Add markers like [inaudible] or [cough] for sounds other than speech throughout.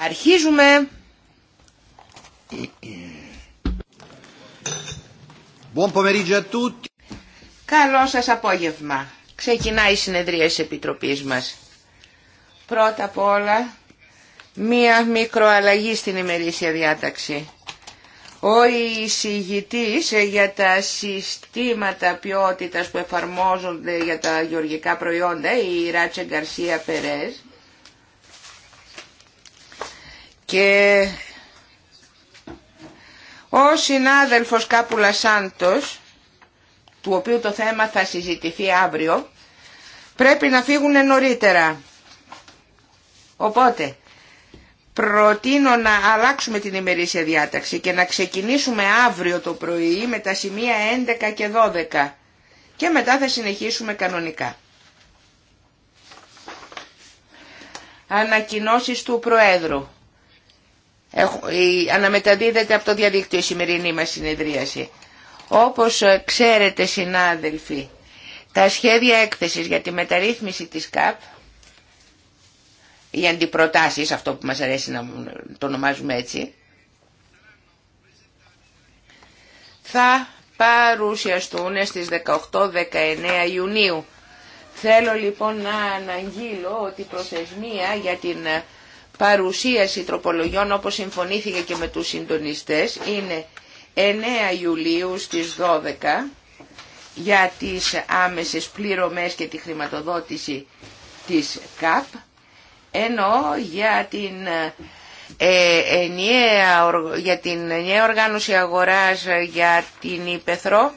Αρχίζουμε. Buon pomeriggio Καλό σα απόγευμα. Ξεκινάει η συνεδρία τη Επιτροπή μας. Πρώτα απ' όλα, μία μικροαλλαγή στην ημερήσια διάταξη. Ο εισηγητής για τα συστήματα ποιότητας που εφαρμόζονται για τα γεωργικά προϊόντα, η Ράτσε Γκαρσία Περές, και ο συνάδελφος Κάπουλα Σάντος, του οποίου το θέμα θα συζητηθεί αύριο, πρέπει να φύγουν νωρίτερα. Οπότε, προτείνω να αλλάξουμε την ημερήσια διάταξη και να ξεκινήσουμε αύριο το πρωί με τα σημεία 11 και 12 και μετά θα συνεχίσουμε κανονικά. Ανακοινώσεις του Προέδρου αναμεταδίδεται από το διαδίκτυο η σημερινή μας συνεδρίαση. Όπως ε, ξέρετε συνάδελφοι, τα σχέδια έκθεσης για τη μεταρρύθμιση της ΚΑΠ, οι αντιπροτάσεις, αυτό που μας αρέσει να το ονομάζουμε έτσι, θα παρουσιαστούν στις 18-19 Ιουνίου. Θέλω λοιπόν να αναγγείλω ότι η προθεσμία για την ε, παρουσίαση τροπολογιών όπως συμφωνήθηκε και με τους συντονιστές είναι 9 Ιουλίου στις 12 για τις άμεσες πληρωμές και τη χρηματοδότηση της ΚΑΠ ενώ για την, ε, ενιαία, για την ενιαία οργάνωση αγοράς για την ΗΠΕΘΡΟ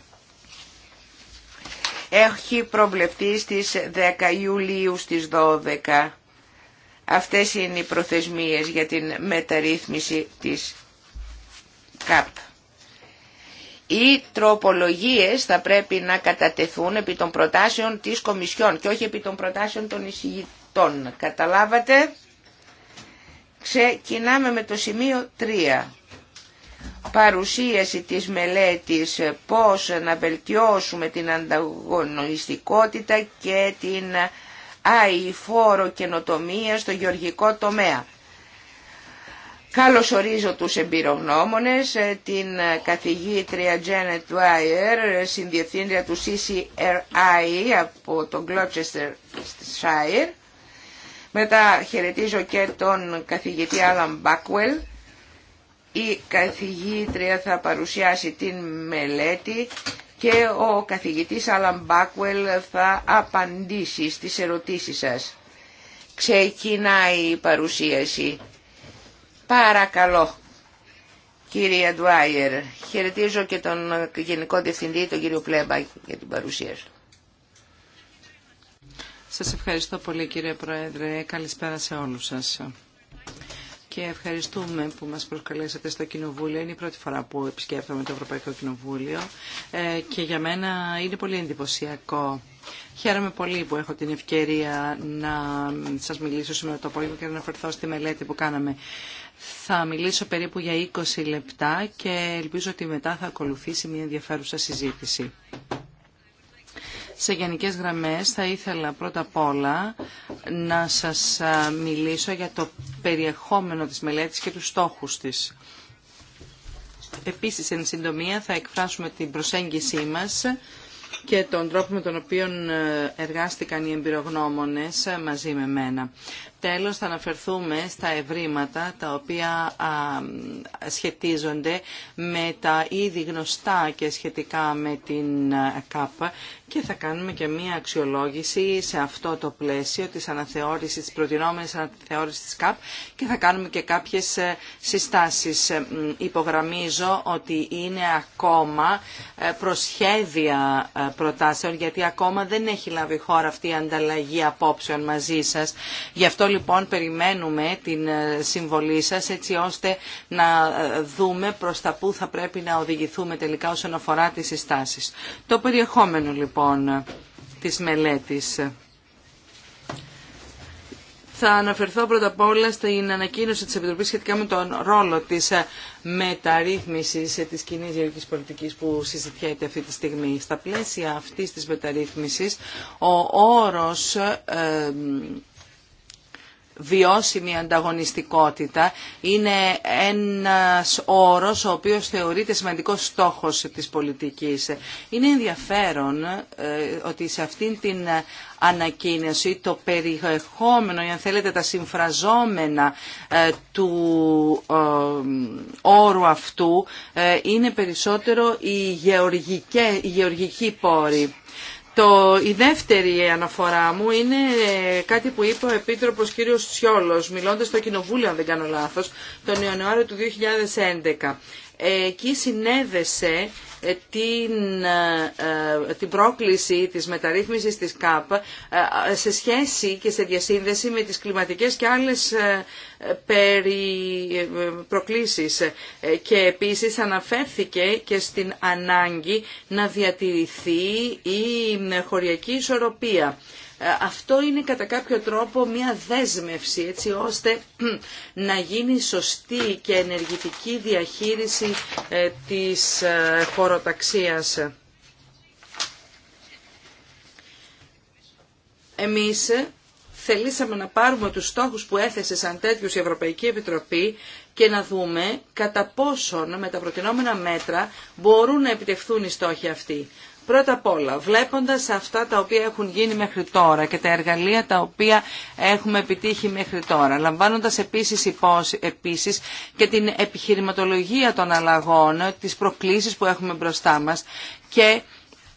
έχει προβλεφτεί στις 10 Ιουλίου στις 12. Αυτές είναι οι προθεσμίες για την μεταρρύθμιση της ΚΑΠ. Οι τροπολογίες θα πρέπει να κατατεθούν επί των προτάσεων της Κομισιόν και όχι επί των προτάσεων των εισηγητών. Καταλάβατε. Ξεκινάμε με το σημείο 3. Παρουσίαση της μελέτης πώς να βελτιώσουμε την ανταγωνιστικότητα και την αηφόρο καινοτομία στο γεωργικό τομέα. ορίζω τους εμπειρογνώμονες, ε, την καθηγήτρια Janet Dwyer, ε, συνδιευθύντρια του CCRI από το τον Shire. Μετά χαιρετίζω και τον καθηγητή Άλαν Μπάκουελ. Η καθηγήτρια θα παρουσιάσει την μελέτη και ο καθηγητής Άλαν Μπάκουελ θα απαντήσει στις ερωτήσεις σας. Ξεκινάει η παρουσίαση. Παρακαλώ. Κύριε Ντουάιερ, χαιρετίζω και τον Γενικό Διευθυντή, τον κύριο Πλέμπα, για την παρουσία σου. Σας ευχαριστώ πολύ κύριε Πρόεδρε. Καλησπέρα σε όλους σας και ευχαριστούμε που μας προσκαλέσατε στο Κοινοβούλιο. Είναι η πρώτη φορά που επισκέπτομαι το Ευρωπαϊκό Κοινοβούλιο ε, και για μένα είναι πολύ εντυπωσιακό. Χαίρομαι πολύ που έχω την ευκαιρία να σας μιλήσω σήμερα το απόγευμα και να αναφερθώ στη μελέτη που κάναμε. Θα μιλήσω περίπου για 20 λεπτά και ελπίζω ότι μετά θα ακολουθήσει μια ενδιαφέρουσα συζήτηση. Σε γενικές γραμμές θα ήθελα πρώτα απ' όλα να σας μιλήσω για το περιεχόμενο της μελέτης και τους στόχους της. Επίσης, εν συντομία, θα εκφράσουμε την προσέγγιση μας και τον τρόπο με τον οποίο ε, εργάστηκαν οι εμπειρογνώμονες ε, μαζί με μένα. Τέλος θα αναφερθούμε στα ευρήματα τα οποία σχετίζονται με τα ήδη γνωστά και σχετικά με την ΚΑΠ και θα κάνουμε και μία αξιολόγηση σε αυτό το πλαίσιο της αναθεώρησης, της προτινόμενης αναθεώρησης της ΚΑΠ και θα κάνουμε και κάποιες ε, συστάσεις. Ε, υπογραμμίζω ότι είναι ακόμα ε, προσχέδια προτάσεων γιατί ακόμα δεν έχει λάβει χώρα αυτή η ανταλλαγή απόψεων μαζί σας. Γι' αυτό λοιπόν περιμένουμε την ε, συμβολή σας έτσι ώστε να ε, δούμε προς τα που θα πρέπει να οδηγηθούμε τελικά όσον αφορά τις συστάσεις. Το περιεχόμενο λοιπόν της μελέτης. Θα αναφερθώ πρώτα απ' όλα στην ανακοίνωση της Επιτροπής σχετικά με τον ρόλο της ε, μεταρρύθμισης της κοινή γεωργικής πολιτικής που συζητιέται αυτή τη στιγμή. Στα πλαίσια αυτής της μεταρρύθμισης, ο όρος βιώσιμη ανταγωνιστικότητα είναι ένας όρος ο οποίος θεωρείται σημαντικός στόχος της πολιτικής. Είναι ενδιαφέρον ε, ότι σε αυτήν την ανακοίνωση το περιεχόμενο ή αν θέλετε τα συμφραζόμενα ε, του ε, όρου αυτού είναι περισσότερο η γεωργική οι γεωργικοί το, η δεύτερη αναφορά μου είναι κάτι που είπε ο Επίτροπος κ. Σιόλος, μιλώντας στο Κοινοβούλιο, αν δεν κάνω λάθος, τον Ιανουάριο του 2011 εκεί συνέδεσε ε, την, ε, ε, την πρόκληση της μεταρρύθμισης της ΚΑΠ σε σχέση και σε διασύνδεση με τις κλιματικές και άλλες περί προκλήσεις και επίσης αναφέρθηκε και στην ανάγκη να διατηρηθεί η χωριακή ισορροπία. Ε, αυτό είναι κατά κάποιο τρόπο μια δέσμευση έτσι ώστε [clears throat] να γίνει σωστή και ενεργητική διαχείριση ε, της ε, χωροταξίας. Εμείς θελήσαμε να πάρουμε τους στόχους που έθεσε σαν τέτοιους η Ευρωπαϊκή Επιτροπή και να δούμε κατά πόσον με τα προτινόμενα μέτρα μπορούν να επιτευχθούν οι στόχοι αυτοί. Πρώτα απ' όλα, βλέποντας αυτά τα οποία έχουν γίνει μέχρι τώρα και τα εργαλεία τα οποία έχουμε επιτύχει μέχρι τώρα, λαμβάνοντας επίσης, επίσης και την επιχειρηματολογία των αλλαγών, τις προκλήσεις που έχουμε μπροστά μας και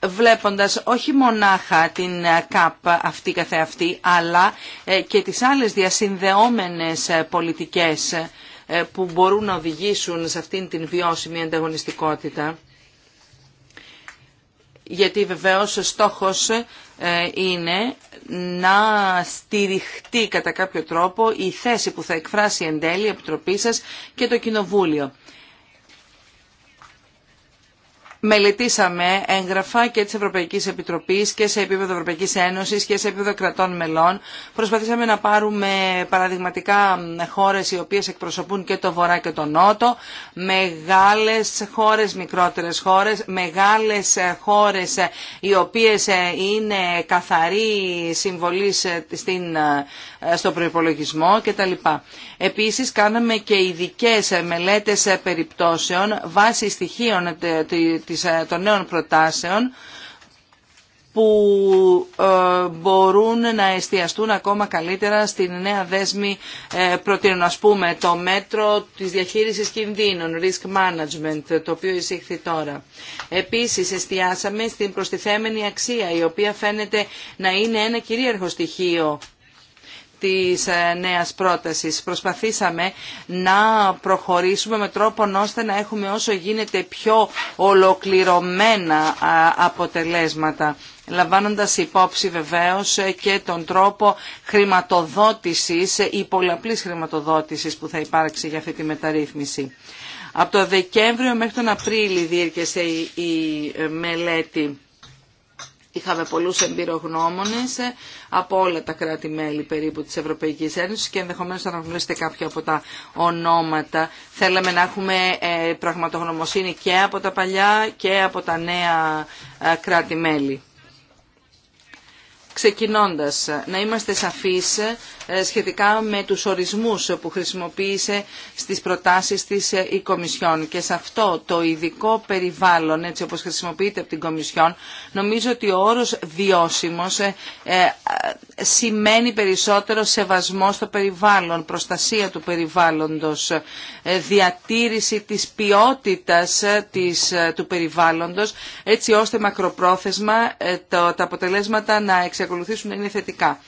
βλέποντας όχι μονάχα την ΚΑΠ αυτή καθεαυτή, αλλά ε, και τις άλλες διασυνδεόμενες ε, πολιτικές ε, που μπορούν να οδηγήσουν σε αυτήν την βιώσιμη ανταγωνιστικότητα γιατί βεβαίως ο στόχος ε, είναι να στηριχτεί κατά κάποιο τρόπο η θέση που θα εκφράσει εν τέλει η Επιτροπή σας και το Κοινοβούλιο μελετήσαμε έγγραφα και της Ευρωπαϊκής Επιτροπής και σε επίπεδο Ευρωπαϊκής Ένωσης και σε επίπεδο κρατών μελών. Προσπαθήσαμε να πάρουμε παραδειγματικά χώρες οι οποίες εκπροσωπούν και το Βορρά και το Νότο, μεγάλες χώρες, μικρότερες χώρες, μεγάλες χώρες οι οποίες είναι καθαροί συμβολή στο προπολογισμό κτλ. Επίσης κάναμε και ειδικέ μελέτες περιπτώσεων βάσει στοιχείων ε, των νέων προτάσεων που ε, μπορούν να εστιαστούν ακόμα καλύτερα στην νέα δέσμη ε, προτείνων. Ας πούμε το μέτρο της διαχείρισης κινδύνων, risk management, το οποίο εισήχθη τώρα. Επίσης εστιάσαμε στην προστιθέμενη αξία, η οποία φαίνεται να είναι ένα κυρίαρχο στοιχείο της ε, νέας πρότασης. Προσπαθήσαμε να προχωρήσουμε με τρόπο ώστε να έχουμε όσο γίνεται πιο ολοκληρωμένα αποτελέσματα λαμβάνοντας υπόψη βεβαίως ε, και τον τρόπο χρηματοδότησης ή ε, πολλαπλής χρηματοδότησης που θα υπάρξει για αυτή τη μεταρρύθμιση. Από το Δεκέμβριο μέχρι τον Απρίλιο διήρκεσε η μελέτη Είχαμε πολλούς εμπειρογνώμονες ε, από όλα τα κράτη-μέλη περίπου της Ευρωπαϊκής Ένωσης και ενδεχομένως θα αναγνωρίσετε κάποια από τα ονόματα. Θέλαμε να έχουμε ε, πραγματογνωμοσύνη και από τα παλιά και από τα νέα ε, κράτη-μέλη. Ξεκινώντας, να είμαστε σαφείς ε, σχετικά με τους ορισμούς που χρησιμοποίησε στις προτάσεις της ε, η Κομισιόν. Και σε αυτό το ειδικό περιβάλλον, έτσι όπως χρησιμοποιείται από την Κομισιόν, νομίζω ότι ο όρος βιώσιμος ε, σημαίνει περισσότερο σεβασμό στο περιβάλλον, προστασία του περιβάλλοντος, διατήρηση της ποιότητας του περιβάλλοντος, έτσι ώστε μακροπρόθεσμα τα αποτελέσματα να εξακολουθήσουν να είναι θετικά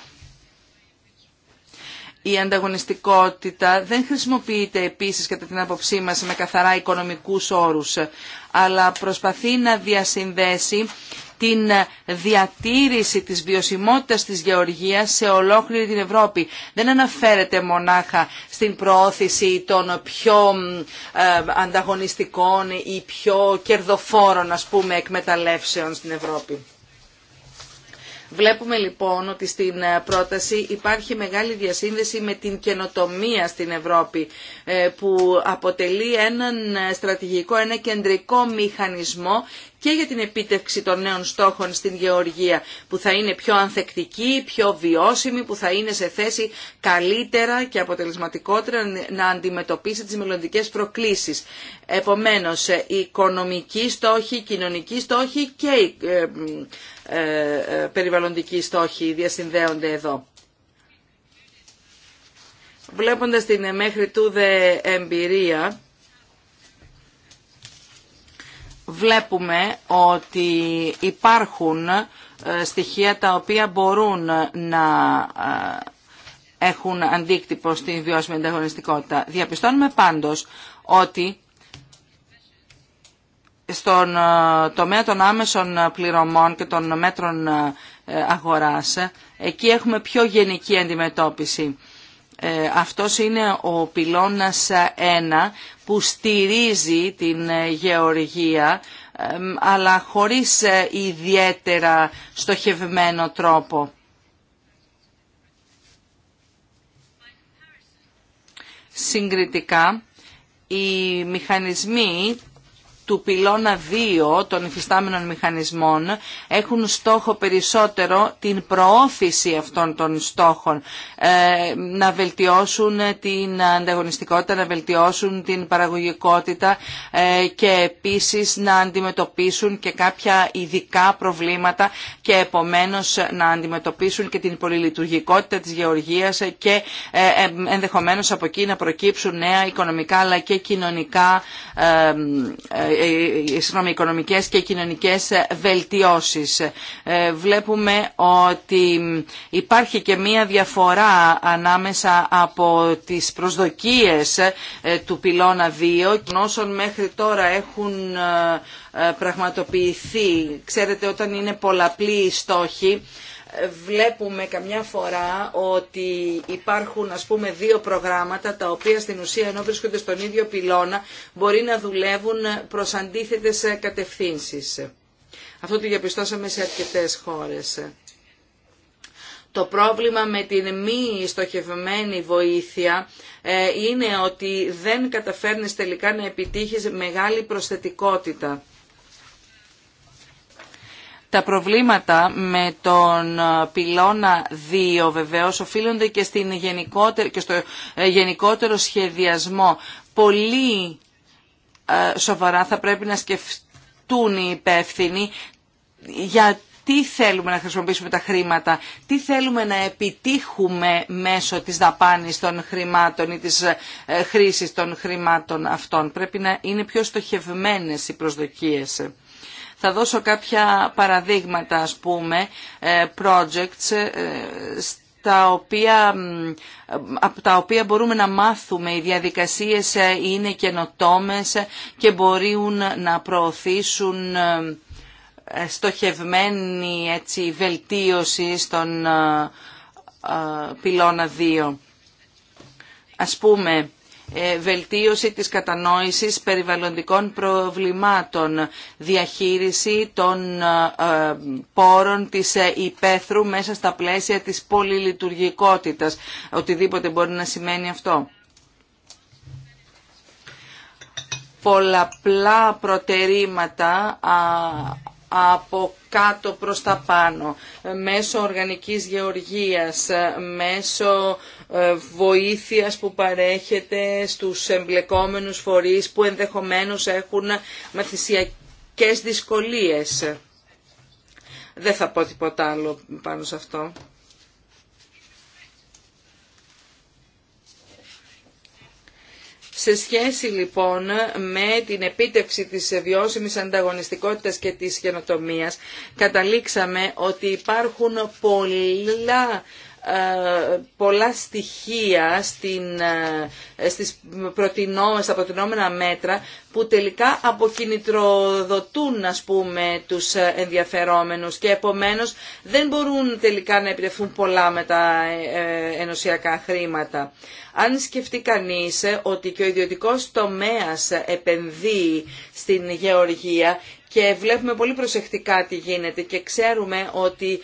η ανταγωνιστικότητα δεν χρησιμοποιείται επίσης κατά την άποψή μας με καθαρά οικονομικούς όρους, αλλά προσπαθεί να διασυνδέσει την διατήρηση της βιωσιμότητας της γεωργίας σε ολόκληρη την Ευρώπη. Δεν αναφέρεται μονάχα στην προώθηση των πιο ε, ανταγωνιστικών ή πιο κερδοφόρων, ας πούμε, εκμεταλλεύσεων στην Ευρώπη. Βλέπουμε λοιπόν ότι στην ε, πρόταση υπάρχει μεγάλη διασύνδεση με την καινοτομία στην Ευρώπη ε, που αποτελεί έναν ε, στρατηγικό, ένα κεντρικό μηχανισμό και για την επίτευξη των νέων στόχων στην γεωργία που θα είναι πιο ανθεκτική, πιο βιώσιμη, που θα είναι σε θέση καλύτερα και αποτελεσματικότερα να αντιμετωπίσει τις μελλοντικές προκλήσεις. Επομένως, οι οικονομικοί στόχοι, οι κοινωνικοί στόχοι και ε, ε, περιβαλλοντικοί στόχοι διασυνδέονται εδώ. Βλέποντας την μέχρι τούδε εμπειρία, βλέπουμε ότι υπάρχουν ε, στοιχεία τα οποία μπορούν να έχουν αντίκτυπο στην βιώσιμη ανταγωνιστικότητα. Διαπιστώνουμε πάντως ότι στον ε, τομέα των άμεσων ε, πληρωμών και των μέτρων ε, αγοράς, εκεί έχουμε πιο γενική αντιμετώπιση. Αυτός είναι ο πυλώνας 1 που στηρίζει την γεωργία αλλά χωρίς ιδιαίτερα στοχευμένο τρόπο. Συγκριτικά, οι μηχανισμοί του πυλώνα 2 των υφιστάμενων μηχανισμών έχουν στόχο περισσότερο την προώθηση αυτών των στόχων, ε, να βελτιώσουν την ανταγωνιστικότητα, να βελτιώσουν την παραγωγικότητα ε, και επίσης να αντιμετωπίσουν και κάποια ειδικά προβλήματα και επομένως να αντιμετωπίσουν και την πολυλειτουργικότητα της γεωργίας και ε, ενδεχομένως από εκεί να προκύψουν νέα οικονομικά αλλά και κοινωνικά ε, ε, συγγνώμη, οικονομικές και κοινωνικές βελτιώσεις. Ε, βλέπουμε ότι υπάρχει και μία διαφορά ανάμεσα από τις προσδοκίες του πυλώνα 2 και όσων μέχρι τώρα έχουν πραγματοποιηθεί. Ξέρετε, όταν είναι πολλαπλή η στόχη, βλέπουμε καμιά φορά ότι υπάρχουν ας πούμε δύο προγράμματα τα οποία στην ουσία ενώ βρίσκονται στον ίδιο πυλώνα μπορεί να δουλεύουν προς αντίθετες κατευθύνσεις. Αυτό το διαπιστώσαμε σε αρκετές χώρες. Το πρόβλημα με την μη στοχευμένη βοήθεια ε, είναι ότι δεν καταφέρνεις τελικά να επιτύχεις μεγάλη προσθετικότητα. Τα προβλήματα με τον ε, πυλώνα 2 βεβαίως οφείλονται και, στην και στο ε, γενικότερο σχεδιασμό. Πολύ ε, σοβαρά θα πρέπει να σκεφτούν οι υπεύθυνοι για τι θέλουμε να χρησιμοποιήσουμε τα χρήματα, τι θέλουμε να επιτύχουμε μέσω της δαπάνης των χρημάτων ή της χρήσης των χρημάτων αυτών. Πρέπει να είναι πιο στοχευμένες οι προσδοκίες. Θα δώσω κάποια παραδείγματα, ας πούμε, ε, projects ε, τα οποία, από τα οποία μπορούμε να μάθουμε. Οι διαδικασίες ε, είναι καινοτόμες και μπορούν να προωθήσουν στοχευμένη έτσι, βελτίωση στον πυλώνα 2. Ας πούμε, ε, βελτίωση της κατανόησης περιβαλλοντικών προβλημάτων, διαχείριση των ε, ε, πόρων της υπαίθρου μέσα στα πλαίσια της πολυλειτουργικότητας, οτιδήποτε μπορεί να σημαίνει αυτό. Πολλαπλά προτερήματα από κάτω προς τα πάνω, μέσω οργανικής γεωργίας, μέσω ε, βοήθειας που παρέχεται στους εμπλεκόμενους φορείς που ενδεχομένως έχουν μαθησιακές δυσκολίες. Δεν θα πω τίποτα άλλο πάνω σε αυτό. Σε σχέση λοιπόν με την επίτευξη της βιώσιμης ανταγωνιστικότητας και της καινοτομίας, καταλήξαμε ότι υπάρχουν πολλά ε, πολλά στοιχεία στην, ε, στις στα προτινόμενα μέτρα που τελικά αποκινητροδοτούν ας πούμε τους ενδιαφερόμενους και επομένως δεν μπορούν τελικά να επιτευχθούν πολλά με τα ε, ενωσιακά χρήματα. Αν σκεφτεί κανείς ότι και ο ιδιωτικός τομέας επενδύει στην γεωργία και βλέπουμε πολύ προσεκτικά τι γίνεται και ξέρουμε ότι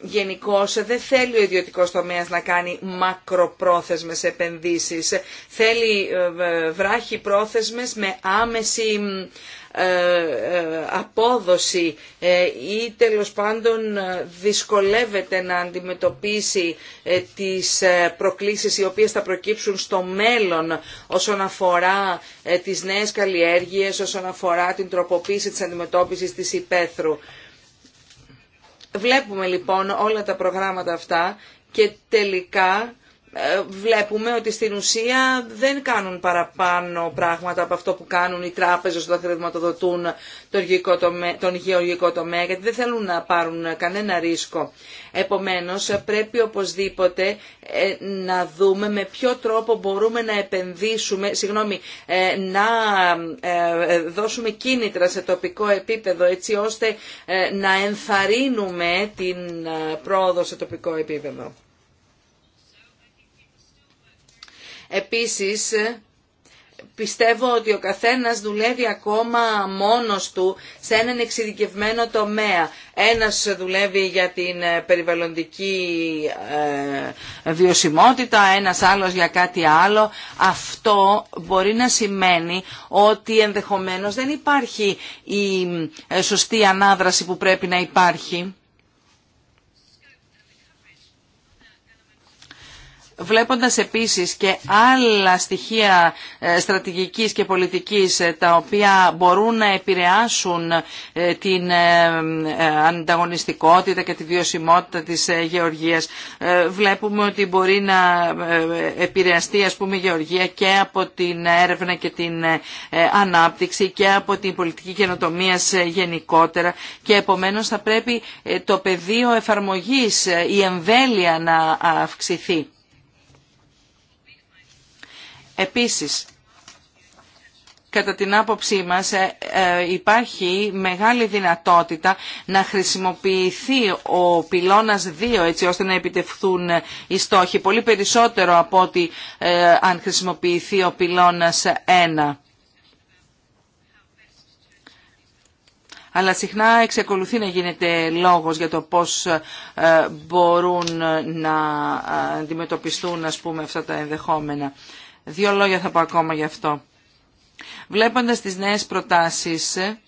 Γενικώ δεν θέλει ο ιδιωτικό τομέα να κάνει μακροπρόθεσμες επενδύσεις. Θέλει ε, ε, βράχοι πρόθεσμες με άμεση ε, απόδοση ή τέλος πάντων δυσκολεύεται να αντιμετωπίσει τις προκλήσεις οι οποίες θα προκύψουν στο μέλλον όσον αφορά τις νέες καλλιέργειες, όσον αφορά την τροποποίηση της αντιμετώπισης της υπαίθρου. Βλέπουμε λοιπόν όλα τα προγράμματα αυτά και τελικά ε, βλέπουμε ότι στην ουσία δεν κάνουν παραπάνω πράγματα από αυτό που κάνουν οι τράπεζες όταν χρηματοδοτούν τον γεωργικό τομέα γιατί δεν θέλουν να πάρουν κανένα ρίσκο. Επομένως πρέπει οπωσδήποτε ε, να δούμε με ποιο τρόπο μπορούμε να επενδύσουμε, συγγνώμη, ε, να δώσουμε κίνητρα σε τοπικό επίπεδο έτσι ώστε να ενθαρρύνουμε την πρόοδο σε τοπικό επίπεδο. Επίσης, πιστεύω ότι ο καθένας δουλεύει ακόμα μόνος του σε έναν εξειδικευμένο τομέα. Ένας δουλεύει για την ε, περιβαλλοντική ε, βιωσιμότητα, ένας άλλος για κάτι άλλο. Αυτό μπορεί να σημαίνει ότι ενδεχομένως δεν υπάρχει η ε, σωστή ανάδραση που πρέπει να υπάρχει. βλέποντας επίσης και άλλα στοιχεία ε, στρατηγικής και πολιτικής ε, τα οποία μπορούν να επηρεάσουν ε, την ανταγωνιστικότητα και τη βιωσιμότητα της γεωργίας. Βλέπουμε ότι μπορεί να επηρεαστεί ας πούμε η γεωργία και από την έρευνα και την ανάπτυξη και από την πολιτική καινοτομία γενικότερα και επομένως θα πρέπει το πεδίο εφαρμογής, η εμβέλεια να αυξηθεί. Επίσης, κατά την άποψή μας ε, ε, υπάρχει μεγάλη δυνατότητα να χρησιμοποιηθεί ο πυλώνας 2 έτσι ώστε να επιτευχθούν οι στόχοι πολύ περισσότερο από ότι ε, αν χρησιμοποιηθεί ο πυλώνας 1. αλλά συχνά εξακολουθεί να γίνεται λόγος για το πώς μπορούν να αντιμετωπιστούν ας πούμε, αυτά τα ενδεχόμενα. Δύο λόγια θα πω ακόμα γι' αυτό. Βλέποντας τις νέες προτάσεις, ε,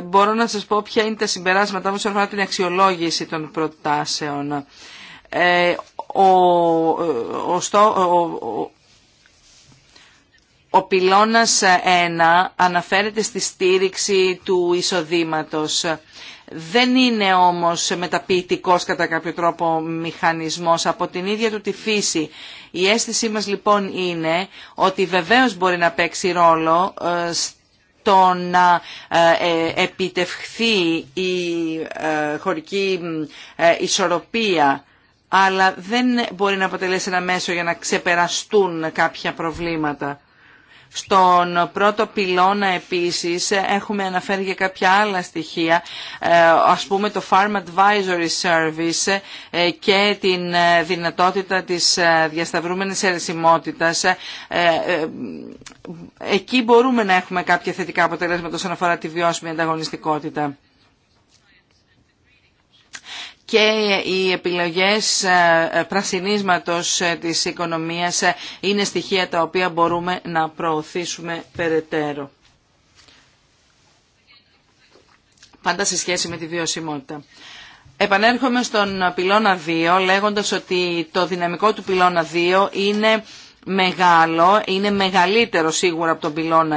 μπορώ να σας πω ποια είναι τα συμπεράσματα μου σε αφορά την αξιολόγηση των προτάσεων. Ε, ο, ε, ο, ο, ο πυλώνας 1 αναφέρεται στη στήριξη του εισοδήματος. Δεν είναι όμως μεταποιητικός κατά κάποιο τρόπο μηχανισμός από την ίδια του τη φύση. Η αίσθησή μας λοιπόν είναι ότι βεβαίως μπορεί να παίξει ρόλο ε, στο να ε, ε, επιτευχθεί η χωρική ισορροπία αλλά δεν μπορεί να αποτελέσει ένα μέσο για να ξεπεραστούν κάποια προβλήματα. Στον πρώτο πυλώνα επίσης έχουμε αναφέρει για κάποια άλλα στοιχεία, ε, ας πούμε το Farm Advisory Service ε, και την ε, δυνατότητα της διασταυρούμενης ερεσιμότητας. Εκεί μπορούμε να έχουμε κάποια θετικά αποτελέσματα όσον αφορά τη βιώσιμη ανταγωνιστικότητα και οι επιλογές ε, ε, πρασινίσματος ε, της οικονομίας είναι στοιχεία τα οποία μπορούμε να προωθήσουμε περαιτέρω. Πάντα σε σχέση με τη βιωσιμότητα. Επανέρχομαι στον πυλώνα 2 λέγοντας ότι το δυναμικό του πυλώνα 2 είναι μεγάλο, είναι μεγαλύτερο σίγουρα από τον πυλώνα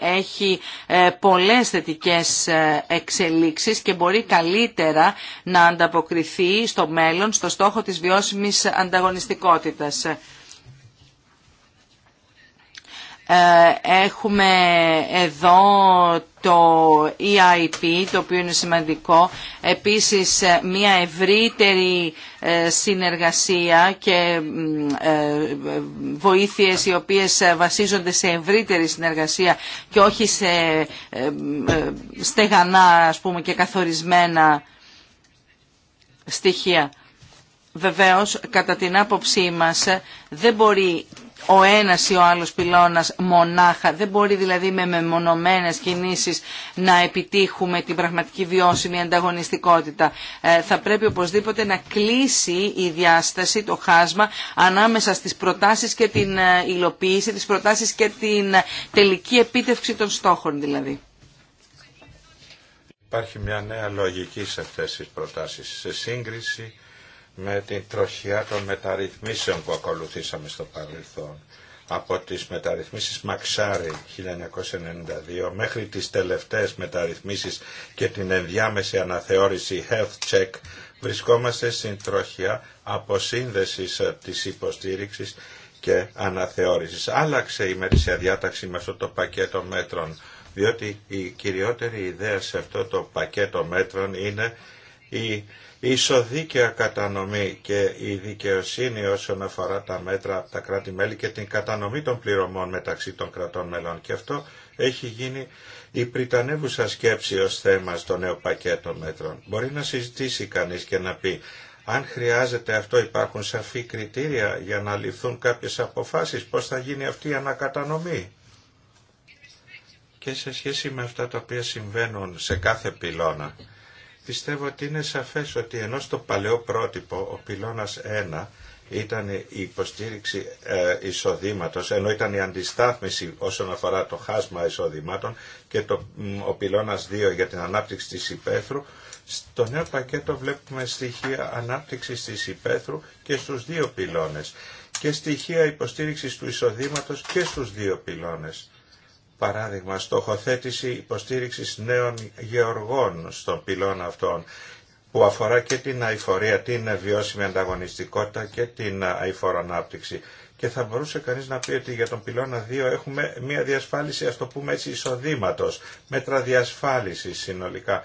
1, έχει ε, πολλές θετικές ε, εξελίξεις και μπορεί καλύτερα να ανταποκριθεί στο μέλλον στο στόχο της βιώσιμης ανταγωνιστικότητας. Ε, έχουμε εδώ το EIP, το οποίο είναι σημαντικό. Επίσης, ε, μια ευρύτερη ε, συνεργασία και βοήθειες οι οποίες βασίζονται σε ευρύτερη συνεργασία και όχι σε στεγανά ας πούμε, και καθορισμένα στοιχεία. Βεβαίως, κατά την άποψή μας, δεν μπορεί ο ένας ή ο άλλος πυλώνας μονάχα. Δεν μπορεί δηλαδή με μεμονωμένες κινήσεις να επιτύχουμε την πραγματική βιώσιμη ανταγωνιστικότητα. Ε, θα πρέπει οπωσδήποτε να κλείσει η διάσταση, το χάσμα, ανάμεσα στις προτάσεις και την ε, υλοποίηση, τις προτάσεις και την ε, τελική επίτευξη των στόχων δηλαδή. Υπάρχει μια νέα λογική σε αυτές τις προτάσεις, σε σύγκριση με την τροχιά των μεταρρυθμίσεων που ακολουθήσαμε στο παρελθόν. Από τις μεταρρυθμίσεις Μαξάρη 1992 μέχρι τις τελευταίες μεταρρυθμίσεις και την ενδιάμεση αναθεώρηση Health Check βρισκόμαστε στην τροχιά αποσύνδεσης ε, της υποστήριξης και αναθεώρησης. Άλλαξε η μερίσια διάταξη με αυτό το πακέτο μέτρων, διότι η κυριότερη ιδέα σε αυτό το πακέτο μέτρων είναι η ισοδίκαια κατανομή και η δικαιοσύνη όσον αφορά τα μέτρα από τα κράτη-μέλη και την κατανομή των πληρωμών μεταξύ των κρατών μελών. Και αυτό έχει γίνει η πριτανεύουσα σκέψη ως θέμα στο νέο πακέτο μέτρων. Μπορεί να συζητήσει κανείς και να πει αν χρειάζεται αυτό υπάρχουν σαφή κριτήρια για να ληφθούν κάποιες αποφάσεις, πώς θα γίνει αυτή η ανακατανομή. Και σε σχέση με αυτά τα οποία συμβαίνουν σε κάθε πυλώνα Πιστεύω ότι είναι σαφές ότι ενώ στο παλαιό πρότυπο ο πυλώνας 1 ήταν η υποστήριξη ε, εισοδήματος, ενώ ήταν η αντιστάθμιση όσον αφορά το χάσμα εισοδημάτων και το, ο πυλώνας 2 για την ανάπτυξη της υπαίθρου, στο νέο πακέτο βλέπουμε στοιχεία ανάπτυξης της υπαίθρου και στους δύο πυλώνες και στοιχεία υποστήριξης του εισοδήματος και στους δύο πυλώνες. Παράδειγμα, στοχοθέτηση υποστήριξης νέων γεωργών στον πυλών αυτών που αφορά και την αηφορία, την βιώσιμη ανταγωνιστικότητα και την αηφορονάπτυξη. Και θα μπορούσε κανείς να πει ότι για τον πυλώνα 2 έχουμε μια διασφάλιση, ας το πούμε έτσι, εισοδήματος, μέτρα διασφάλιση συνολικά.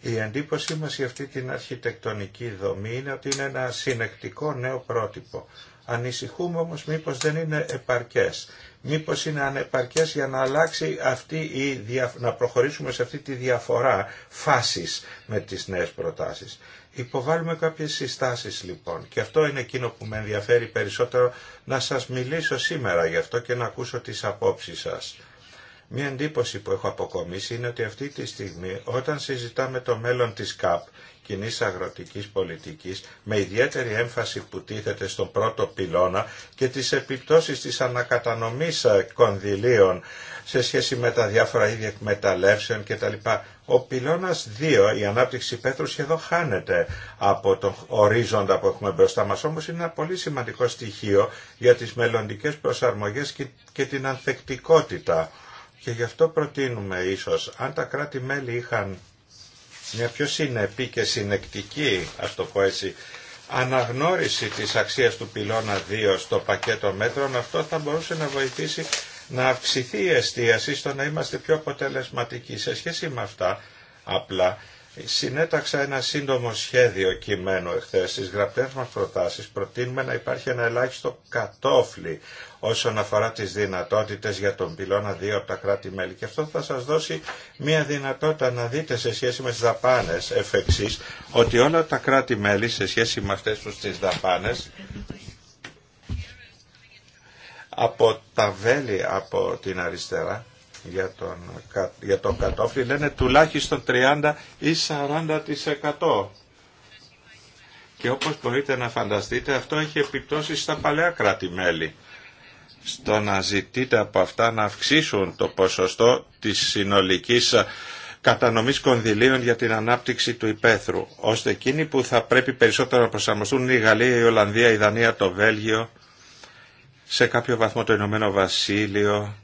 Η εντύπωσή μας για αυτή την αρχιτεκτονική δομή είναι ότι είναι ένα συνεκτικό νέο πρότυπο. Ανησυχούμε όμως μήπως δεν είναι επαρκές μήπως είναι ανεπαρκές για να αλλάξει αυτή η, να προχωρήσουμε σε αυτή τη διαφορά φάσης με τις νέες προτάσεις. Υποβάλλουμε κάποιες συστάσεις λοιπόν και αυτό είναι εκείνο που με ενδιαφέρει περισσότερο να σας μιλήσω σήμερα γι' αυτό και να ακούσω τις απόψεις σας. Μία εντύπωση που έχω αποκομίσει είναι ότι αυτή τη στιγμή όταν συζητάμε το μέλλον της ΚΑΠ, κοινή αγροτικής πολιτικής, με ιδιαίτερη έμφαση που τίθεται στον πρώτο πυλώνα και τις επιπτώσεις της ανακατανομής ε, κονδυλίων σε σχέση με τα διάφορα ίδια εκμεταλλεύσεων κτλ. Ο πυλώνας 2, η ανάπτυξη πέθρου σχεδόν χάνεται από τον ορίζοντα που έχουμε μπροστά μας, όμως είναι ένα πολύ σημαντικό στοιχείο για τις μελλοντικές προσαρμογές και την ανθεκτικότητα και γι' αυτό προτείνουμε ίσως, αν τα κράτη-μέλη είχαν μια πιο συνεπή και συνεκτική, ας το πω έτσι, αναγνώριση της αξίας του πυλώνα 2 στο πακέτο μέτρων, αυτό θα μπορούσε να βοηθήσει να αυξηθεί η εστίαση στο να είμαστε πιο αποτελεσματικοί. Σε σχέση με αυτά, απλά Συνέταξα ένα σύντομο σχέδιο κειμένου εχθές. Στις γραπτές μας προτάσεις προτείνουμε να υπάρχει ένα ελάχιστο κατόφλι όσον αφορά τις δυνατότητες για τον πυλώνα 2 από τα κράτη-μέλη. Και αυτό θα σας δώσει μια δυνατότητα να δείτε σε σχέση με τις δαπάνες εφ' εξής, ότι όλα τα κράτη-μέλη σε σχέση με αυτές τους τις δαπάνες από τα βέλη από την αριστερά για, τον, για το κατόφλι λένε τουλάχιστον 30 ή 40%. Και όπως μπορείτε να φανταστείτε αυτό έχει επιπτώσει στα παλαιά κράτη-μέλη. Στο να ζητείτε από αυτά να αυξήσουν το ποσοστό της συνολικής ε, κατανομής κονδυλίων για την ανάπτυξη του υπαίθρου, ώστε εκείνοι που θα πρέπει περισσότερο να προσαρμοστούν είναι η Γαλλία, η Ολλανδία, η Δανία, το Βέλγιο, σε κάποιο βαθμό το Ηνωμένο Βασίλειο,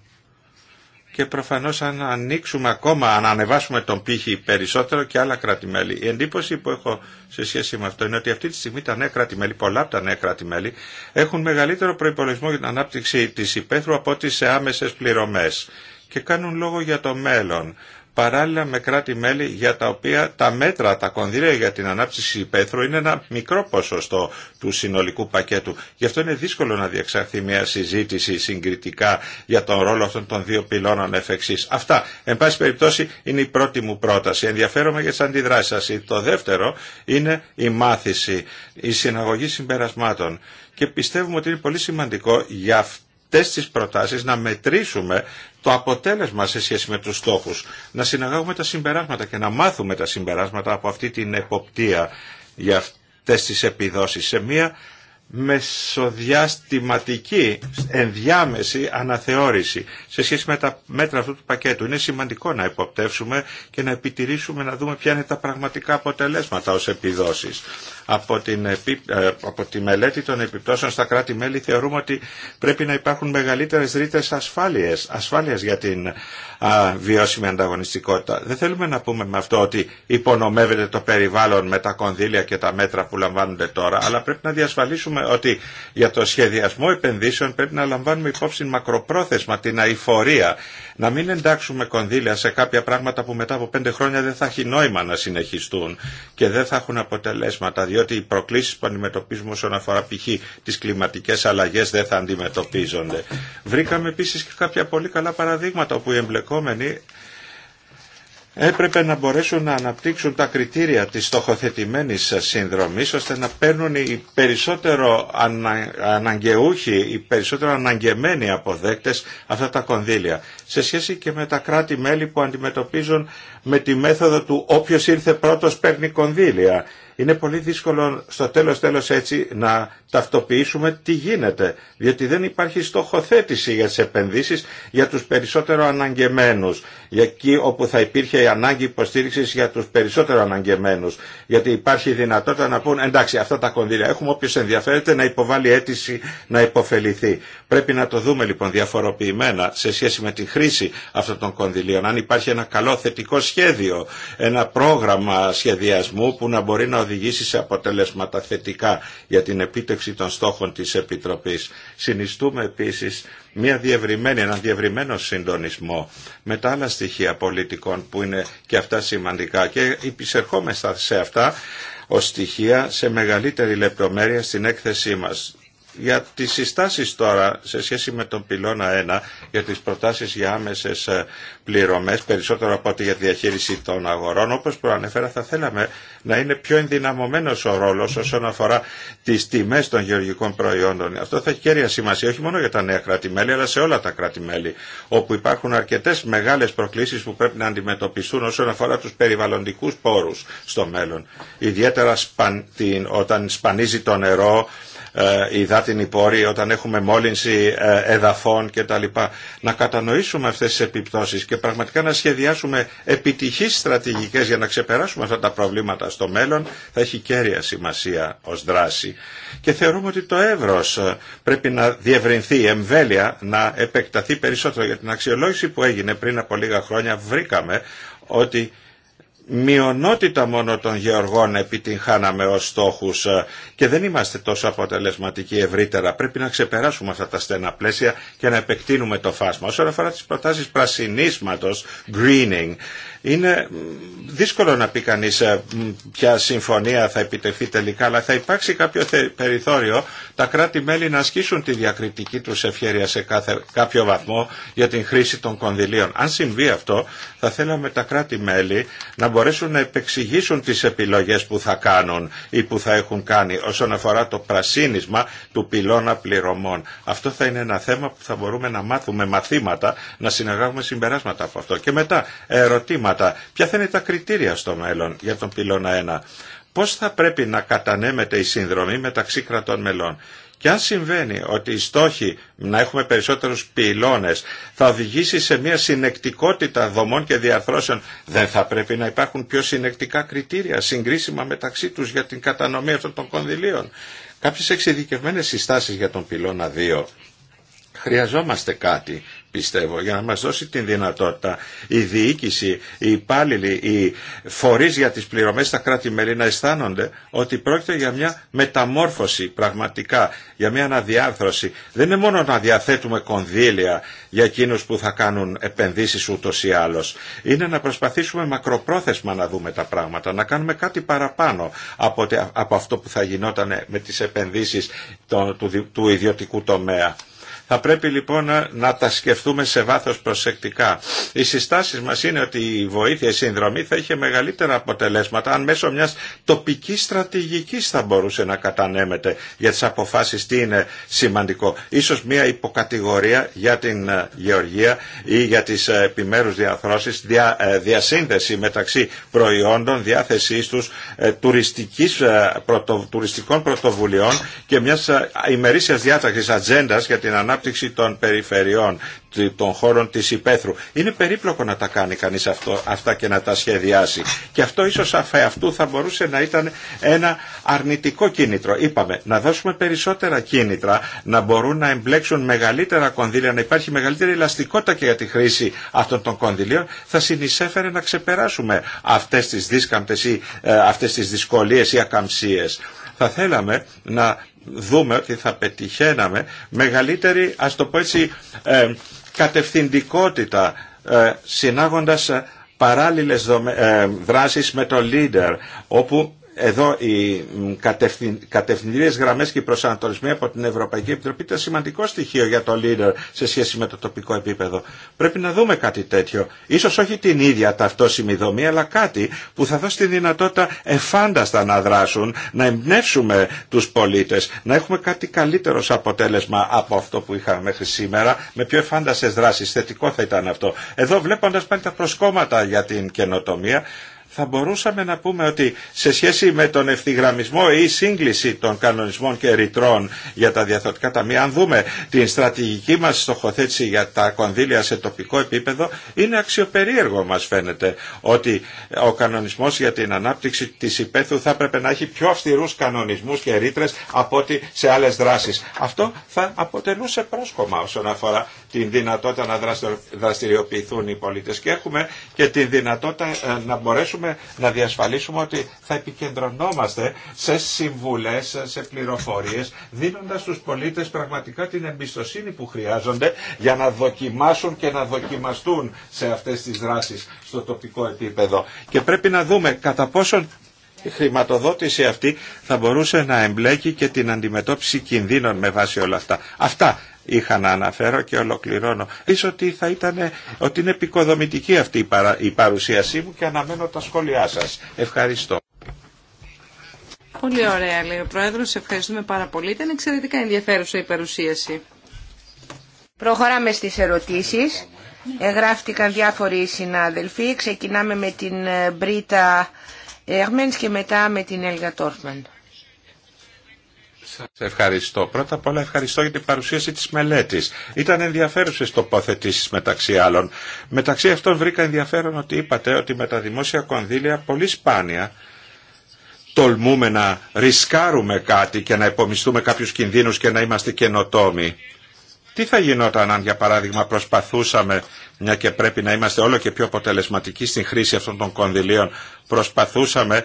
και προφανώς αν ανοίξουμε ακόμα, αν ανεβάσουμε τον πύχη περισσότερο και άλλα κράτη-μέλη. Η εντύπωση που έχω σε σχέση με αυτό είναι ότι αυτή τη στιγμή τα νέα κράτη-μέλη, πολλά από τα νέα κράτη-μέλη, έχουν μεγαλύτερο προϋπολογισμό για την ανάπτυξη της υπαίθρου από ό,τι σε άμεσες πληρωμές και κάνουν λόγο για το μέλλον παράλληλα με κράτη-μέλη για τα οποία τα μέτρα, τα κονδύλια για την ανάπτυξη υπαίθρου είναι ένα μικρό ποσοστό του συνολικού πακέτου. Γι' αυτό είναι δύσκολο να διεξαχθεί μια συζήτηση συγκριτικά για τον ρόλο αυτών των δύο πυλώνων εφ' Αυτά, εν πάση περιπτώσει, είναι η πρώτη μου πρόταση. Ενδιαφέρομαι για τι αντιδράσει σα. Το δεύτερο είναι η μάθηση, η συναγωγή συμπερασμάτων. Και πιστεύουμε ότι είναι πολύ σημαντικό για αυτό αυτές τις προτάσεις να μετρήσουμε το αποτέλεσμα σε σχέση με τους στόχους, να συναγάγουμε τα συμπεράσματα και να μάθουμε τα συμπεράσματα από αυτή την εποπτεία για αυτές τις επιδόσεις σε μια μεσοδιαστηματική, ενδιάμεση αναθεώρηση σε σχέση με τα μέτρα αυτού του πακέτου. Είναι σημαντικό να υποπτεύσουμε και να επιτηρήσουμε να δούμε ποια είναι τα πραγματικά αποτελέσματα ως επιδόσεις. Από, την, ε, από τη μελέτη των επιπτώσεων στα κράτη-μέλη θεωρούμε ότι πρέπει να υπάρχουν μεγαλύτερες ρήτες ασφάλειες, ασφάλειας για την α, βιώσιμη ανταγωνιστικότητα. Δεν θέλουμε να πούμε με αυτό ότι υπονομεύεται το περιβάλλον με τα κονδύλια και τα μέτρα που λαμβάνονται τώρα, αλλά πρέπει να διασφαλίσουμε ότι για το σχεδιασμό επενδύσεων πρέπει να λαμβάνουμε υπόψη μακροπρόθεσμα την αηφορία. Να μην εντάξουμε κονδύλια σε κάποια πράγματα που μετά από πέντε χρόνια δεν θα έχει νόημα να συνεχιστούν και δεν θα έχουν αποτελέσματα, διότι οι προκλήσει που αντιμετωπίζουμε όσον αφορά π.χ. τι κλιματικέ αλλαγέ δεν θα αντιμετωπίζονται. Βρήκαμε επίση και κάποια πολύ καλά παραδείγματα όπου οι εμπλεκόμενοι έπρεπε να μπορέσουν να αναπτύξουν τα κριτήρια της στοχοθετημένης συνδρομής ώστε να παίρνουν οι περισσότερο ανα, αναγκαιούχοι, οι περισσότερο αναγκεμένοι αποδέκτες αυτά τα κονδύλια. Σε σχέση και με τα κράτη-μέλη που αντιμετωπίζουν με τη μέθοδο του όποιος ήρθε πρώτος παίρνει κονδύλια είναι πολύ δύσκολο στο τέλος τέλος έτσι να ταυτοποιήσουμε τι γίνεται. Διότι δεν υπάρχει στοχοθέτηση για τις επενδύσεις για τους περισσότερο αναγκεμένους. Για εκεί όπου θα υπήρχε η ανάγκη υποστήριξη για τους περισσότερο αναγκεμένους. Γιατί υπάρχει δυνατότητα να πούν εντάξει αυτά τα κονδύλια έχουμε όποιος ενδιαφέρεται να υποβάλει αίτηση να υποφεληθεί. Πρέπει να το δούμε λοιπόν διαφοροποιημένα σε σχέση με τη χρήση αυτών των κονδυλίων. Αν υπάρχει ένα καλό θετικό σχέδιο, ένα πρόγραμμα σχεδιασμού που να μπορεί να οδηγήσει σε αποτελέσματα θετικά για την επίτευξη των στόχων της Επιτροπής. Συνιστούμε επίσης μια διευρυμένη, έναν διευρυμένο συντονισμό με τα άλλα στοιχεία πολιτικών που είναι και αυτά σημαντικά και υπησερχόμεθα σε αυτά ως στοιχεία σε μεγαλύτερη λεπτομέρεια στην έκθεσή μας για τις συστάσεις τώρα σε σχέση με τον πυλώνα 1 για τις προτάσεις για άμεσες ε, πληρωμές περισσότερο από ό,τι για διαχείριση των αγορών όπως προανέφερα θα θέλαμε να είναι πιο ενδυναμωμένος ο ρόλος όσον αφορά τις τιμές των γεωργικών προϊόντων. Αυτό θα έχει κέρια σημασία όχι μόνο για τα νέα κράτη-μέλη αλλά σε όλα τα κράτη-μέλη όπου υπάρχουν αρκετές μεγάλες προκλήσεις που πρέπει να αντιμετωπιστούν όσον αφορά τους περιβαλλοντικούς πόρους στο μέλλον. Ιδιαίτερα όταν σπανίζει το νερό, οι ε, υδάτινοι πόροι, όταν έχουμε μόλυνση ε, εδαφών κτλ. Να κατανοήσουμε αυτές τις επιπτώσεις και πραγματικά να σχεδιάσουμε επιτυχείς στρατηγικές για να ξεπεράσουμε αυτά τα προβλήματα στο μέλλον θα έχει κέρια σημασία ως δράση. Και θεωρούμε ότι το εύρος ε, πρέπει να διευρυνθεί η εμβέλεια, να επεκταθεί περισσότερο για την αξιολόγηση που έγινε πριν από λίγα χρόνια βρήκαμε ότι μειονότητα μόνο των γεωργών επιτυγχάναμε ως στόχους ε, και δεν είμαστε τόσο αποτελεσματικοί ευρύτερα. Πρέπει να ξεπεράσουμε αυτά τα στενά πλαίσια και να επεκτείνουμε το φάσμα. Όσον αφορά τις προτάσεις πρασινίσματος, greening, είναι δύσκολο να πει κανεί ε, ποια συμφωνία θα επιτεθεί τελικά, αλλά θα υπάρξει κάποιο περιθώριο τα κράτη-μέλη να ασκήσουν τη διακριτική του ευχέρεια σε κάθε, κάποιο βαθμό για την χρήση των κονδυλίων. Αν συμβεί αυτό, θα θέλαμε τα κράτη-μέλη να μπορέσουν να επεξηγήσουν τι επιλογέ που θα κάνουν ή που θα έχουν κάνει όσον αφορά το πρασίνισμα του πυλώνα πληρωμών. Αυτό θα είναι ένα θέμα που θα μπορούμε να μάθουμε μαθήματα, να συνεργάσουμε συμπεράσματα από αυτό. Και μετά ερωτήματα ποια θα είναι τα κριτήρια στο μέλλον για τον πυλώνα 1. Πώς θα πρέπει να κατανέμεται η συνδρομή μεταξύ κρατών μελών. Και αν συμβαίνει ότι η στόχη να έχουμε περισσότερους πυλώνες θα οδηγήσει σε μια συνεκτικότητα δομών και διαρθρώσεων, δεν θα πρέπει να υπάρχουν πιο συνεκτικά κριτήρια συγκρίσιμα μεταξύ τους για την κατανομή αυτών των κονδυλίων. Κάποιες εξειδικευμένες συστάσεις για τον πυλώνα 2. Χρειαζόμαστε κάτι πιστεύω, για να μας δώσει την δυνατότητα η διοίκηση, οι υπάλληλοι, οι φορείς για τις πληρωμές στα κράτη-μέλη να αισθάνονται ότι πρόκειται για μια μεταμόρφωση πραγματικά, για μια αναδιάρθρωση. Δεν είναι μόνο να διαθέτουμε κονδύλια για εκείνους που θα κάνουν επενδύσεις ούτως ή άλλως. Είναι να προσπαθήσουμε μακροπρόθεσμα να δούμε τα πράγματα, να κάνουμε κάτι παραπάνω από αυτό που θα γινόταν με τις επενδύσεις του ιδιωτικού τομέα. Θα πρέπει λοιπόν να τα σκεφτούμε σε βάθος προσεκτικά. Οι συστάσεις μας είναι ότι η βοήθεια, η συνδρομή θα είχε μεγαλύτερα αποτελέσματα αν μέσω μιας τοπικής στρατηγικής θα μπορούσε να κατανέμεται για τις αποφάσεις τι είναι σημαντικό. Ίσως μια υποκατηγορία για την ε, γεωργία ή για τις ε, επιμέρους διαθρώσεις, δια, ε, διασύνδεση μεταξύ προϊόντων, διάθεσής τους, πρωτο, τουριστικών πρωτοβουλειών και μιας ημερήσιας διάταξης ατζέντα για την ανάπτυξη ανάπτυξη των περιφερειών, των χώρων της υπαίθρου. Είναι περίπλοκο να τα κάνει κανείς αυτό, αυτά και να τα σχεδιάσει. Και αυτό ίσως αφ' αυτού θα μπορούσε να ήταν ένα αρνητικό κίνητρο. Είπαμε να δώσουμε περισσότερα κίνητρα, να μπορούν να εμπλέξουν μεγαλύτερα κονδύλια, να υπάρχει μεγαλύτερη ελαστικότητα και για τη χρήση αυτών των κονδυλίων, θα συνεισέφερε να ξεπεράσουμε αυτές τις δύσκαμπτες ή ε, αυτές τις δυσκολίες ή ακαμψίες. Θα θέλαμε να δούμε ότι θα πετυχαίναμε μεγαλύτερη, ας το πω έτσι, ε, κατευθυντικότητα ε, συνάγοντας ε, παράλληλες ε, δράσεις με το leader όπου εδώ οι κατευθυντήριε γραμμέ και οι προσανατολισμοί από την Ευρωπαϊκή Επιτροπή ήταν σημαντικό στοιχείο για το leader σε σχέση με το τοπικό επίπεδο. Πρέπει να δούμε κάτι τέτοιο. Ίσως όχι την ίδια ταυτόσημη δομή, αλλά κάτι που θα δώσει τη δυνατότητα εφάνταστα να δράσουν, να εμπνεύσουμε του πολίτε, να έχουμε κάτι καλύτερο αποτέλεσμα από αυτό που είχαμε μέχρι σήμερα, με πιο εφάνταστε δράσει. Θετικό θα ήταν αυτό. Εδώ βλέποντα πάλι τα προσκόμματα για την καινοτομία, θα μπορούσαμε να πούμε ότι σε σχέση με τον ευθυγραμμισμό ή σύγκληση των κανονισμών και ρητρών για τα διαθωτικά ταμεία, αν δούμε την στρατηγική μας στοχοθέτηση για τα κονδύλια σε τοπικό επίπεδο, είναι αξιοπερίεργο μας φαίνεται ότι ο κανονισμός για την ανάπτυξη της υπαίθου θα έπρεπε να έχει πιο αυστηρούς κανονισμούς και ρήτρες από ότι σε άλλες δράσεις. Αυτό θα αποτελούσε πρόσκομα όσον αφορά την δυνατότητα να δραστηριοποιηθούν οι πολίτες και έχουμε και την δυνατότητα ε, να μπορέσουμε να διασφαλίσουμε ότι θα επικεντρωνόμαστε σε συμβουλές, σε πληροφορίες, δίνοντας στους πολίτες πραγματικά την εμπιστοσύνη που χρειάζονται για να δοκιμάσουν και να δοκιμαστούν σε αυτές τις δράσεις στο τοπικό επίπεδο. Και πρέπει να δούμε κατά πόσον η χρηματοδότηση αυτή θα μπορούσε να εμπλέκει και την αντιμετώπιση κινδύνων με βάση όλα αυτά. Αυτά είχα να αναφέρω και ολοκληρώνω. Ίσως ότι θα ήταν, ότι είναι επικοδομητική αυτή η παρουσίασή μου και αναμένω τα σχόλιά σας. Ευχαριστώ. Πολύ ωραία, λέει ο Πρόεδρος. Ευχαριστούμε πάρα πολύ. Ήταν εξαιρετικά ενδιαφέρουσα η παρουσίαση. Προχωράμε στις ερωτήσεις. Εγγράφτηκαν διάφοροι συνάδελφοι. Ξεκινάμε με την ε, Μπρίτα Έγμενς και μετά με την Έλγα Τόρφμαν. Σας ευχαριστώ. Πρώτα απ' όλα ευχαριστώ για την παρουσίαση της μελέτης. Ήταν ενδιαφέρουσες τοποθετήσεις μεταξύ άλλων. Μεταξύ αυτών βρήκα ενδιαφέρον ότι είπατε ότι με τα δημόσια κονδύλια πολύ σπάνια τολμούμε να ρισκάρουμε κάτι και να υπομισθούμε κάποιους κινδύνους και να είμαστε καινοτόμοι. Τι θα γινόταν αν για παράδειγμα προσπαθούσαμε, μια και πρέπει να είμαστε όλο και πιο αποτελεσματικοί στην χρήση αυτών των κονδυλίων, προσπαθούσαμε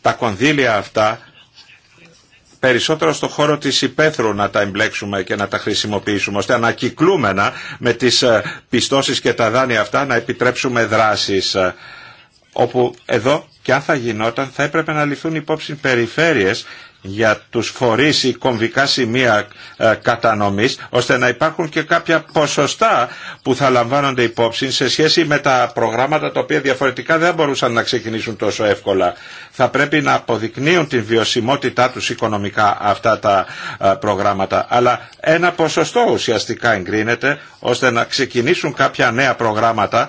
τα κονδύλια αυτά περισσότερο στο χώρο της υπαίθρου να τα εμπλέξουμε και να τα χρησιμοποιήσουμε, ώστε ανακυκλούμενα με τις ε, πιστώσεις και τα δάνεια αυτά να επιτρέψουμε δράσεις ε, όπου εδώ και αν θα γινόταν θα έπρεπε να ληφθούν υπόψη περιφέρειες για τους φορείς ή κομβικά σημεία ε, κατανομής ώστε να υπάρχουν και κάποια ποσοστά που θα λαμβάνονται υπόψη σε σχέση με τα προγράμματα τα οποία διαφορετικά δεν μπορούσαν να ξεκινήσουν τόσο εύκολα. Θα πρέπει να αποδεικνύουν την βιωσιμότητά τους οικονομικά αυτά τα ε, προγράμματα. Αλλά ένα ποσοστό ουσιαστικά εγκρίνεται ώστε να ξεκινήσουν κάποια νέα προγράμματα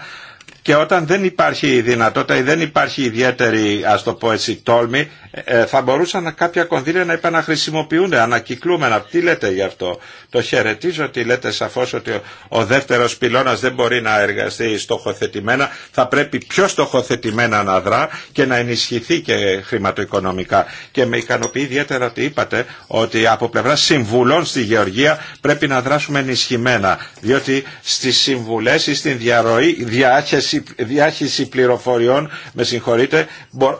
και όταν δεν υπάρχει δυνατότητα ή δεν υπάρχει ιδιαίτερη ας το πω έτσι τόλμη ε, θα μπορούσαν κάποια κονδύλια να επαναχρησιμοποιούνται, ανακυκλούμενα. Τι λέτε γι' αυτό. Το χαιρετίζω ότι λέτε σαφώς ότι ο δεύτερος πυλώνας δεν μπορεί να εργαστεί στοχοθετημένα, θα πρέπει πιο στοχοθετημένα να δρά και να ενισχυθεί και χρηματοοικονομικά. Και με ικανοποιεί ιδιαίτερα ότι είπατε ότι από πλευρά συμβουλών στη Γεωργία πρέπει να δράσουμε ενισχυμένα, διότι στις συμβουλές ή στην διαρροή, διάχυση, διάχυση πληροφοριών, με συγχωρείτε,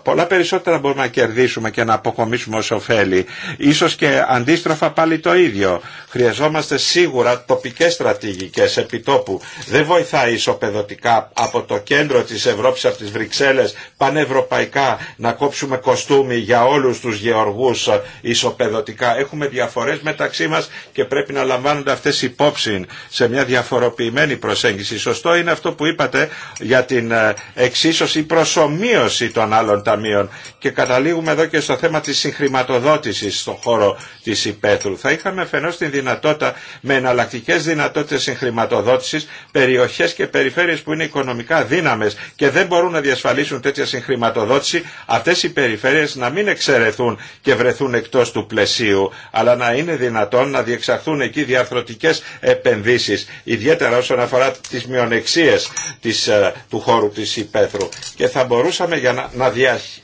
πολλά περισσότερα μπορούμε να κερδίσουμε κερδίσουμε και να αποκομίσουμε ως ωφέλη. Ίσως και αντίστροφα πάλι το ίδιο. Χρειαζόμαστε σίγουρα τοπικές στρατηγικές επιτόπου. Δεν βοηθάει ισοπεδωτικά από το κέντρο της Ευρώπης, από τις Βρυξέλλες, πανευρωπαϊκά να κόψουμε κοστούμι για όλους τους γεωργούς ισοπεδωτικά. Έχουμε διαφορές μεταξύ μας και πρέπει να λαμβάνονται αυτές υπόψη σε μια διαφοροποιημένη προσέγγιση. Σωστό είναι αυτό που είπατε για την ε, εξίσωση προσωμείωση των άλλων ταμείων και καταλήγουμε εδώ και στο θέμα της συγχρηματοδότησης στον χώρο της υπαίθρου. Θα είχαμε αφενός την δυνατότητα με εναλλακτικέ δυνατότητες συγχρηματοδότησης περιοχές και περιφέρειες που είναι οικονομικά δύναμες και δεν μπορούν να διασφαλίσουν τέτοια συγχρηματοδότηση αυτές οι περιφέρειες να μην εξαιρεθούν και βρεθούν εκτός του πλαισίου αλλά να είναι δυνατόν να διεξαχθούν εκεί διαρθρωτικές επενδύσεις ιδιαίτερα όσον αφορά τις μειονεξίες της, ε, του χώρου της υπαίθρου και θα μπορούσαμε να, να,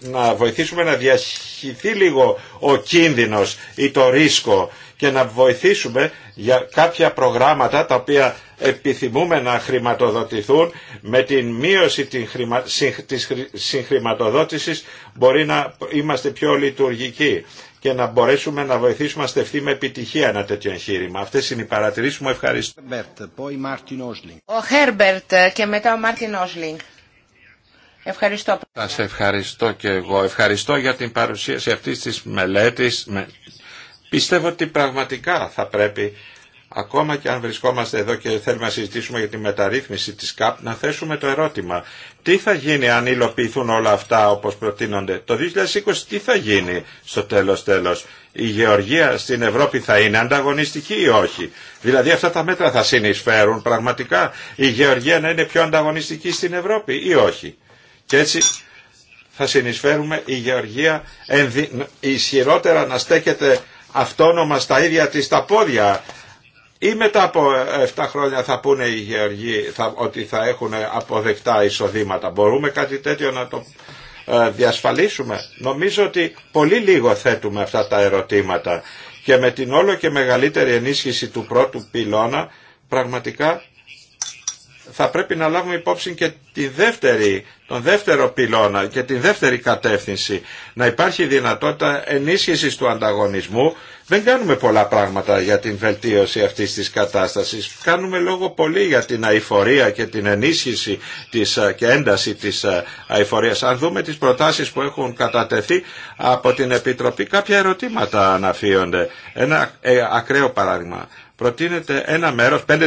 να βοηθήσουμε να διασ χυθεί λίγο ο κίνδυνος ή το ρίσκο και να βοηθήσουμε για κάποια προγράμματα τα οποία επιθυμούμε να χρηματοδοτηθούν με την μείωση της συγχρηματοδότησης μπορεί να είμαστε πιο λειτουργικοί και να μπορέσουμε να βοηθήσουμε να στεφθεί με επιτυχία ένα τέτοιο εγχείρημα. Αυτές είναι οι παρατηρήσεις μου. Ευχαριστώ. Ο Χέρμπερτ και μετά ο Μάρτιν Όσλινγκ. Ευχαριστώ. σε ευχαριστώ και εγώ. Ευχαριστώ για την παρουσίαση αυτής της μελέτης. Πιστεύω ότι πραγματικά θα πρέπει ακόμα και αν βρισκόμαστε εδώ και θέλουμε να συζητήσουμε για τη μεταρρύθμιση της ΚΑΠ, να θέσουμε το ερώτημα. Τι θα γίνει αν υλοποιηθούν όλα αυτά όπως προτείνονται. Το 2020 τι θα γίνει στο τέλος τέλος. Η γεωργία στην Ευρώπη θα είναι ανταγωνιστική ή όχι. Δηλαδή αυτά τα μέτρα θα συνεισφέρουν πραγματικά η γεωργία να είναι πιο ανταγωνιστική στην Ευρώπη ή όχι. Και έτσι θα συνεισφέρουμε η Γεωργία ισχυρότερα να στέκεται αυτόνομα στα ίδια της τα πόδια ή μετά από 7 χρόνια θα πούνε οι Γεωργοί θα, ότι θα έχουν αποδεκτά εισοδήματα. Μπορούμε κάτι τέτοιο να το ε, διασφαλίσουμε. Νομίζω ότι πολύ λίγο θέτουμε αυτά τα ερωτήματα και με την όλο και μεγαλύτερη ενίσχυση του πρώτου πυλώνα πραγματικά θα πρέπει να λάβουμε υπόψη και τη δεύτερη, τον δεύτερο πυλώνα και τη δεύτερη κατεύθυνση. Να υπάρχει δυνατότητα ενίσχυσης του ανταγωνισμού. Δεν κάνουμε πολλά πράγματα για την βελτίωση αυτής της κατάστασης. Κάνουμε λόγο πολύ για την αηφορία και την ενίσχυση της, και ένταση της αηφορίας. Αν δούμε τις προτάσεις που έχουν κατατεθεί από την Επιτροπή, κάποια ερωτήματα αναφύονται. Ένα ε, ακραίο παράδειγμα προτείνεται ένα μέρος, 5%,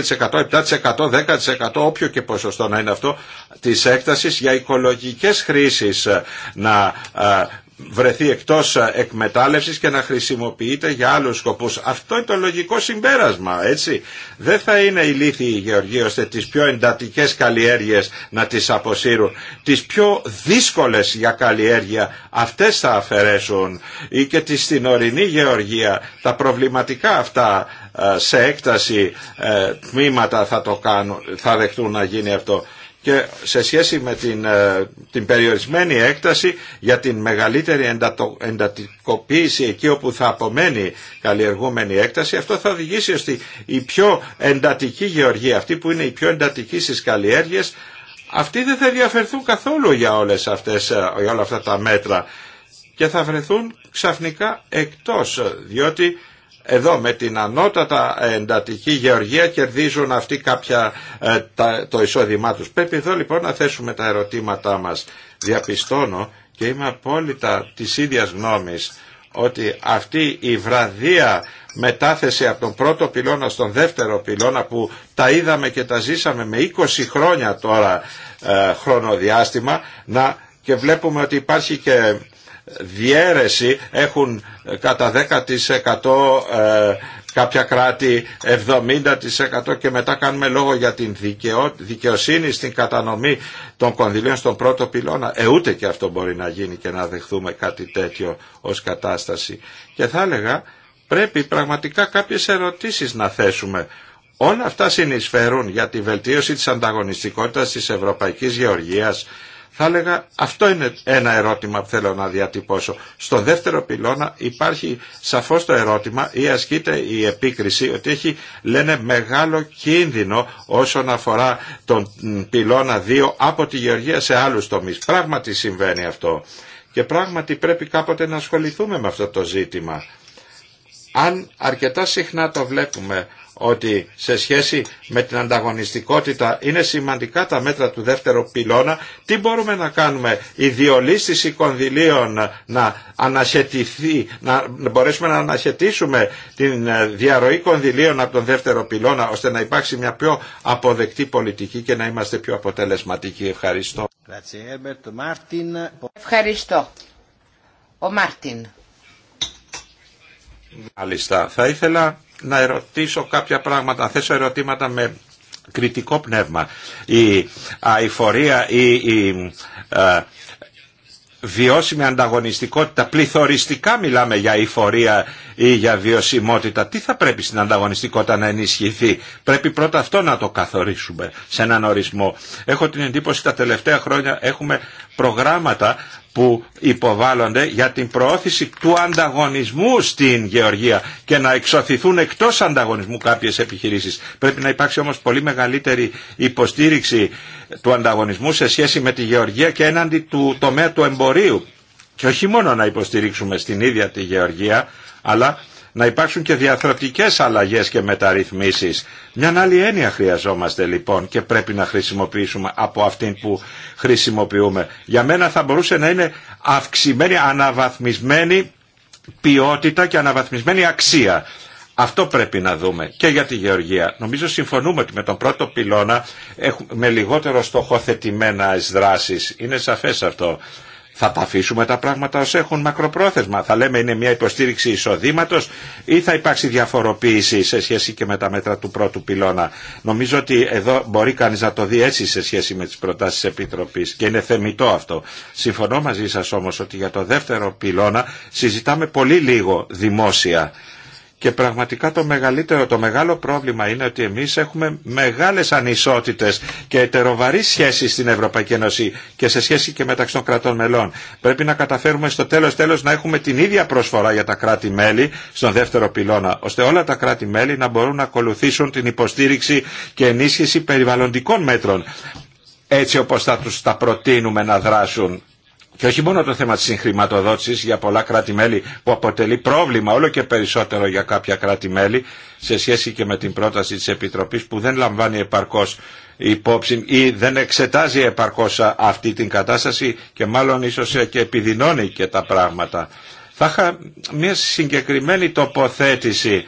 7%, 10%, όποιο και ποσοστό να είναι αυτό, της έκτασης για οικολογικές χρήσεις ε, να ε, βρεθεί εκτός ε, εκμετάλλευσης και να χρησιμοποιείται για άλλους σκοπούς. Αυτό είναι το λογικό συμπέρασμα, έτσι. Δεν θα είναι η οι η ώστε τις πιο εντατικές καλλιέργειες να τις αποσύρουν. Τις πιο δύσκολες για καλλιέργεια αυτές θα αφαιρέσουν ή και τη στην ορεινή Γεωργία τα προβληματικά αυτά ε, σε έκταση ε, τμήματα θα το κάνουν, θα δεχτούν να γίνει αυτό. Και σε σχέση με την, ε, την περιορισμένη έκταση για την μεγαλύτερη εντατικοποίηση εκεί όπου θα απομένει καλλιεργούμενη έκταση, αυτό θα οδηγήσει ώστε η πιο εντατική γεωργία, αυτή που είναι η πιο εντατική στις καλλιέργειες, αυτοί δεν θα διαφερθούν καθόλου για, όλες αυτές, για όλα αυτά τα μέτρα και θα βρεθούν ξαφνικά εκτός, διότι εδώ με την ανώτατα εντατική γεωργία κερδίζουν αυτοί κάποια ε, το εισόδημά τους. Πρέπει εδώ λοιπόν να θέσουμε τα ερωτήματά μας. Διαπιστώνω και είμαι απόλυτα της ίδιας γνώμης ότι αυτή η βραδία μετάθεση από τον πρώτο πυλώνα στον δεύτερο πυλώνα που τα είδαμε και τα ζήσαμε με 20 χρόνια τώρα ε, χρονοδιάστημα να, και βλέπουμε ότι υπάρχει και διέρεση έχουν κατά 10% ε, κάποια κράτη 70% και μετά κάνουμε λόγο για την δικαιοσύνη στην κατανομή των κονδυλίων στον πρώτο πυλώνα. Ε, ούτε και αυτό μπορεί να γίνει και να δεχθούμε κάτι τέτοιο ως κατάσταση. Και θα έλεγα πρέπει πραγματικά κάποιες ερωτήσεις να θέσουμε. Όλα αυτά συνεισφέρουν για τη βελτίωση της ανταγωνιστικότητας της ευρωπαϊκής γεωργίας θα έλεγα αυτό είναι ένα ερώτημα που θέλω να διατυπώσω. Στο δεύτερο πυλώνα υπάρχει σαφώς το ερώτημα ή ασκείται η επίκριση ότι έχει λένε μεγάλο κίνδυνο όσον αφορά τον πυλώνα 2 από τη γεωργία σε άλλους τομείς. Πράγματι συμβαίνει αυτό. Και πράγματι πρέπει κάποτε να ασχοληθούμε με αυτό το ζήτημα. Αν αρκετά συχνά το βλέπουμε ότι σε σχέση με την ανταγωνιστικότητα είναι σημαντικά τα μέτρα του δεύτερου πυλώνα. Τι μπορούμε να κάνουμε, η διολύστηση κονδυλίων να ανασχετηθεί, να μπορέσουμε να ανασχετήσουμε την ε, διαρροή κονδυλίων από τον δεύτερο πυλώνα ώστε να υπάρξει μια πιο αποδεκτή πολιτική και να είμαστε πιο αποτελεσματικοί. Ευχαριστώ. Ευχαριστώ. Ο Μάρτιν. Μάλιστα. Θα ήθελα να ερωτήσω κάποια πράγματα, να θέσω ερωτήματα με κριτικό πνεύμα. Η αηφορία, η, η ε, βιώσιμη ανταγωνιστικότητα, πληθωριστικά μιλάμε για αηφορία ή για βιωσιμότητα. Τι θα πρέπει στην ανταγωνιστικότητα να ενισχυθεί. Πρέπει πρώτα αυτό να το καθορίσουμε σε έναν ορισμό. Έχω την εντύπωση τα τελευταία χρόνια έχουμε προγράμματα που υποβάλλονται για την προώθηση του ανταγωνισμού στην Γεωργία και να εξωθηθούν εκτός ανταγωνισμού κάποιες επιχειρήσεις. Πρέπει να υπάρξει όμως πολύ μεγαλύτερη υποστήριξη του ανταγωνισμού σε σχέση με τη Γεωργία και έναντι του τομέα του εμπορίου. Και όχι μόνο να υποστηρίξουμε στην ίδια τη Γεωργία, αλλά να υπάρξουν και διαθρωτικές αλλαγές και μεταρρυθμίσεις. Μια άλλη έννοια χρειαζόμαστε λοιπόν και πρέπει να χρησιμοποιήσουμε από αυτήν που χρησιμοποιούμε. Για μένα θα μπορούσε να είναι αυξημένη, αναβαθμισμένη ποιότητα και αναβαθμισμένη αξία. Αυτό πρέπει να δούμε και για τη γεωργία. Νομίζω συμφωνούμε ότι με τον πρώτο πυλώνα έχουμε λιγότερο στοχοθετημένα δράσεις. Είναι σαφές αυτό. Θα τα αφήσουμε τα πράγματα ως έχουν μακροπρόθεσμα. Θα λέμε είναι μια υποστήριξη εισοδήματο ή θα υπάρξει διαφοροποίηση σε σχέση και με τα μέτρα του πρώτου πυλώνα. Νομίζω ότι εδώ μπορεί κανεί να το δει έτσι σε σχέση με τις προτάσεις Επιτροπής και είναι θεμητό αυτό. Συμφωνώ μαζί σας όμως ότι για το δεύτερο πυλώνα συζητάμε πολύ λίγο δημόσια και πραγματικά το μεγαλύτερο, το μεγάλο πρόβλημα είναι ότι εμείς έχουμε μεγάλες ανισότητες και ετεροβαρείς σχέσει στην Ευρωπαϊκή Ένωση και σε σχέση και μεταξύ των κρατών μελών. Πρέπει να καταφέρουμε στο τέλος τέλος να έχουμε την ίδια προσφορά για τα κράτη-μέλη στον δεύτερο πυλώνα, ώστε όλα τα κράτη-μέλη να μπορούν να ακολουθήσουν την υποστήριξη και ενίσχυση περιβαλλοντικών μέτρων έτσι όπως θα τους τα προτείνουμε να δράσουν και όχι μόνο το θέμα της συγχρηματοδότησης για πολλά κράτη-μέλη που αποτελεί πρόβλημα όλο και περισσότερο για κάποια κράτη-μέλη σε σχέση και με την πρόταση της Επιτροπής που δεν λαμβάνει επαρκώς υπόψη ή δεν εξετάζει επαρκώς αυτή την κατάσταση και μάλλον ίσως ε, και επιδεινώνει και τα πράγματα. Θα είχα μια συγκεκριμένη τοποθέτηση.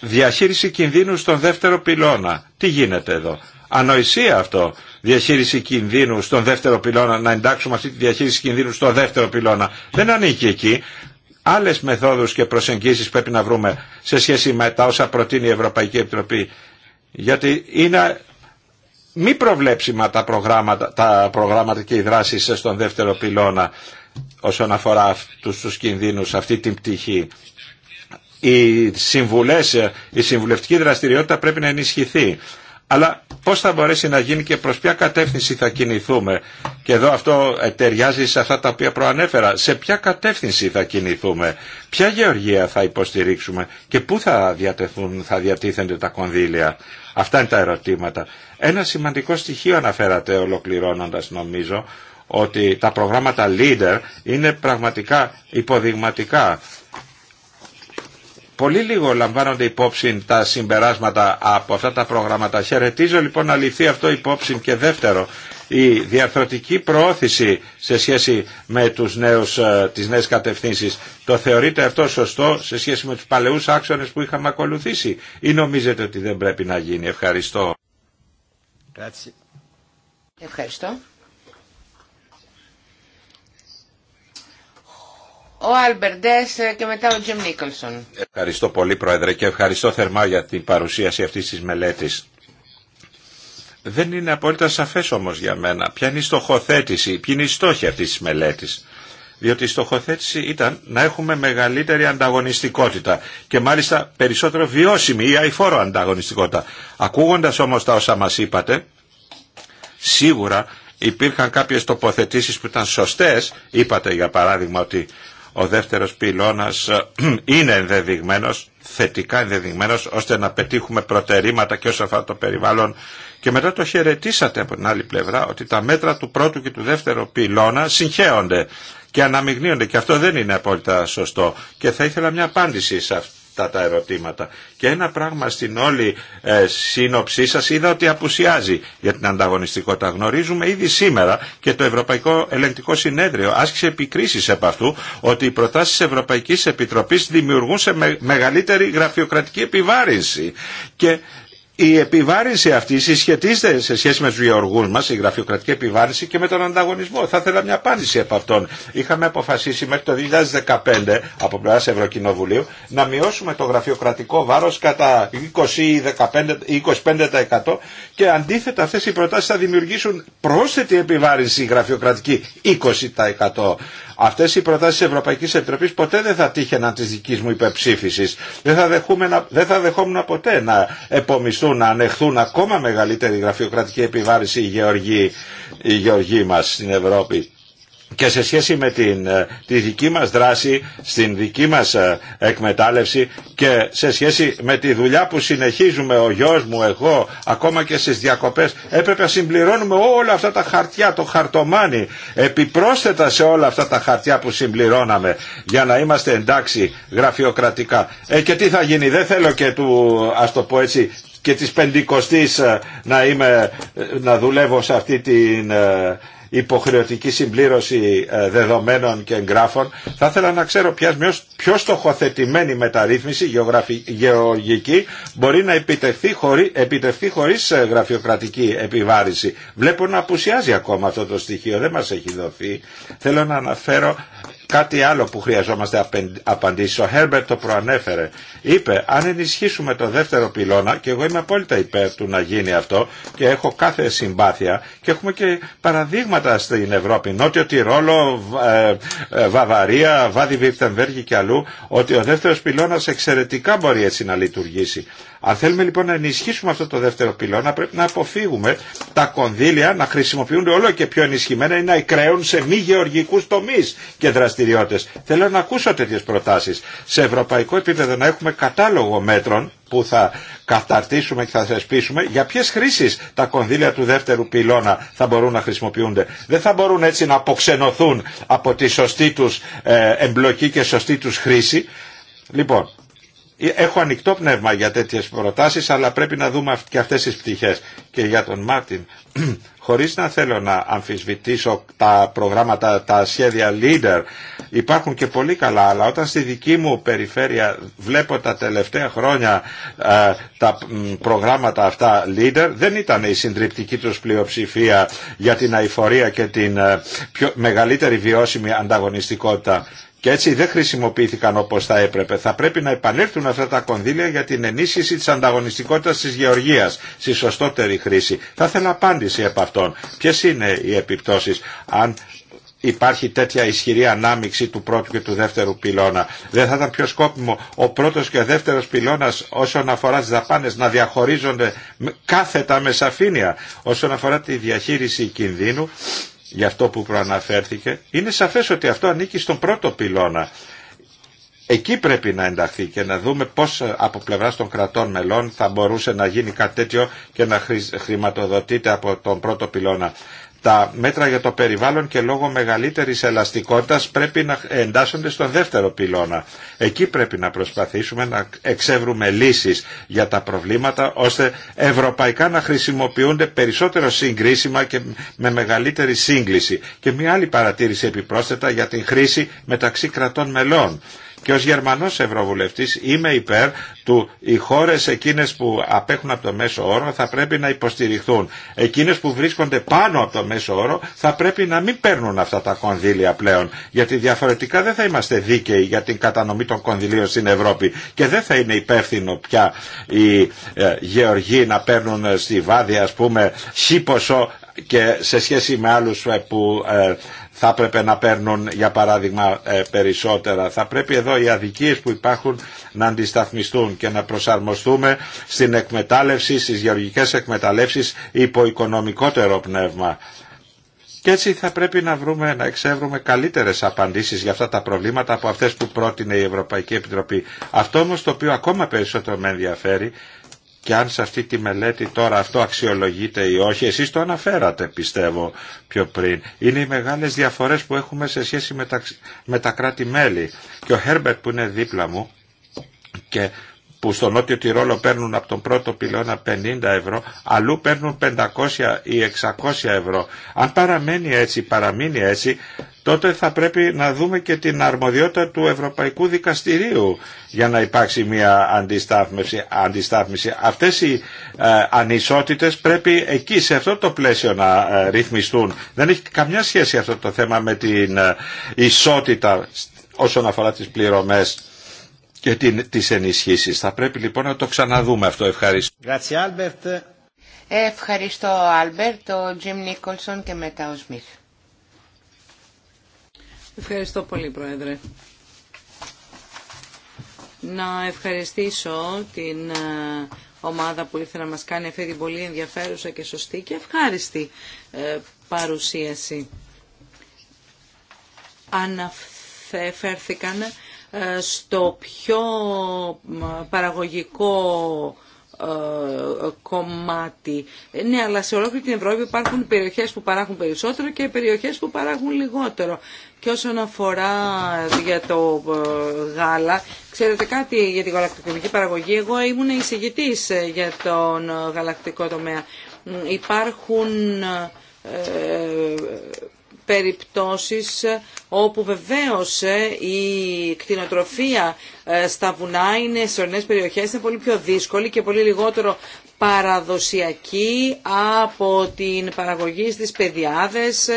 Διαχείριση κινδύνου στον δεύτερο πυλώνα. Τι γίνεται εδώ. Ανοησία αυτό διαχείριση κινδύνου στον δεύτερο πυλώνα, να εντάξουμε αυτή τη διαχείριση κινδύνου στον δεύτερο πυλώνα. Δεν ανήκει εκεί. Άλλες μεθόδους και προσεγγίσεις πρέπει να βρούμε σε σχέση με τα όσα προτείνει η Ευρωπαϊκή Επιτροπή. Γιατί είναι μη προβλέψιμα τα προγράμματα, τα προγράμματα και οι δράσεις στον δεύτερο πυλώνα όσον αφορά αυτού του κινδύνου, αυτή την πτυχή. Οι συμβουλές, η συμβουλευτική δραστηριότητα πρέπει να ενισχυθεί αλλά πώς θα μπορέσει να γίνει και προς ποια κατεύθυνση θα κινηθούμε. Και εδώ αυτό ε, ταιριάζει σε αυτά τα οποία προανέφερα. Σε ποια κατεύθυνση θα κινηθούμε, ποια γεωργία θα υποστηρίξουμε και πού θα, διατεθούν, θα διατίθενται τα κονδύλια. Αυτά είναι τα ερωτήματα. Ένα σημαντικό στοιχείο αναφέρατε ολοκληρώνοντας νομίζω, ότι τα προγράμματα leader είναι πραγματικά υποδειγματικά Πολύ λίγο λαμβάνονται υπόψη τα συμπεράσματα από αυτά τα προγράμματα. Χαιρετίζω λοιπόν να ληφθεί αυτό υπόψη και δεύτερο. Η διαρθρωτική προώθηση σε σχέση με τους νέους, ε, τις νέες κατευθύνσεις το θεωρείτε αυτό σωστό σε σχέση με τους παλαιούς άξονες που είχαμε ακολουθήσει ή νομίζετε ότι δεν πρέπει να γίνει. Ευχαριστώ. Ευχαριστώ. ο Αλμπερντές και μετά ο Τζιμ Νίκολσον. Ευχαριστώ πολύ Πρόεδρε και ευχαριστώ θερμά για την παρουσίαση αυτής της μελέτης. Δεν είναι απόλυτα σαφές όμως για μένα ποια είναι η στοχοθέτηση, ποιοι είναι οι στόχοι αυτής της μελέτης. Διότι η στοχοθέτηση ήταν να έχουμε μεγαλύτερη ανταγωνιστικότητα και μάλιστα περισσότερο βιώσιμη ή αηφόρο ανταγωνιστικότητα. Ακούγοντας όμως τα όσα μας είπατε, σίγουρα υπήρχαν κάποιες τοποθετήσεις που ήταν σωστές. Είπατε για παράδειγμα ότι ο δεύτερος πυλώνας ε, [clears throat] είναι ενδεδειγμένος, θετικά ενδεδειγμένος, ώστε να πετύχουμε προτερήματα και όσο αφορά το περιβάλλον. Και μετά το χαιρετήσατε από την άλλη πλευρά ότι τα μέτρα του πρώτου και του δεύτερου πυλώνα συγχέονται και αναμειγνύονται και αυτό δεν είναι απόλυτα σωστό. Και θα ήθελα μια απάντηση σε αυτό αυτά τα ερωτήματα. Και ένα πράγμα στην όλη ε, σύνοψή σας είδα ότι απουσιάζει για την ανταγωνιστικότητα. Γνωρίζουμε ήδη σήμερα και το Ευρωπαϊκό Ελεγκτικό Συνέδριο άσκησε επικρίσεις επ' αυτού ότι οι προτάσεις Ευρωπαϊκής Επιτροπής δημιουργούν σε μεγαλύτερη γραφειοκρατική επιβάρυνση. Και η επιβάρυνση αυτή συσχετίζεται σε σχέση με του γεωργού μα, η γραφειοκρατική επιβάρυνση και με τον ανταγωνισμό. Θα ήθελα μια απάντηση από αυτόν. Είχαμε αποφασίσει μέχρι το 2015 από πλευρά Ευρωκοινοβουλίου να μειώσουμε το γραφειοκρατικό βάρο κατά 20 ή 25% και αντίθετα αυτέ οι προτάσει θα δημιουργήσουν πρόσθετη επιβάρυνση γραφειοκρατική 20%. Αυτές οι προτάσεις της Ευρωπαϊκής Επιτροπής ποτέ δεν θα τύχαιναν της δικής μου υπεψήφισή, Δεν θα, δεν θα δεχόμουν ποτέ να επομισθούν, να ανεχθούν ακόμα μεγαλύτερη γραφειοκρατική επιβάρηση οι γεωργοί, οι γεωργοί μας στην Ευρώπη και σε σχέση με την, ε, τη δική μας δράση, στην δική μας ε, εκμετάλλευση και σε σχέση με τη δουλειά που συνεχίζουμε ο γιος μου, εγώ, ακόμα και στις διακοπές, έπρεπε να συμπληρώνουμε όλα αυτά τα χαρτιά, το χαρτομάνι, επιπρόσθετα σε όλα αυτά τα χαρτιά που συμπληρώναμε, για να είμαστε εντάξει γραφειοκρατικά. Ε, και τι θα γίνει, δεν θέλω και του, ας το πω έτσι, και της πεντηκοστής ε, να, να δουλεύω σε αυτή την υποχρεωτική συμπλήρωση ε, δεδομένων και εγγράφων. Θα ήθελα να ξέρω ποια πιο στοχοθετημένη μεταρρύθμιση γεωργική μπορεί να επιτευχθεί, χωρί, χωρίς ε, γραφειοκρατική επιβάρηση. Βλέπω να απουσιάζει ακόμα αυτό το στοιχείο, δεν μας έχει δοθεί. Θέλω να αναφέρω κάτι άλλο που χρειαζόμαστε απαντήσει. Ο Χέρμπερ το προανέφερε. Είπε, αν ενισχύσουμε το δεύτερο πυλώνα, και εγώ είμαι απόλυτα υπέρ του να γίνει αυτό και έχω κάθε συμπάθεια και έχουμε και παραδείγματα στην Ευρώπη, Νότιο Τυρόλο, ε, ε, Βαβαρία, Βάδι Βιρτεμβέργη και αλλού, ότι ο δεύτερος πυλώνα εξαιρετικά μπορεί έτσι να λειτουργήσει. Αν θέλουμε λοιπόν να ενισχύσουμε αυτό το δεύτερο πυλώνα πρέπει να αποφύγουμε τα κονδύλια να χρησιμοποιούνται όλο και πιο ενισχυμένα ή να εκραίουν σε μη γεωργικού τομεί και δραστηριότητε. Θέλω να ακούσω τέτοιε προτάσει. Σε ευρωπαϊκό επίπεδο να έχουμε κατάλογο μέτρων που θα καταρτήσουμε και θα θεσπίσουμε για ποιε χρήσει τα κονδύλια του δεύτερου πυλώνα θα μπορούν να χρησιμοποιούνται. Δεν θα μπορούν έτσι να αποξενωθούν από τη σωστή του ε, εμπλοκή και σωστή του χρήση. Λοιπόν, έχω ανοιχτό πνεύμα για τέτοιε προτάσει, αλλά πρέπει να δούμε και αυτές τις πτυχέ. και για τον Μάρτιν [clears throat] χωρίς να θέλω να αμφισβητήσω τα προγράμματα, τα σχέδια leader υπάρχουν και πολύ καλά αλλά όταν στη δική μου περιφέρεια βλέπω τα τελευταία χρόνια ε, τα προγράμματα αυτά leader δεν ήταν η συντριπτική του πλειοψηφία για την αηφορία και την ε, μεγαλύτερη βιώσιμη ανταγωνιστικότητα και έτσι δεν χρησιμοποιήθηκαν όπως θα έπρεπε. Θα πρέπει να επανέλθουν αυτά τα κονδύλια για την ενίσχυση της ανταγωνιστικότητας της γεωργίας στη σωστότερη χρήση. Θα ήθελα απάντηση από αυτόν. Ποιες είναι οι επιπτώσεις αν υπάρχει τέτοια ισχυρή ανάμειξη του πρώτου και του δεύτερου πυλώνα. Δεν θα ήταν πιο σκόπιμο ο πρώτος και ο δεύτερος πυλώνας όσον αφορά τις δαπάνες να διαχωρίζονται κάθετα με σαφήνεια όσον αφορά τη διαχείριση κινδύνου για αυτό που προαναφέρθηκε, είναι σαφές ότι αυτό ανήκει στον πρώτο πυλώνα. Εκεί πρέπει να ενταχθεί και να δούμε πώς από πλευράς των κρατών μελών θα μπορούσε να γίνει κάτι τέτοιο και να χρηματοδοτείται από τον πρώτο πυλώνα τα μέτρα για το περιβάλλον και λόγω μεγαλύτερης ελαστικότητας πρέπει να εντάσσονται στον δεύτερο πυλώνα. Εκεί πρέπει να προσπαθήσουμε να εξεύρουμε λύσεις για τα προβλήματα ώστε ευρωπαϊκά να χρησιμοποιούνται περισσότερο συγκρίσιμα και με μεγαλύτερη σύγκληση. Και μια άλλη παρατήρηση επιπρόσθετα για την χρήση μεταξύ κρατών μελών και ως Γερμανός Ευρωβουλευτής είμαι υπέρ του οι χώρες εκείνες που απέχουν από το μέσο όρο θα πρέπει να υποστηριχθούν. Εκείνες που βρίσκονται πάνω από το μέσο όρο θα πρέπει να μην παίρνουν αυτά τα κονδύλια πλέον γιατί διαφορετικά δεν θα είμαστε δίκαιοι για την κατανομή των κονδυλίων στην Ευρώπη και δεν θα είναι υπεύθυνο πια οι ε, γεωργοί να παίρνουν στη βάδια ας πούμε χίποσο και σε σχέση με άλλους ε, που ε, θα έπρεπε να παίρνουν για παράδειγμα ε, περισσότερα. Θα πρέπει εδώ οι αδικίες που υπάρχουν να αντισταθμιστούν και να προσαρμοστούμε στην εκμετάλλευση, στις γεωργικές εκμεταλλεύσεις υπό οικονομικότερο πνεύμα. Και έτσι θα πρέπει να βρούμε, να εξεύρουμε καλύτερες απαντήσεις για αυτά τα προβλήματα από αυτές που πρότεινε η Ευρωπαϊκή Επιτροπή. Αυτό όμως το οποίο ακόμα περισσότερο με ενδιαφέρει και αν σε αυτή τη μελέτη τώρα αυτό αξιολογείται ή όχι, εσείς το αναφέρατε πιστεύω πιο πριν. Είναι οι μεγάλες διαφορές που έχουμε σε σχέση με τα, με τα κράτη-μέλη. Και ο Χέρμπερτ που είναι δίπλα μου και που στο νότιο Τυρόλο παίρνουν από τον πρώτο πυλώνα 50 ευρώ, αλλού παίρνουν 500 ή 600 ευρώ. Αν παραμένει έτσι, παραμείνει έτσι, τότε θα πρέπει να δούμε και την αρμοδιότητα του Ευρωπαϊκού Δικαστηρίου για να υπάρξει μια αντιστάθμιση. αντιστάθμιση. Αυτές οι ε, ανισότητες πρέπει εκεί σε αυτό το πλαίσιο να ε, ρυθμιστούν. Δεν έχει καμιά σχέση αυτό το θέμα με την ε, ισότητα όσον αφορά τις πληρωμές και την, τις ενισχύσεις. Θα πρέπει λοιπόν να το ξαναδούμε αυτό. Ευχαριστώ. Grazie, Albert. Ευχαριστώ, Άλμπερτ, ο Τζιμ Νίκολσον και μετά ο Σμιθ. Ευχαριστώ πολύ, Πρόεδρε. Να ευχαριστήσω την ε, ομάδα που ήρθε να μας κάνει αυτή την πολύ ενδιαφέρουσα και σωστή και ευχάριστη ε, παρουσίαση. Αναφέρθηκαν ε, στο πιο παραγωγικό ε, ε, κομμάτι. Ναι, αλλά σε ολόκληρη την Ευρώπη υπάρχουν περιοχές που παράγουν περισσότερο και περιοχές που παράγουν λιγότερο. Και όσον αφορά ε, για το γάλα, ξέρετε κάτι για την γαλακτοκομική παραγωγή. Εγώ ήμουν εισηγητής για τον γαλακτικό τομέα. Υπάρχουν περιπτώσεις όπου βεβαίως ε, η κτηνοτροφία ε, στα βουνά είναι σε ορεινές περιοχές είναι πολύ πιο δύσκολη και πολύ λιγότερο παραδοσιακή από την παραγωγή στις παιδιάδες.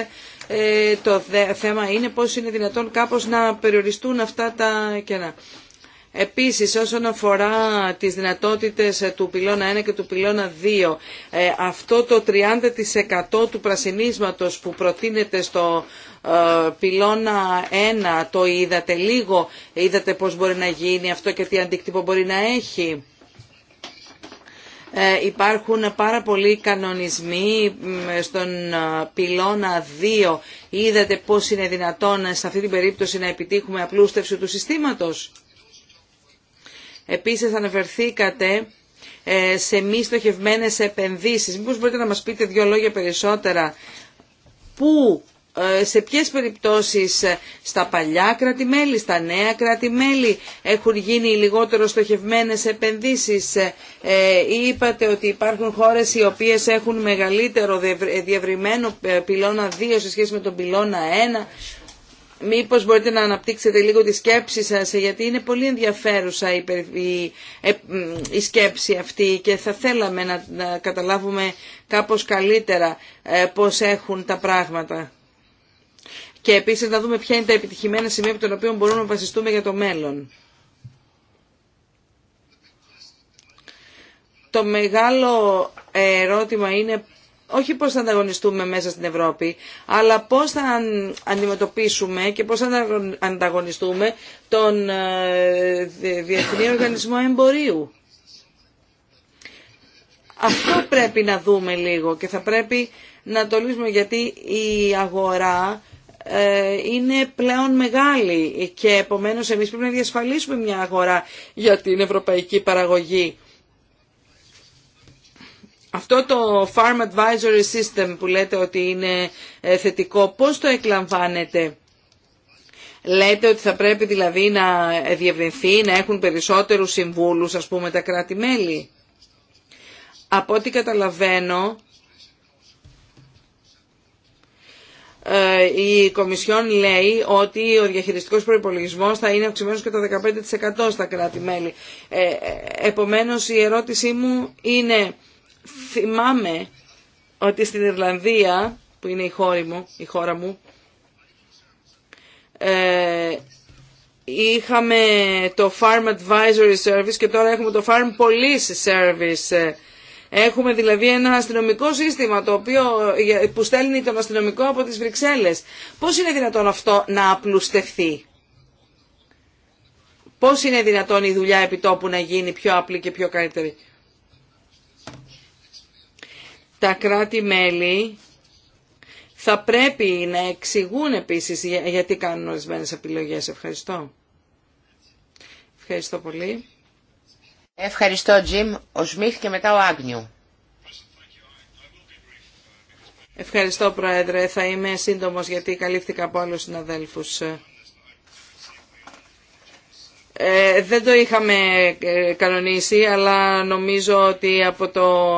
Ε, το θέμα είναι πώς είναι δυνατόν κάπως να περιοριστούν αυτά τα κενά. Επίσης όσον αφορά τις δυνατότητες ε, του πυλώνα 1 και του πυλώνα 2, ε, αυτό το 30% του πρασινίσματος που προτείνεται στο ε, πυλώνα 1 το είδατε λίγο, είδατε πώς μπορεί να γίνει αυτό και τι αντίκτυπο μπορεί να έχει. υπάρχουν πάρα πολλοί κανονισμοί στον πυλώνα 2. Είδατε πώς είναι δυνατόν σε αυτή την περίπτωση να επιτύχουμε απλούστευση του συστήματος. Επίσης αναφερθήκατε ε, σε μη στοχευμένες επενδύσεις. Μήπως μπορείτε να μας πείτε δύο λόγια περισσότερα. Πού ε, σε ποιες περιπτώσεις ε, στα παλιά κράτη-μέλη, στα νέα κράτη-μέλη έχουν γίνει λιγότερο στοχευμένες επενδύσεις ή είπατε ότι υπάρχουν χώρες οι οποίες έχουν μεγαλύτερο διευρυμένο πυλώνα 2 σε σχέση με τον πυλώνα 1 Μήπως μπορείτε να αναπτύξετε λίγο τη σκέψη σας, γιατί είναι πολύ ενδιαφέρουσα η ε, σκέψη αυτή και θα θέλαμε να καταλάβουμε κάπως καλύτερα ε, πώς έχουν τα πράγματα. Και επίσης να δούμε ποια είναι τα επιτυχημένα σημεία από τα οποία μπορούμε να βασιστούμε για το μέλλον. Το μεγάλο ερώτημα είναι όχι πώς θα ανταγωνιστούμε μέσα στην Ευρώπη, αλλά πώς θα αντιμετωπίσουμε και πώς θα ανταγωνιστούμε τον ε, Διεθνή Οργανισμό Εμπορίου. Αυτό πρέπει να δούμε λίγο και θα πρέπει να το λύσουμε γιατί η αγορά ε, είναι πλέον μεγάλη και επομένως εμείς πρέπει να διασφαλίσουμε μια αγορά για την ευρωπαϊκή παραγωγή. Αυτό το Farm Advisory System που λέτε ότι είναι ε, θετικό, πώς το εκλαμβάνετε. Λέτε ότι θα πρέπει δηλαδή να ε, διευρυνθεί, να έχουν περισσότερους συμβούλους, ας πούμε, τα κράτη-μέλη. Από ό,τι καταλαβαίνω, ε, η Κομισιόν λέει ότι ο διαχειριστικός προϋπολογισμός θα είναι αυξημένος και το 15% στα κράτη-μέλη. Επομένως, η ερώτησή μου είναι θυμάμαι ότι στην Ιρλανδία, που είναι η, χώρα μου, η χώρα μου, ε, είχαμε το Farm Advisory Service και τώρα έχουμε το Farm Police Service. Έχουμε δηλαδή ένα αστυνομικό σύστημα το οποίο, που στέλνει τον αστυνομικό από τις Βρυξέλλες. Πώς είναι δυνατόν αυτό να απλουστευθεί. Πώς είναι δυνατόν η δουλειά επιτόπου να γίνει πιο απλή και πιο καλύτερη τα κράτη-μέλη θα πρέπει να εξηγούν επίσης γιατί κάνουν ορισμένε επιλογές. Ευχαριστώ. Ευχαριστώ πολύ. Ευχαριστώ, Τζιμ. Ο Σμίχ και μετά ο Άγνιου. Ευχαριστώ, Πρόεδρε. Θα είμαι σύντομος γιατί καλύφθηκα από άλλους συναδέλφους. Ε, δεν το είχαμε ε, κανονίσει, αλλά νομίζω ότι από, το,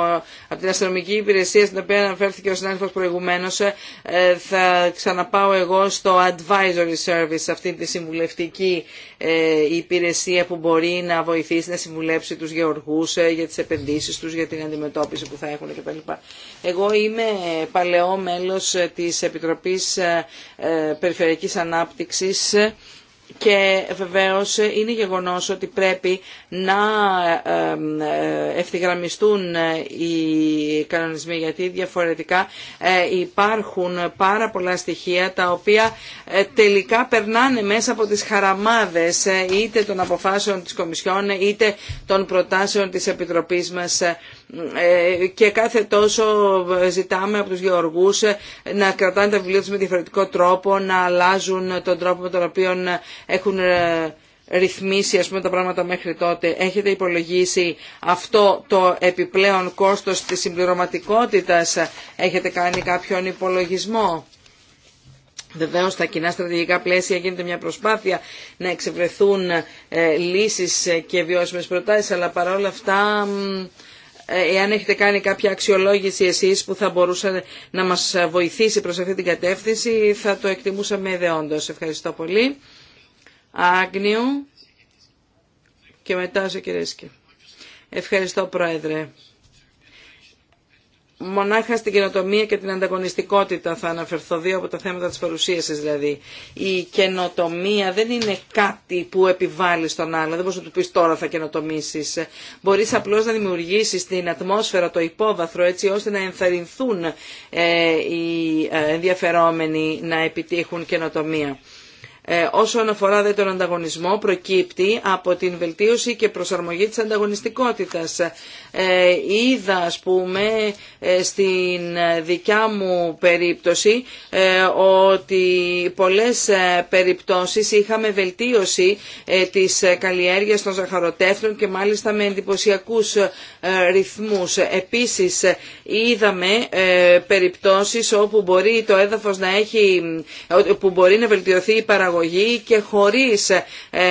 την αστυνομική υπηρεσία στην οποία αναφέρθηκε ο συνάδελφος προηγουμένως ε, θα ξαναπάω εγώ στο advisory service, αυτή τη συμβουλευτική υπηρεσία που μπορεί να βοηθήσει να συμβουλέψει τους γεωργούς για τις επενδύσεις τους, για την αντιμετώπιση που θα έχουν κτλ. Εγώ είμαι παλαιό μέλος της Επιτροπής Περιφερειακής Ανάπτυξης και βεβαίως είναι γεγονός ότι πρέπει να ε, ε, ευθυγραμμιστούν ε, οι κανονισμοί γιατί διαφορετικά υπάρχουν πάρα πολλά στοιχεία τα οποία τελικά περνάνε μέσα από τις χαραμάδες είτε των αποφάσεων της Κομισιόν είτε των προτάσεων της Επιτροπής μας και κάθε τόσο ζητάμε από τους γεωργούς να κρατάνε τα βιβλία τους με διαφορετικό τρόπο, να αλλάζουν τον τρόπο με τον οποίο έχουν ε, ρυθμίσει ας πούμε τα πράγματα μέχρι τότε. Έχετε υπολογίσει αυτό το επιπλέον κόστος της συμπληρωματικότητας. Έχετε κάνει κάποιον υπολογισμό. Βεβαίω, στα κοινά στρατηγικά πλαίσια γίνεται μια προσπάθεια να εξευρεθούν ε, λύσεις και βιώσιμες προτάσεις, αλλά παρόλα αυτά ε, εάν έχετε κάνει κάποια αξιολόγηση εσείς που θα μπορούσε να μας βοηθήσει προς αυτή την κατεύθυνση, θα το εκτιμούσαμε ιδεόντως. Ευχαριστώ πολύ. Άγνιου και μετά σε Κυρίσκη. Ευχαριστώ Πρόεδρε. Μονάχα στην καινοτομία και την ανταγωνιστικότητα θα αναφερθώ δύο από τα θέματα της παρουσίαση, δηλαδή. Η καινοτομία δεν είναι κάτι που επιβάλλει στον άλλο. δεν μπορείς να του πεις τώρα θα καινοτομήσεις. Μπορείς απλώς να δημιουργήσεις την ατμόσφαιρα, το υπόβαθρο έτσι ώστε να ενθαρρυνθούν ε, οι ε, ενδιαφερόμενοι να επιτύχουν καινοτομία. Ε, όσον αφορά δε τον ανταγωνισμό προκύπτει από την βελτίωση και προσαρμογή της ανταγωνιστικότητας. Ε, είδα ας πούμε ε, στην δικιά μου περίπτωση ότι πολλές περιπτώσεις είχαμε βελτίωση της καλλιέργειας των ζαχαροτέφρων και μάλιστα με εντυπωσιακούς ρυθμούς. Επίσης είδαμε περιπτώσεις όπου μπορεί το έδαφος να έχει, που μπορεί να βελτιωθεί η παραγωγή και χωρίς ε,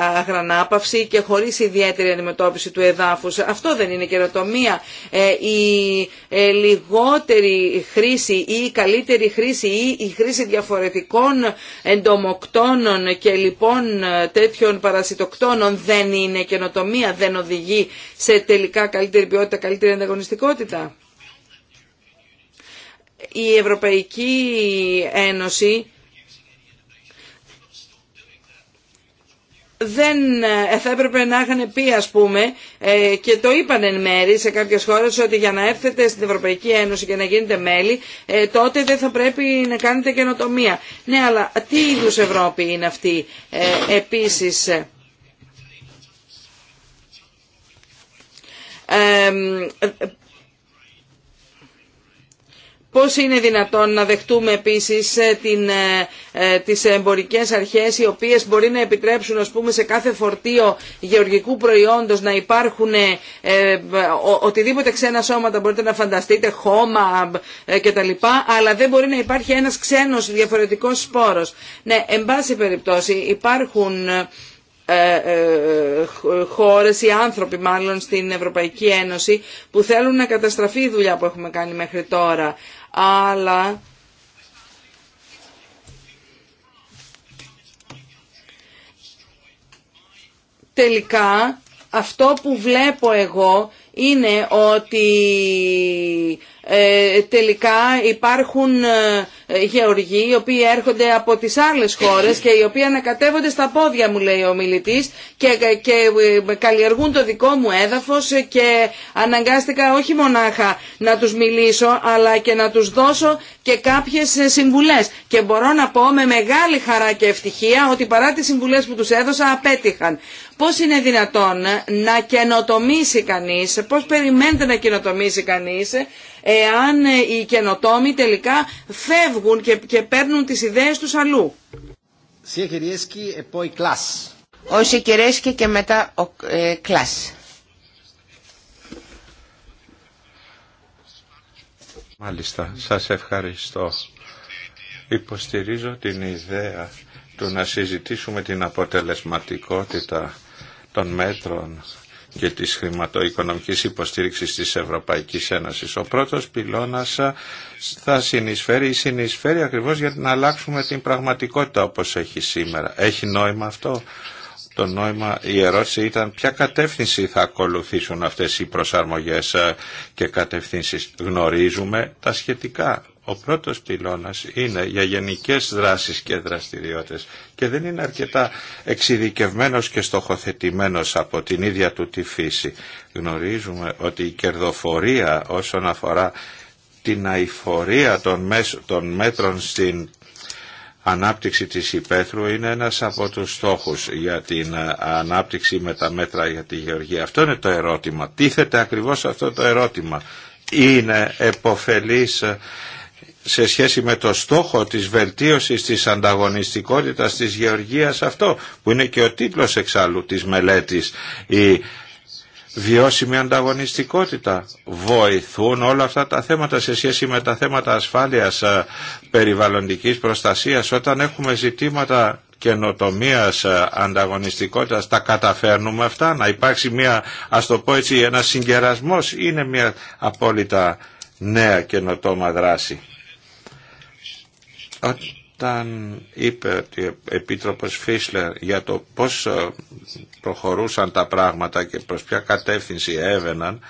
αγρανάπαυση και χωρίς ιδιαίτερη αντιμετώπιση του εδάφους. Αυτό δεν είναι καινοτομία. Ε, η ε, λιγότερη χρήση ή η καλύτερη χρήση ή η χρήση διαφορετικών εντομοκτώνων και λοιπόν τέτοιων παρασιτοκτώνων δεν είναι καινοτομία, δεν οδηγεί σε τελικά καλύτερη ποιότητα, καλύτερη ανταγωνιστικότητα. Η Ευρωπαϊκή Ένωση δεν ε, θα έπρεπε να είχαν πει ας πούμε ε, και το είπαν εν μέρη σε κάποιες χώρες ότι για να έρθετε στην Ευρωπαϊκή Ένωση και να γίνετε μέλη ε, τότε δεν θα πρέπει να κάνετε καινοτομία. Ναι αλλά τι είδους Ευρώπη είναι αυτή επίσης. Πώς είναι δυνατόν να δεχτούμε επίσης ε, την, ε, ε, τις εμπορικές αρχές οι οποίες μπορεί να επιτρέψουν πούμε, σε κάθε φορτίο γεωργικού προϊόντος να υπάρχουν ε, ο, οτιδήποτε ξένα σώματα μπορείτε να φανταστείτε, χώμα ε, κτλ. Αλλά δεν μπορεί να υπάρχει ένας ξένος διαφορετικός σπόρος. Ναι, εν πάση περιπτώσει υπάρχουν χώρες ή άνθρωποι μάλλον στην Ευρωπαϊκή Ένωση που θέλουν να καταστραφεί η δουλειά που έχουμε κάνει μέχρι τώρα αλλά τελικά αυτό που βλέπω εγώ είναι ότι ε, τελικά υπάρχουν ε, γεωργοί οι οποίοι έρχονται από τις άλλες χώρες και οι οποίοι ανακατεύονται στα πόδια μου λέει ο μιλητής και, και ε, καλλιεργούν το δικό μου έδαφος και αναγκάστηκα όχι μονάχα να τους μιλήσω αλλά και να τους δώσω και κάποιες συμβουλές και μπορώ να πω με μεγάλη χαρά και ευτυχία ότι παρά τις συμβουλές που τους έδωσα απέτυχαν. Πώς είναι δυνατόν να καινοτομήσει κανείς, πώς περιμένετε να καινοτομήσει κανείς εάν ε, οι καινοτόμοι τελικά φεύγουν και, παίρνουν τις ιδέες τους αλλού. Ο Σικυρέσκη και μετά ο ε, Μάλιστα, σας ευχαριστώ. Υποστηρίζω την ιδέα του να συζητήσουμε την αποτελεσματικότητα των μέτρων και της χρηματοοικονομικής υποστήριξης της Ευρωπαϊκής Ένωσης. Ο πρώτος πυλώνας ε, θα συνεισφέρει ή συνεισφέρει ακριβώς για να αλλάξουμε την πραγματικότητα όπως έχει σήμερα. Έχει νόημα αυτό. Το νόημα, η ερώτηση ήταν ποια κατεύθυνση θα ακολουθήσουν αυτές οι προσαρμογές ε, και κατευθύνσεις. Γνωρίζουμε τα σχετικά ο πρώτος πυλώνας είναι για γενικές δράσεις και δραστηριότητες και δεν είναι αρκετά εξειδικευμένος και στοχοθετημένος από την ίδια του τη φύση. Γνωρίζουμε ότι η κερδοφορία όσον αφορά την αηφορία των μέτρων στην ανάπτυξη της υπαίθρου είναι ένας από τους στόχους για την ε, ανάπτυξη με τα μέτρα για τη γεωργία. Αυτό είναι το ερώτημα. Τίθεται ακριβώς αυτό το ερώτημα. Είναι εποφελής ε, σε σχέση με το στόχο της βελτίωσης της ανταγωνιστικότητας της γεωργίας αυτό που είναι και ο τίτλος εξάλλου της μελέτης η βιώσιμη ανταγωνιστικότητα βοηθούν όλα αυτά τα θέματα σε σχέση με τα θέματα ασφάλειας ε, περιβαλλοντικής προστασίας όταν έχουμε ζητήματα καινοτομίας ε, ανταγωνιστικότητας τα καταφέρνουμε αυτά να υπάρξει μια ας το πω έτσι ένας συγκερασμός είναι μια απόλυτα νέα καινοτόμα δράση όταν είπε ο Επίτροπος Φίσλερ για το πώς ε, προχωρούσαν τα πράγματα και προς ποια κατεύθυνση έβαιναν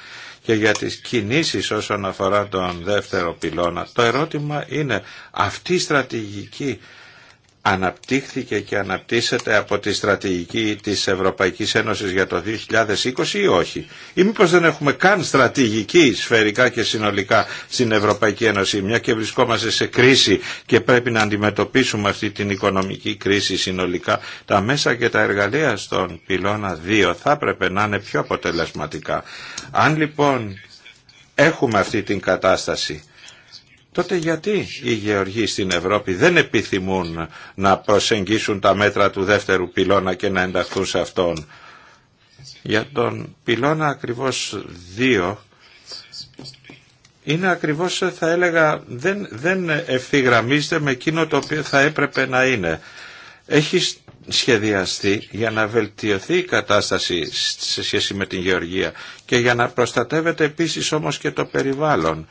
και για τις κινήσεις όσον αφορά τον δεύτερο πυλώνα, το ερώτημα είναι αυτή η στρατηγική αναπτύχθηκε και αναπτύσσεται από τη στρατηγική της Ευρωπαϊκής Ένωσης για το 2020 ή όχι. Ή μήπως δεν έχουμε καν στρατηγική σφαιρικά και συνολικά στην Ευρωπαϊκή Ένωση, μια και βρισκόμαστε σε κρίση και πρέπει να αντιμετωπίσουμε αυτή την οικονομική κρίση συνολικά. Τα μέσα και τα εργαλεία στον πυλώνα 2 θα έπρεπε να είναι πιο αποτελεσματικά. Αν λοιπόν έχουμε αυτή την κατάσταση, τότε γιατί οι γεωργοί στην Ευρώπη δεν επιθυμούν να προσεγγίσουν τα μέτρα του δεύτερου πυλώνα και να ενταχθούν σε αυτόν. Για τον πυλώνα ακριβώς δύο, είναι ακριβώς θα έλεγα δεν, δεν ευθυγραμμίζεται με εκείνο το οποίο θα έπρεπε να είναι. Έχει σχεδιαστεί για να βελτιωθεί η κατάσταση σε σχέση με την γεωργία και για να προστατεύεται επίσης όμως και το περιβάλλον.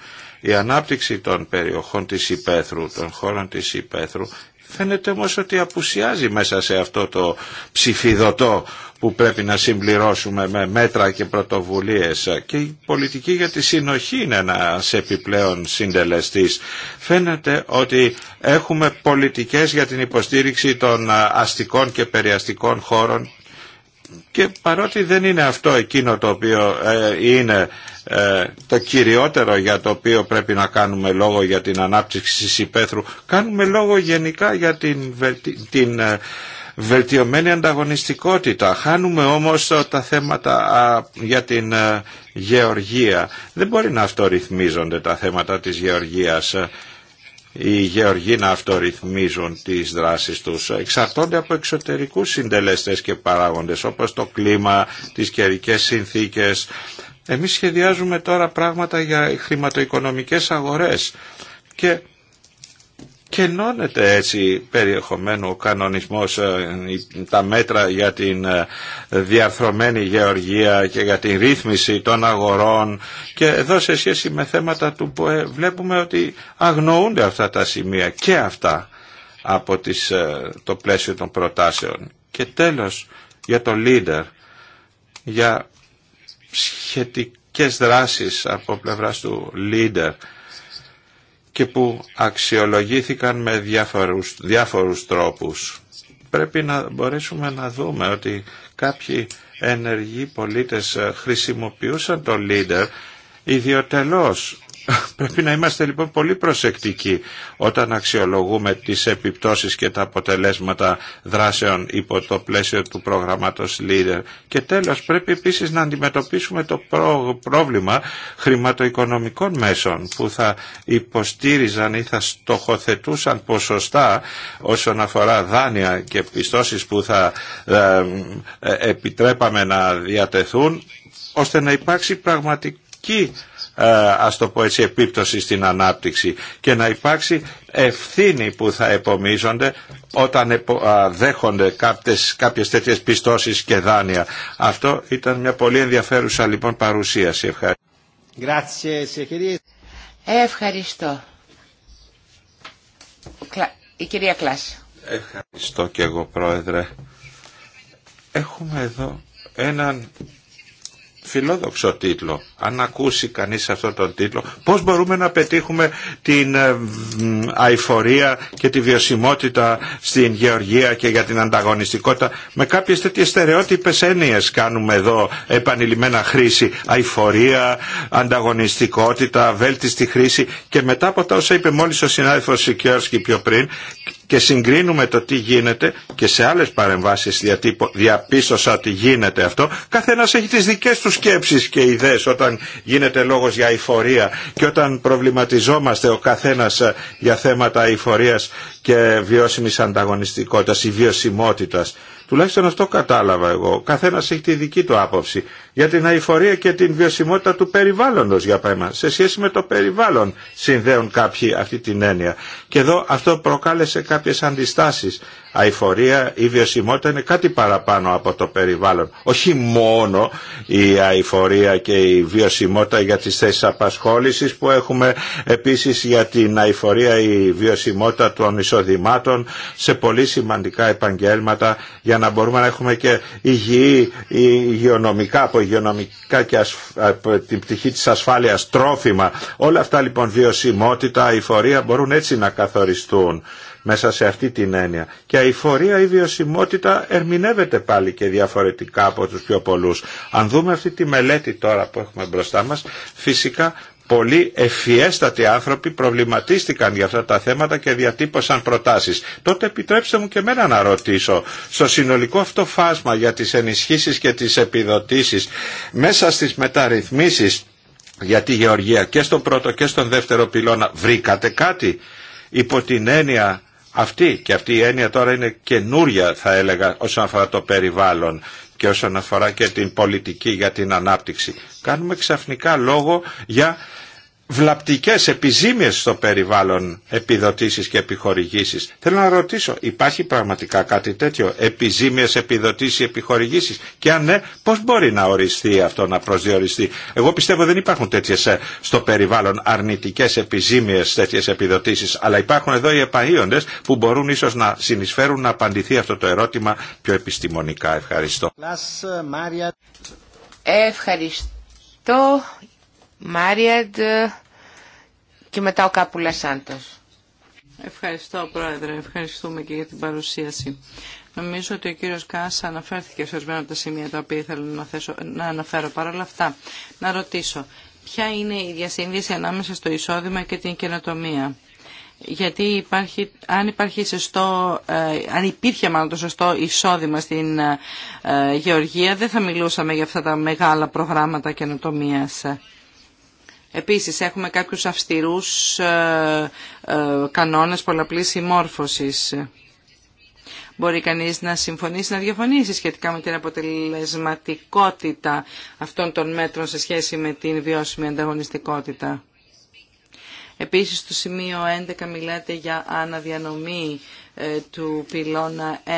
Η ανάπτυξη των περιοχών της υπαίθρου, των χώρων της υπαίθρου, φαίνεται όμως ότι απουσιάζει μέσα σε αυτό το ψηφιδωτό που πρέπει να συμπληρώσουμε με μέτρα και πρωτοβουλίες και η πολιτική για τη συνοχή είναι ένας επιπλέον συντελεστής. Φαίνεται ότι έχουμε πολιτικές για την υποστήριξη των αστικών και περιαστικών χώρων και παρότι δεν είναι αυτό εκείνο το οποίο ε, είναι ε, το κυριότερο για το οποίο πρέπει να κάνουμε λόγο για την ανάπτυξη της υπαίθρου, κάνουμε λόγο γενικά για την, την ε, βελτιωμένη ανταγωνιστικότητα. Χάνουμε όμως τα θέματα για την γεωργία. Δεν μπορεί να αυτορυθμίζονται τα θέματα της γεωργίας οι γεωργοί να αυτορυθμίζουν τις δράσεις τους. Εξαρτώνται από εξωτερικούς συντελέστες και παράγοντες όπως το κλίμα, τις καιρικέ συνθήκες. Εμείς σχεδιάζουμε τώρα πράγματα για χρηματοοικονομικές αγορές και Κενώνεται έτσι περιεχομένου ο κανονισμός, ε, τα μέτρα για την ε, διαρθρωμένη γεωργία και για την ρύθμιση των αγορών και εδώ σε σχέση με θέματα του που ε, βλέπουμε ότι αγνοούνται αυτά τα σημεία και αυτά από τις, το πλαίσιο των προτάσεων. Και τέλος για το leader, για σχετικές δράσεις από πλευράς του leader και που αξιολογήθηκαν με διάφορους, διάφορους τρόπους. Πρέπει να μπορέσουμε να δούμε ότι κάποιοι ενεργοί πολίτες ε, χρησιμοποιούσαν το Λίντερ ιδιωτελώς [laughs] Πρέπει να είμαστε λοιπόν πολύ προσεκτικοί όταν αξιολογούμε τις επιπτώσεις και τα αποτελέσματα δράσεων υπό το πλαίσιο του προγραμμάτος Leader. Και τέλος πρέπει επίσης να αντιμετωπίσουμε το πρόβλημα χρηματοοικονομικών μέσων που θα υποστήριζαν ή θα στοχοθετούσαν ποσοστά όσον αφορά δάνεια και πιστώσεις που θα ε, ε, ε, επιτρέπαμε να διατεθούν ώστε να υπάρξει πραγματικότητα θετική ε, ας το πω έτσι επίπτωση στην ανάπτυξη και να υπάρξει ευθύνη που θα επομίζονται όταν δέχονται κάποιες, κάποιες τέτοιες πιστώσεις και δάνεια. Αυτό ήταν μια πολύ ενδιαφέρουσα λοιπόν παρουσίαση. Ευχαριστώ. Ευχαριστώ. Η κυρία Κλάση. Ευχαριστώ και εγώ πρόεδρε. Έχουμε εδώ έναν φιλόδοξο τίτλο. Αν ακούσει κανείς αυτόν τον τίτλο, πώς μπορούμε να πετύχουμε την ε, αηφορία και τη βιωσιμότητα στην γεωργία και για την ανταγωνιστικότητα. Με κάποιες τέτοιες στερεότυπες έννοιες κάνουμε εδώ επανειλημμένα χρήση. Αηφορία, ανταγωνιστικότητα, βέλτιστη χρήση και μετά από τα όσα είπε μόλις ο συνάδελφος Σικιόρσκι πιο πριν, και συγκρίνουμε το τι γίνεται και σε άλλες παρεμβάσεις διαπίστωσα ότι γίνεται αυτό, καθένας έχει τις δικές του σκέψεις και ιδέες όταν γίνεται λόγος για ηφορία και όταν προβληματιζόμαστε ο καθένας ε, για θέματα ηφορίας και βιώσιμης ανταγωνιστικότητας ή βιωσιμότητας. Τουλάχιστον αυτό κατάλαβα εγώ. Ο καθένας έχει τη δική του άποψη για την αηφορία και την βιωσιμότητα του περιβάλλοντος για παράδειγμα. Σε σχέση με το περιβάλλον συνδέουν κάποιοι αυτή την έννοια. Και εδώ αυτό προκάλεσε κάποιες αντιστάσεις. Αηφορία ή βιωσιμότητα είναι κάτι παραπάνω από το περιβάλλον. Όχι μόνο η αηφορία και η βιωσιμότητα για τις θέσεις απασχόλησης που έχουμε επίσης για την αηφορία ή βιωσιμότητα των εισοδημάτων σε πολύ σημαντικά επαγγέλματα για να μπορούμε να έχουμε και υγιή υγειονομικά υγειονομικά και την πτυχή της ασφάλειας τρόφιμα. Όλα αυτά λοιπόν βιωσιμότητα, αηφορία, μπορούν έτσι να καθοριστούν μέσα σε αυτή την έννοια. Και η φορεία ή βιωσιμότητα ερμηνεύεται πάλι και διαφορετικά από τους πιο πολλούς. Αν δούμε αυτή τη μελέτη τώρα που έχουμε μπροστά μας, φυσικά πολλοί ευφιέστατοι άνθρωποι προβληματίστηκαν για αυτά τα θέματα και διατύπωσαν προτάσεις. Τότε επιτρέψτε μου και μένα να ρωτήσω, στο συνολικό αυτό φάσμα για τις ενισχύσεις και τις επιδοτήσεις, μέσα στις μεταρρυθμίσεις για τη Γεωργία και στον πρώτο και στον δεύτερο πυλώνα, βρήκατε κάτι υπό την έννοια αυτή και αυτή η έννοια τώρα είναι καινούρια θα έλεγα όσον αφορά το περιβάλλον και όσον αφορά και την πολιτική για την ανάπτυξη. Κάνουμε ξαφνικά λόγο για βλαπτικές, επιζήμιες στο περιβάλλον επιδοτήσεις και επιχορηγήσεις. Θέλω να ρωτήσω, υπάρχει πραγματικά κάτι τέτοιο, επιζήμιες επιδοτήσεις και επιχορηγήσεις και αν ναι, πώς μπορεί να οριστεί αυτό, να προσδιοριστεί. Εγώ πιστεύω δεν υπάρχουν τέτοιες ε, στο περιβάλλον αρνητικές επιζήμιες τέτοιες επιδοτήσεις, αλλά υπάρχουν εδώ οι επαΐοντες που μπορούν ίσως να συνεισφέρουν να απαντηθεί αυτό το ερώτημα πιο επιστημονικά. Ευχαριστώ. Ευχαριστώ. Μάριαντ και μετά ο Κάπουλα Σάντο. Ευχαριστώ Πρόεδρε, ευχαριστούμε και για την παρουσίαση. Νομίζω ότι ο κύριος Κάς αναφέρθηκε σε ορισμένα από τα σημεία τα οποία ήθελα να, αναφέρω. Παρ' όλα αυτά, να ρωτήσω, ποια είναι η διασύνδεση ανάμεσα στο εισόδημα και την καινοτομία. Γιατί αν, υπάρχει σωστό, ε, αν υπήρχε μάλλον το σωστό εισόδημα στην ε, ε, Γεωργία, δεν θα μιλούσαμε για αυτά τα μεγάλα προγράμματα καινοτομίας. Επίσης έχουμε κάποιους αυστηρούς ε, ε, κανόνες πολλαπλής συμμόρφωσης. Μπορεί κανείς να συμφωνήσει, να διαφωνήσει σχετικά με την αποτελεσματικότητα αυτών των μέτρων σε σχέση με την βιώσιμη ανταγωνιστικότητα. Επίσης στο σημείο 11 μιλάτε για αναδιανομή ε, του πυλώνα 1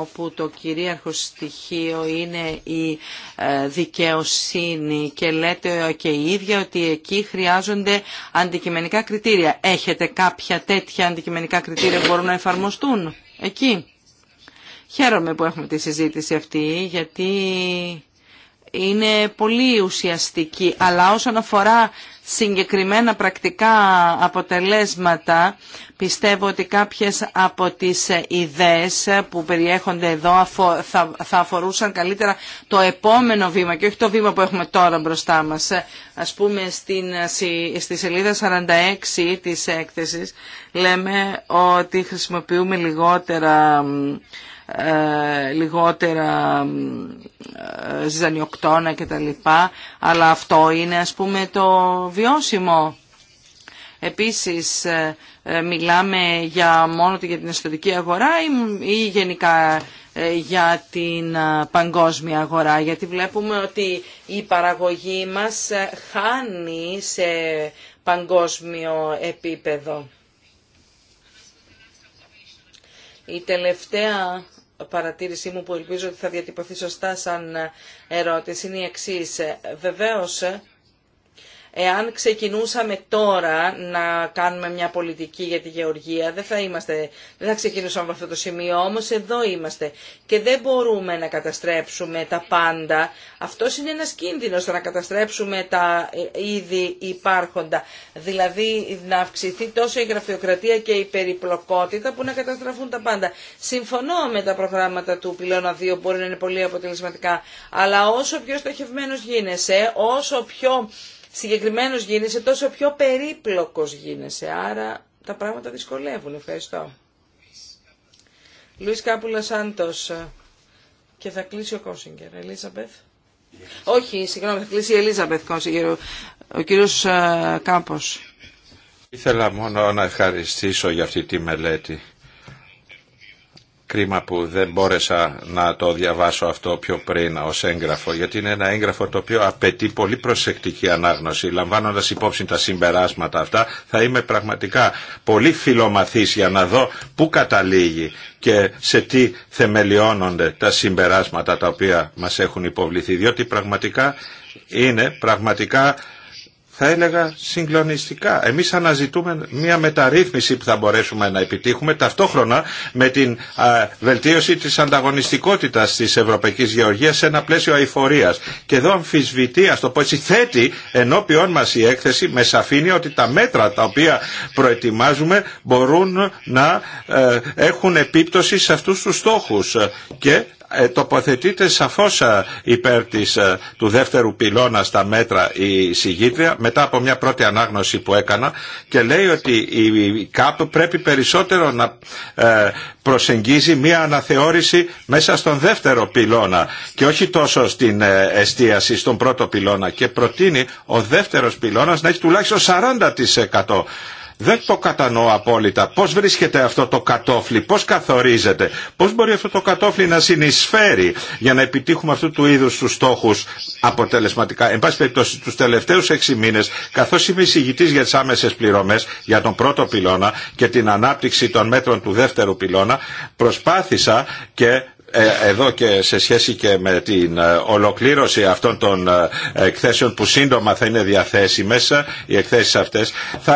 όπου το κυρίαρχο στοιχείο είναι η ε, δικαιοσύνη και λέτε και η ίδια ότι εκεί χρειάζονται αντικειμενικά κριτήρια. Έχετε κάποια τέτοια αντικειμενικά κριτήρια που μπορούν να εφαρμοστούν εκεί. Χαίρομαι που έχουμε τη συζήτηση αυτή γιατί είναι πολύ ουσιαστική, αλλά όσον αφορά συγκεκριμένα πρακτικά αποτελέσματα, πιστεύω ότι κάποιες από τις ιδέες που περιέχονται εδώ θα αφορούσαν καλύτερα το επόμενο βήμα και όχι το βήμα που έχουμε τώρα μπροστά μας. Ας πούμε στη σελίδα 46 της έκθεσης λέμε ότι χρησιμοποιούμε λιγότερα ε, λιγότερα ε, ζυζανιοκτώνα λοιπά Αλλά αυτό είναι ας πούμε το βιώσιμο. Επίσης ε, μιλάμε για μόνο για την εσωτερική αγορά ή γενικά για την παγκόσμια αγορά, γιατί βλέπουμε ότι η παραγωγή μας χάνει σε παγκόσμιο επίπεδο. Η τελευταία παρατήρησή μου που ελπίζω ότι θα διατυπωθεί σωστά σαν ερώτηση είναι η εξής. Βεβαίως Εάν ξεκινούσαμε τώρα να κάνουμε μια πολιτική για τη γεωργία, δεν θα, είμαστε, δεν θα ξεκινούσαμε από αυτό το σημείο, όμως εδώ είμαστε. Και δεν μπορούμε να καταστρέψουμε τα πάντα. Αυτό είναι ένας κίνδυνος, το να καταστρέψουμε τα ε, ήδη υπάρχοντα. Δηλαδή να αυξηθεί τόσο η γραφειοκρατία και η περιπλοκότητα που να καταστραφούν τα πάντα. Συμφωνώ με τα προγράμματα του πυλώνα 2, μπορεί να είναι πολύ αποτελεσματικά, αλλά όσο πιο στοχευμένος γίνεσαι, όσο πιο συγκεκριμένος γίνεσαι, τόσο πιο περίπλοκος γίνεσαι. Άρα τα πράγματα δυσκολεύουν. Ευχαριστώ. Λουίς Κάπουλα Σάντος και θα κλείσει ο Κόσιγκερ. Ελίζαμπεθ. Όχι, συγγνώμη, θα κλείσει η Ελίζαμπεθ Κόσιγκερ, ο κύριος ε, Κάμπος. Ήθελα μόνο να ευχαριστήσω για αυτή τη μελέτη Κρίμα που δεν μπόρεσα να το διαβάσω αυτό πιο πριν ως έγγραφο, γιατί είναι ένα έγγραφο το οποίο απαιτεί πολύ προσεκτική ανάγνωση. Λαμβάνοντας υπόψη τα συμπεράσματα αυτά, θα είμαι πραγματικά πολύ φιλομαθής για να δω πού καταλήγει και σε τι θεμελιώνονται τα συμπεράσματα τα οποία μας έχουν υποβληθεί, διότι πραγματικά είναι πραγματικά θα έλεγα συγκλονιστικά. Εμείς αναζητούμε μια μεταρρύθμιση που θα μπορέσουμε να επιτύχουμε ταυτόχρονα με την βελτίωση της ανταγωνιστικότητας της Ευρωπαϊκής Γεωργίας σε ένα πλαίσιο αηφορίας. Και εδώ αμφισβητεί, ας το πω έτσι, θέτει ενώπιόν μας η έκθεση με σαφήνεια ότι τα μέτρα τα οποία προετοιμάζουμε μπορούν να ε, έχουν επίπτωση σε αυτούς τους στόχους. Και ε, τοποθετείται σαφώς ε, υπέρ της, ε, του δεύτερου πυλώνα στα μέτρα η συγγήτρια μετά από μια πρώτη ανάγνωση που έκανα και λέει ότι η ΚΑΠ πρέπει περισσότερο να προσεγγίζει μια αναθεώρηση μέσα στον δεύτερο πυλώνα και όχι τόσο στην εστίαση στον πρώτο πυλώνα και προτείνει ο δεύτερος πυλώνας να έχει τουλάχιστον 40% δεν το κατανοώ απόλυτα. Πώς βρίσκεται αυτό το κατόφλι, πώς καθορίζεται, πώς μπορεί αυτό το κατόφλι να συνεισφέρει για να επιτύχουμε αυτού του είδους τους στόχους αποτελεσματικά. Εν πάση περιπτώσει, τους τελευταίους έξι μήνες, καθώς είμαι εισηγητής για τις άμεσες πληρωμές, για τον πρώτο πυλώνα και την ανάπτυξη των μέτρων του δεύτερου πυλώνα, προσπάθησα και ε, εδώ και σε σχέση και με την ε, ολοκλήρωση αυτών των ε, εκθέσεων που σύντομα θα είναι μέσα οι εκθέσεις αυτές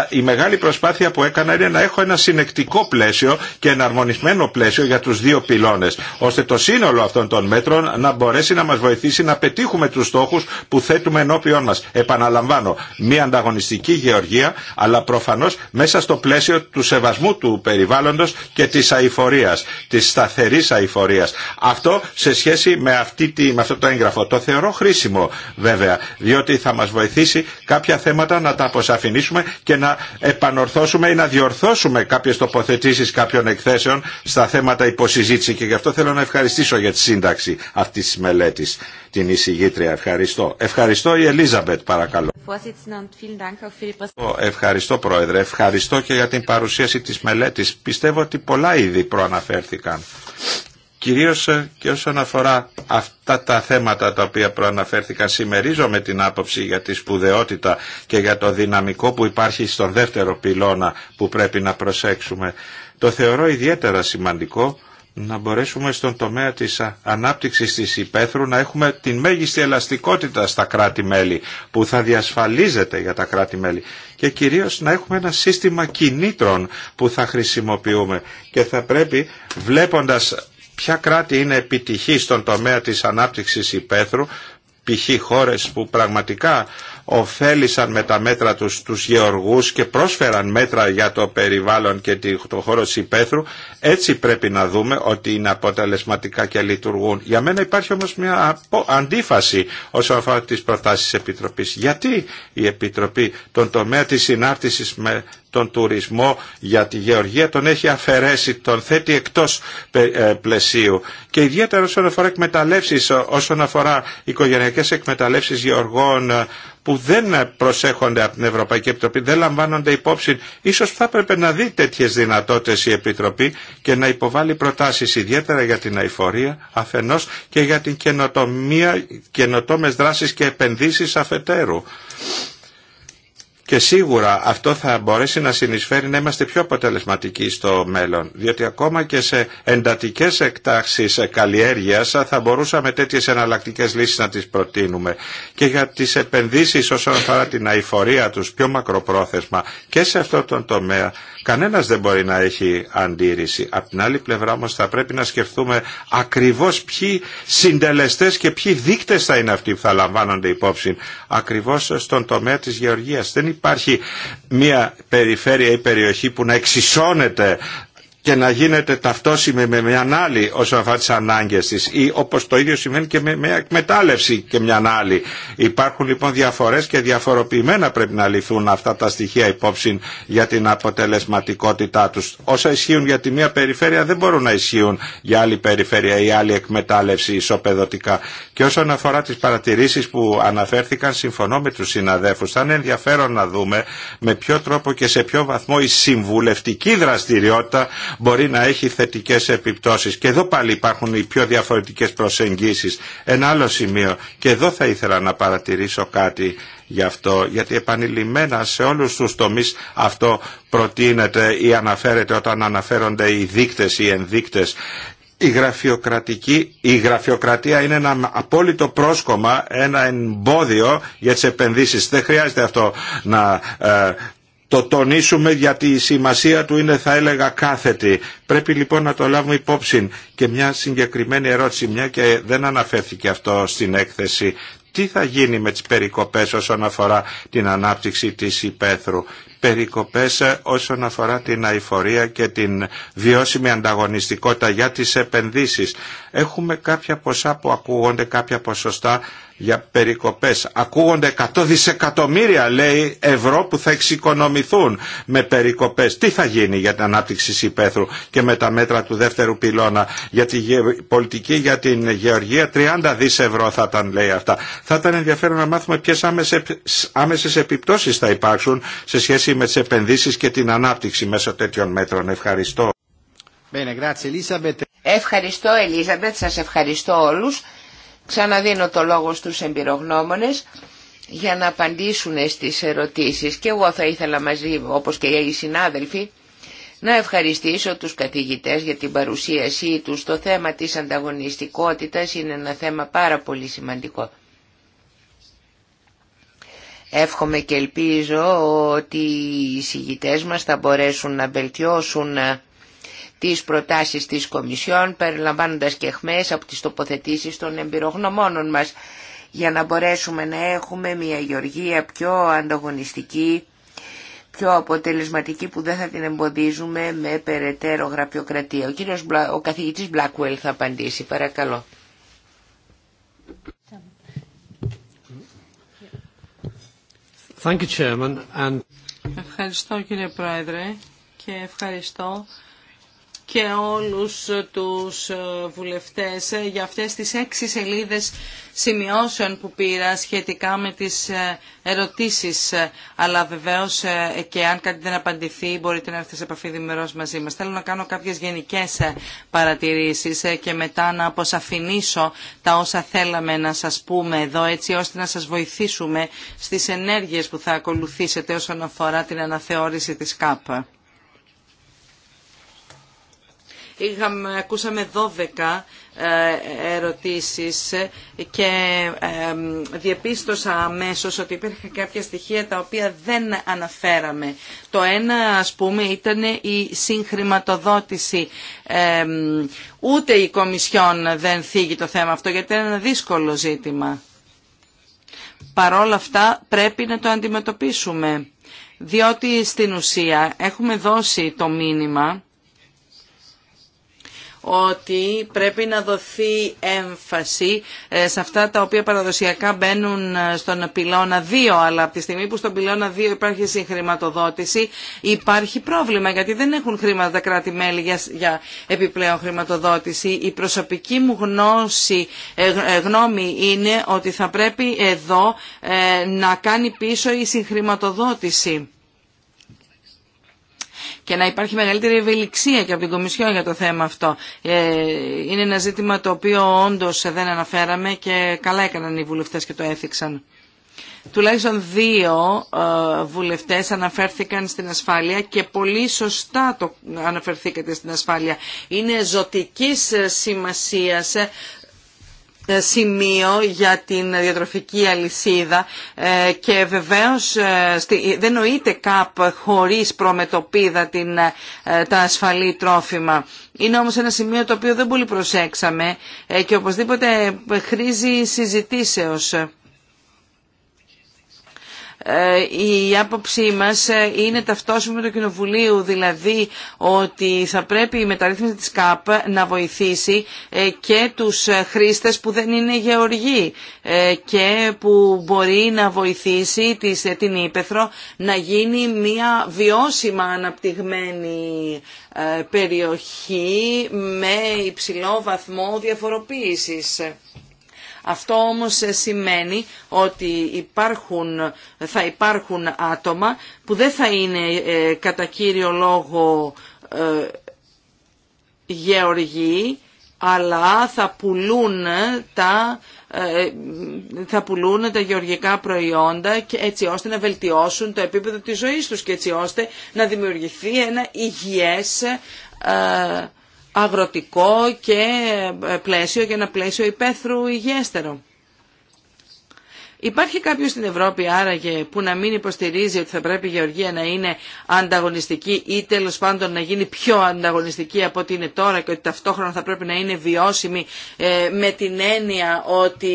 η μεγάλη προσπάθεια που έκανα είναι να έχω ένα συνεκτικό πλαίσιο και ένα εναρμονισμένο πλαίσιο για τους δύο πυλώνες ώστε το σύνολο αυτών των μέτρων να μπορέσει να μας βοηθήσει να πετύχουμε τους στόχους που θέτουμε ενώπιόν μας. Επαναλαμβάνω, μια ανταγωνιστική γεωργία αλλά προφανώς μέσα στο πλαίσιο του σεβασμού του περιβάλλοντος και της αηφορίας, της σταθερής αηφορίας αυτό σε σχέση με, αυτή τη, με αυτό το έγγραφο. Το θεωρώ χρήσιμο βέβαια, διότι θα μας βοηθήσει κάποια θέματα να τα αποσαφηνίσουμε και να επανορθώσουμε ή να διορθώσουμε κάποιες τοποθετήσεις κάποιων εκθέσεων στα θέματα υποσυζήτηση και γι' αυτό θέλω να ευχαριστήσω για τη σύνταξη αυτής της μελέτης την εισηγήτρια. Ευχαριστώ. Ευχαριστώ η Ελίζαμπετ παρακαλώ. Ευχαριστώ Πρόεδρε. Ευχαριστώ και για την παρουσίαση της μελέτης. Πιστεύω ότι πολλά ήδη προαναφέρθηκαν Κυρίως ε, και όσον αφορά αυτά τα θέματα τα οποία προαναφέρθηκαν συμμερίζομαι την άποψη για τη σπουδαιότητα και για το δυναμικό που υπάρχει στον δεύτερο πυλώνα που πρέπει να προσέξουμε. Το θεωρώ ιδιαίτερα σημαντικό να μπορέσουμε στον τομέα της ανάπτυξης της υπαίθρου να έχουμε την μέγιστη ελαστικότητα στα κράτη-μέλη που θα διασφαλίζεται για τα κράτη-μέλη και κυρίως να έχουμε ένα σύστημα κινήτρων που θα χρησιμοποιούμε και θα πρέπει βλέποντας ποια κράτη είναι επιτυχή στον τομέα της ανάπτυξης υπαίθρου, π.χ. χώρες που πραγματικά ωφέλησαν με τα μέτρα τους τους γεωργούς και πρόσφεραν μέτρα για το περιβάλλον και το χώρο της υπαίθρου, έτσι πρέπει να δούμε ότι είναι αποτελεσματικά και λειτουργούν. Για μένα υπάρχει όμως μια αντίφαση όσον αφορά τις προτάσεις της Επιτροπής. Γιατί η Επιτροπή τον τομέα της συνάρτησης με τον τουρισμό για τη γεωργία τον έχει αφαιρέσει, τον θέτει εκτός ε, πλαισίου και ιδιαίτερα όσον αφορά εκμεταλλεύσεις, όσον αφορά οικογενειακές εκμεταλλεύσεις γεωργών ε, που δεν προσέχονται από την Ευρωπαϊκή Επιτροπή, δεν λαμβάνονται υπόψη. Ίσως θα έπρεπε να δει τέτοιε δυνατότητες η Επιτροπή και να υποβάλει προτάσεις ιδιαίτερα για την αηφορία αφενός και για την καινοτομία, καινοτόμες δράσεις και επενδύσεις αφετέρου. Και σίγουρα αυτό θα μπορέσει να συνεισφέρει να είμαστε πιο αποτελεσματικοί στο μέλλον. Διότι ακόμα και σε εντατικέ εκτάξει καλλιέργεια θα μπορούσαμε τέτοιε εναλλακτικέ λύσει να τι προτείνουμε. Και για τι επενδύσει όσον αφορά την αηφορία του πιο μακροπρόθεσμα και σε αυτό τον τομέα, κανένα δεν μπορεί να έχει αντίρρηση. Απ' την άλλη πλευρά όμω θα πρέπει να σκεφτούμε ακριβώ ποιοι συντελεστέ και ποιοι δείκτε θα είναι αυτοί που θα λαμβάνονται υπόψη ακριβώ στον τομέα τη γεωργία υπάρχει μια περιφέρεια ή περιοχή που να εξισώνεται και να γίνεται ταυτόσιμη με μια άλλη όσον αφορά τι ανάγκες της ή όπως το ίδιο σημαίνει και με μια εκμετάλλευση και μια άλλη. Υπάρχουν λοιπόν διαφορές και διαφοροποιημένα πρέπει να λυθούν αυτά τα στοιχεία υπόψη για την αποτελεσματικότητά τους. Όσα ισχύουν για τη μία περιφέρεια δεν μπορούν να ισχύουν για άλλη περιφέρεια ή άλλη εκμετάλλευση ισοπεδωτικά. Και όσον αφορά τις παρατηρήσεις που αναφέρθηκαν συμφωνώ με τους συναδέφους. Θα είναι ενδιαφέρον να δούμε με ποιο τρόπο και σε ποιο βαθμό η συμβουλευτική δραστηριότητα μπορεί να έχει θετικές επιπτώσεις. Και εδώ πάλι υπάρχουν οι πιο διαφορετικές προσεγγίσεις. Ένα άλλο σημείο και εδώ θα ήθελα να παρατηρήσω κάτι γι' αυτό, γιατί επανειλημμένα σε όλους τους τομείς αυτό προτείνεται ή αναφέρεται όταν αναφέρονται οι δείκτες ή ενδείκτες η γραφειοκρατική, η γραφειοκρατία είναι ένα απόλυτο πρόσκομα, ένα εμπόδιο για τις επενδύσεις. Δεν χρειάζεται αυτό να ε, το τονίσουμε γιατί η σημασία του είναι θα έλεγα κάθετη. Πρέπει λοιπόν να το λάβουμε υπόψη και μια συγκεκριμένη ερώτηση, μια και δεν αναφέρθηκε αυτό στην έκθεση. Τι θα γίνει με τις περικοπές όσον αφορά την ανάπτυξη της υπαίθρου. Περικοπές ε, όσον αφορά την αηφορία και την βιώσιμη ανταγωνιστικότητα για τις επενδύσεις. Έχουμε κάποια ποσά που ακούγονται, κάποια ποσοστά για περικοπές. Ακούγονται 100 δισεκατομμύρια λέει ευρώ που θα εξοικονομηθούν με περικοπές. Τι θα γίνει για την ανάπτυξη συμπέθρου και με τα μέτρα του δεύτερου πυλώνα για την πολιτική για την γεωργία 30 δις ευρώ θα ήταν λέει αυτά. Θα ήταν ενδιαφέρον να μάθουμε ποιες άμεσες επιπτώσεις θα υπάρξουν σε σχέση με τις επενδύσεις και την ανάπτυξη μέσω τέτοιων μέτρων. Ευχαριστώ. Ευχαριστώ Ελίζαμπετ, σας ευχαριστώ όλους. Ξαναδίνω το λόγο στους εμπειρογνώμονες για να απαντήσουν στις ερωτήσεις και εγώ θα ήθελα μαζί όπως και οι συνάδελφοι να ευχαριστήσω τους καθηγητές για την παρουσίασή τους. Το θέμα της ανταγωνιστικότητας είναι ένα θέμα πάρα πολύ σημαντικό. Εύχομαι και ελπίζω ότι οι συγητές μας θα μπορέσουν να βελτιώσουν τις προτάσεις της Κομισιόν, περιλαμβάνοντας και χμές από τις τοποθετήσεις των εμπειρογνωμόνων μας, για να μπορέσουμε να έχουμε μια γεωργία πιο ανταγωνιστική, πιο αποτελεσματική που δεν θα την εμποδίζουμε με περαιτέρω γραφειοκρατία. Ο, κύριος, ο καθηγητής Blackwell θα απαντήσει. Παρακαλώ. Ευχαριστώ κύριε Πρόεδρε και ευχαριστώ και όλους τους ε, βουλευτές ε, για αυτές τις έξι σελίδες σημειώσεων που πήρα σχετικά με τις ε, ερωτήσεις. Αλλά βεβαίως και αν κάτι δεν απαντηθεί μπορείτε να έρθετε σε επαφή δημιουργός μαζί μας. Θέλω να κάνω κάποιες γενικές παρατηρήσεις και μετά να αποσαφηνίσω τα όσα θέλαμε να σας πούμε εδώ έτσι ώστε να σας βοηθήσουμε στις ενέργειες που θα ακολουθήσετε όσον αφορά την αναθεώρηση της ΚΑΠ. Είχαμε, ακούσαμε 12 ε, ερωτήσεις και διεπίστωσα αμέσως ότι υπήρχαν κάποια στοιχεία τα οποία δεν αναφέραμε. Το ένα ας πούμε ήταν η συγχρηματοδότηση. Ούτε η Κομισιόν δεν θίγει το θέμα αυτό γιατί είναι ένα δύσκολο ζήτημα. Παρόλα αυτά πρέπει να το αντιμετωπίσουμε διότι στην ουσία έχουμε δώσει το μήνυμα ότι πρέπει να δοθεί έμφαση ε, σε αυτά τα οποία παραδοσιακά μπαίνουν ε, στον πυλώνα 2, αλλά από τη στιγμή που στον πυλώνα 2 υπάρχει συγχρηματοδότηση υπάρχει πρόβλημα γιατί δεν έχουν χρήματα τα κράτη-μέλη για, επιπλέον χρηματοδότηση. Η προσωπική μου γνώση, ε, γνώμη είναι ότι θα πρέπει εδώ να κάνει πίσω η συγχρηματοδότηση και να υπάρχει μεγαλύτερη ευελιξία και από την Κομισιόν για το θέμα αυτό. Ε, είναι ένα ζήτημα το οποίο όντω δεν αναφέραμε και καλά έκαναν οι βουλευτές και το έθιξαν. Τουλάχιστον δύο ε, βουλευτές αναφέρθηκαν στην ασφάλεια και πολύ σωστά το αναφερθήκατε στην ασφάλεια. Είναι ζωτικής ε, σημασίας ε, σημείο για την διατροφική αλυσίδα ε, και βεβαίως ε, δεν νοείται ΚΑΠ χωρίς προμετωπίδα την, τα ασφαλή τρόφιμα. Είναι όμως ένα σημείο το οποίο δεν πολύ προσέξαμε και οπωσδήποτε χρήζει συζητήσεως. Ε, η άποψή μας ε, είναι ταυτόσιμη με το Κοινοβουλίου, δηλαδή ότι θα πρέπει η μεταρρύθμιση της ΚΑΠ να βοηθήσει ε, και τους χρήστες που δεν είναι γεωργοί και που μπορεί να βοηθήσει την Ήπεθρο να γίνει μια βιώσιμα αναπτυγμένη περιοχή με υψηλό βαθμό διαφοροποίησης. Αυτό όμως σημαίνει ότι υπάρχουν, θα υπάρχουν άτομα που δεν θα είναι ε, κατά κύριο λόγο ε, γεωργοί, αλλά θα πουλούν τα ε, θα πουλούν τα γεωργικά προϊόντα και έτσι ώστε να βελτιώσουν το επίπεδο της ζωής τους και έτσι ώστε να δημιουργηθεί ένα υγιές αγροτικό και ε, πλαίσιο για ένα πλαίσιο υπαίθρου υγιέστερο. Υπάρχει κάποιος στην Ευρώπη άραγε που να μην υποστηρίζει ότι θα πρέπει η Γεωργία να είναι ανταγωνιστική ή τέλος πάντων να γίνει πιο ανταγωνιστική από ό,τι είναι τώρα και ότι ταυτόχρονα θα πρέπει να είναι βιώσιμη ε, με την έννοια ότι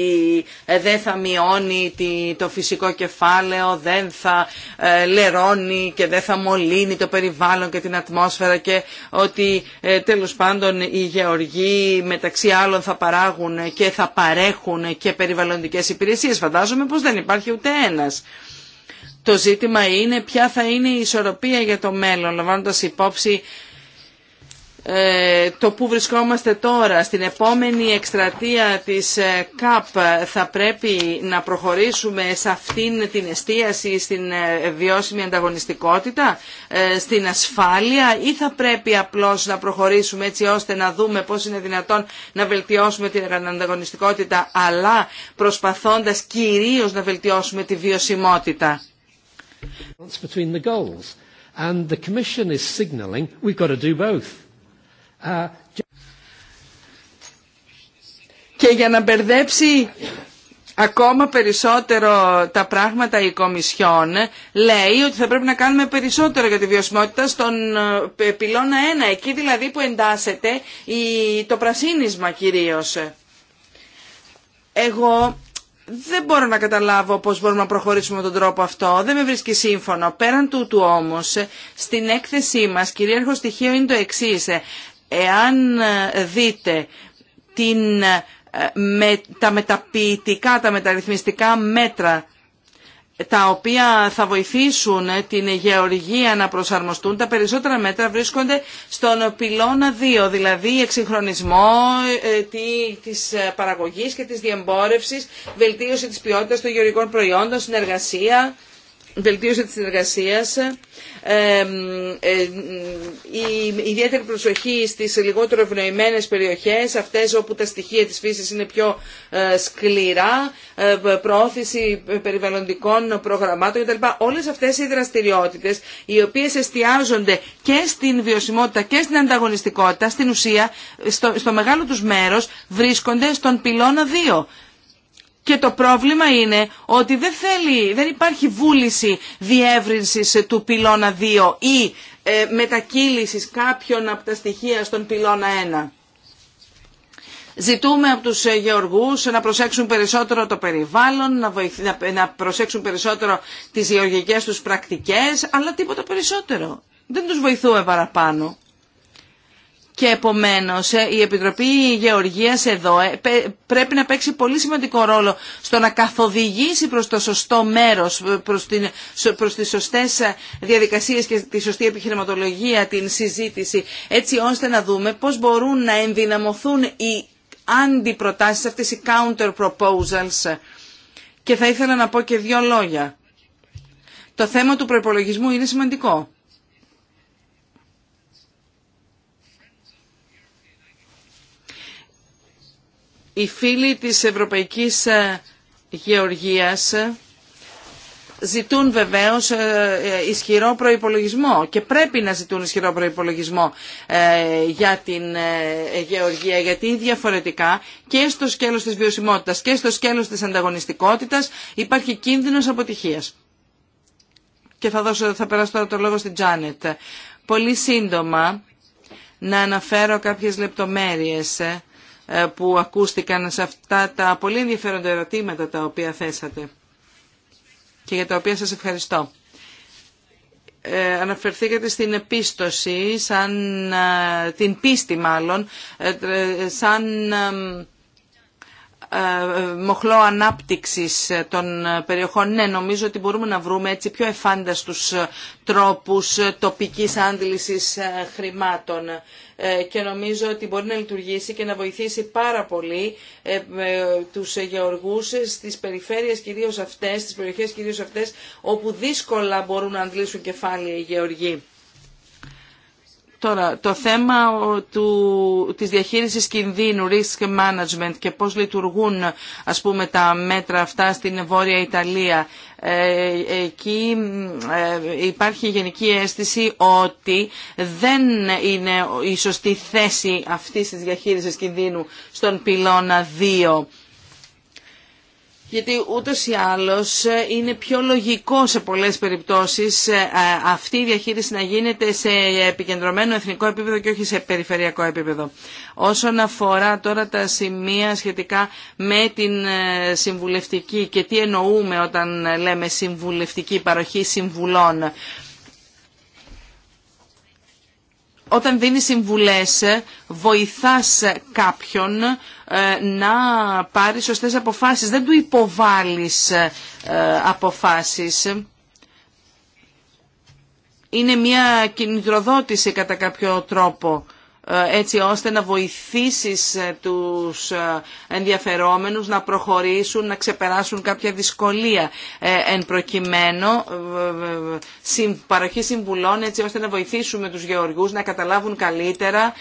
ε, δεν θα μειώνει το φυσικό κεφάλαιο, δεν θα ε, λερώνει και δεν θα μολύνει το περιβάλλον και την ατμόσφαιρα και ότι τέλος πάντων οι Γεωργοί μεταξύ άλλων θα παράγουν και θα παρέχουν και περιβαλλοντικές υπηρεσίες. Φαντάζομαι φαντάζομαι πως δεν υπάρχει ούτε ένας. Το ζήτημα είναι ποια θα είναι η ισορροπία για το μέλλον, λαμβάνοντας υπόψη ε, το που βρισκόμαστε τώρα, στην επόμενη εκστρατεία της ε, ΚΑΠ θα πρέπει να προχωρήσουμε σε αυτήν την εστίαση στην ε, βιώσιμη ανταγωνιστικότητα, στην ασφάλεια ή θα πρέπει απλώς να προχωρήσουμε έτσι ώστε να δούμε πώς είναι δυνατόν να βελτιώσουμε την ανταγωνιστικότητα αλλά προσπαθώντας κυρίως να βελτιώσουμε τη βιωσιμότητα. And the Commission is we've got to do both. Και για να μπερδέψει ακόμα περισσότερο τα πράγματα η Κομισιόν λέει ότι θα πρέπει να κάνουμε περισσότερο για τη βιωσιμότητα στον ε, πυλώνα 1, εκεί δηλαδή που εντάσσεται το πρασίνισμα κυρίως. Εγώ δεν μπορώ να καταλάβω πώς μπορούμε να προχωρήσουμε με τον τρόπο αυτό. Δεν με βρίσκει σύμφωνο. Πέραν τούτου όμως, στην έκθεσή μας κυρίαρχο στοιχείο είναι το εξής. Εάν ε, δείτε την, ε, τα μεταποιητικά, τα μεταρρυθμιστικά μέτρα τα οποία θα βοηθήσουν ε, την γεωργία να προσαρμοστούν. Τα περισσότερα μέτρα βρίσκονται στον πυλώνα 2, δηλαδή εξυγχρονισμό της παραγωγής και της διεμπόρευσης, βελτίωση της ποιότητας των γεωργικών προϊόντων, συνεργασία βελτίωση της συνεργασίας, η ιδιαίτερη προσοχή στις λιγότερο ευνοημένες περιοχές, αυτές όπου τα στοιχεία της φύσης είναι πιο ε, σκληρά, ε, προώθηση περιβαλλοντικών προγραμμάτων κτλ. Όλες αυτές οι δραστηριότητες οι οποίες εστιάζονται και στην βιωσιμότητα και στην ανταγωνιστικότητα, στην ουσία, στο, στο μεγάλο τους μέρος βρίσκονται στον πυλώνα 2 και το πρόβλημα είναι ότι δεν, θέλει, δεν υπάρχει βούληση διεύρυνσης του πυλώνα 2 ή ε, μετακύλησης κάποιων από τα στοιχεία στον πυλώνα 1. Ζητούμε από τους ε, γεωργούς να προσέξουν περισσότερο το περιβάλλον, να, να προσέξουν περισσότερο τις γεωργικές τους πρακτικές, αλλά τίποτα περισσότερο. Δεν τους βοηθούμε παραπάνω και επομένως ε, η Επιτροπή Γεωργίας εδώ ε, πρέπει να παίξει πολύ σημαντικό ρόλο στο να καθοδηγήσει προς το σωστό μέρος, ε, προς, τι προς τις σωστές διαδικασίες και τη σωστή επιχειρηματολογία την συζήτηση, έτσι ώστε να δούμε πώς μπορούν να ενδυναμωθούν οι αντιπροτάσεις αυτές, οι counter proposals. Και θα ήθελα να πω και δύο λόγια. Το θέμα του προπολογισμού είναι σημαντικό. Οι φίλοι της Ευρωπαϊκής ε, Γεωργίας ε, ζητούν βεβαίως ε, ισχυρό προϋπολογισμό και πρέπει να ζητούν ισχυρό προϋπολογισμό για την γεωργία γιατί διαφορετικά και στο σκέλος της βιωσιμότητας και στο σκέλος της ανταγωνιστικότητας υπάρχει κίνδυνος αποτυχίας. Και θα, θα περάσω τώρα το λόγο στην Τζάνετ. Πολύ σύντομα να αναφέρω κάποιες λεπτομέρειες ε, που ακούστηκαν σε αυτά τα πολύ ενδιαφέροντα ερωτήματα τα οποία θέσατε και για τα οποία σας ευχαριστώ. Ε, αναφερθήκατε στην επίστοση, σαν, ε, την πίστη μάλλον, ε, σαν ε, μοχλό ανάπτυξης των περιοχών. Ναι, νομίζω ότι μπορούμε να βρούμε έτσι πιο εφάνταστους τρόπους τοπικής άντλησης ε, χρημάτων ε, και νομίζω ότι μπορεί να λειτουργήσει και να βοηθήσει πάρα πολύ τους γεωργούς στις περιφέρειες κυρίως αυτές, στις περιοχές κυρίως αυτές όπου δύσκολα μπορούν να αντλήσουν κεφάλαια οι γεωργοί. Τώρα, το θέμα του, της διαχείρισης κινδύνου, risk management και πώς λειτουργούν ας πούμε τα μέτρα αυτά στην Βόρεια Ιταλία. Ε, εκεί ε, υπάρχει γενική αίσθηση ότι δεν είναι η σωστή θέση αυτής της διαχείρισης κινδύνου στον πυλώνα 2 γιατί ούτως ή άλλως ε, είναι πιο λογικό σε πολλές περιπτώσεις ε, ε, αυτή η διαχείριση να γίνεται σε επικεντρωμένο εθνικό επίπεδο και όχι σε περιφερειακό επίπεδο. Όσον αφορά τώρα τα σημεία σχετικά με την συμβουλευτική και τι εννοούμε όταν λέμε συμβουλευτική παροχή συμβουλών, όταν δίνει συμβουλές ε, βοηθάς ε, κάποιον ε, να πάρει σωστές αποφάσεις. Δεν του υποβάλλεις αποφάσεις. Είναι μια κινητροδότηση κατά κάποιο τρόπο. Ε, έτσι ώστε να βοηθήσεις ε, τους ε, ενδιαφερόμενους να προχωρήσουν, να ξεπεράσουν κάποια δυσκολία εν προκειμένου παροχή συμβουλών έτσι ώστε να βοηθήσουμε τους γεωργούς να καταλάβουν καλύτερα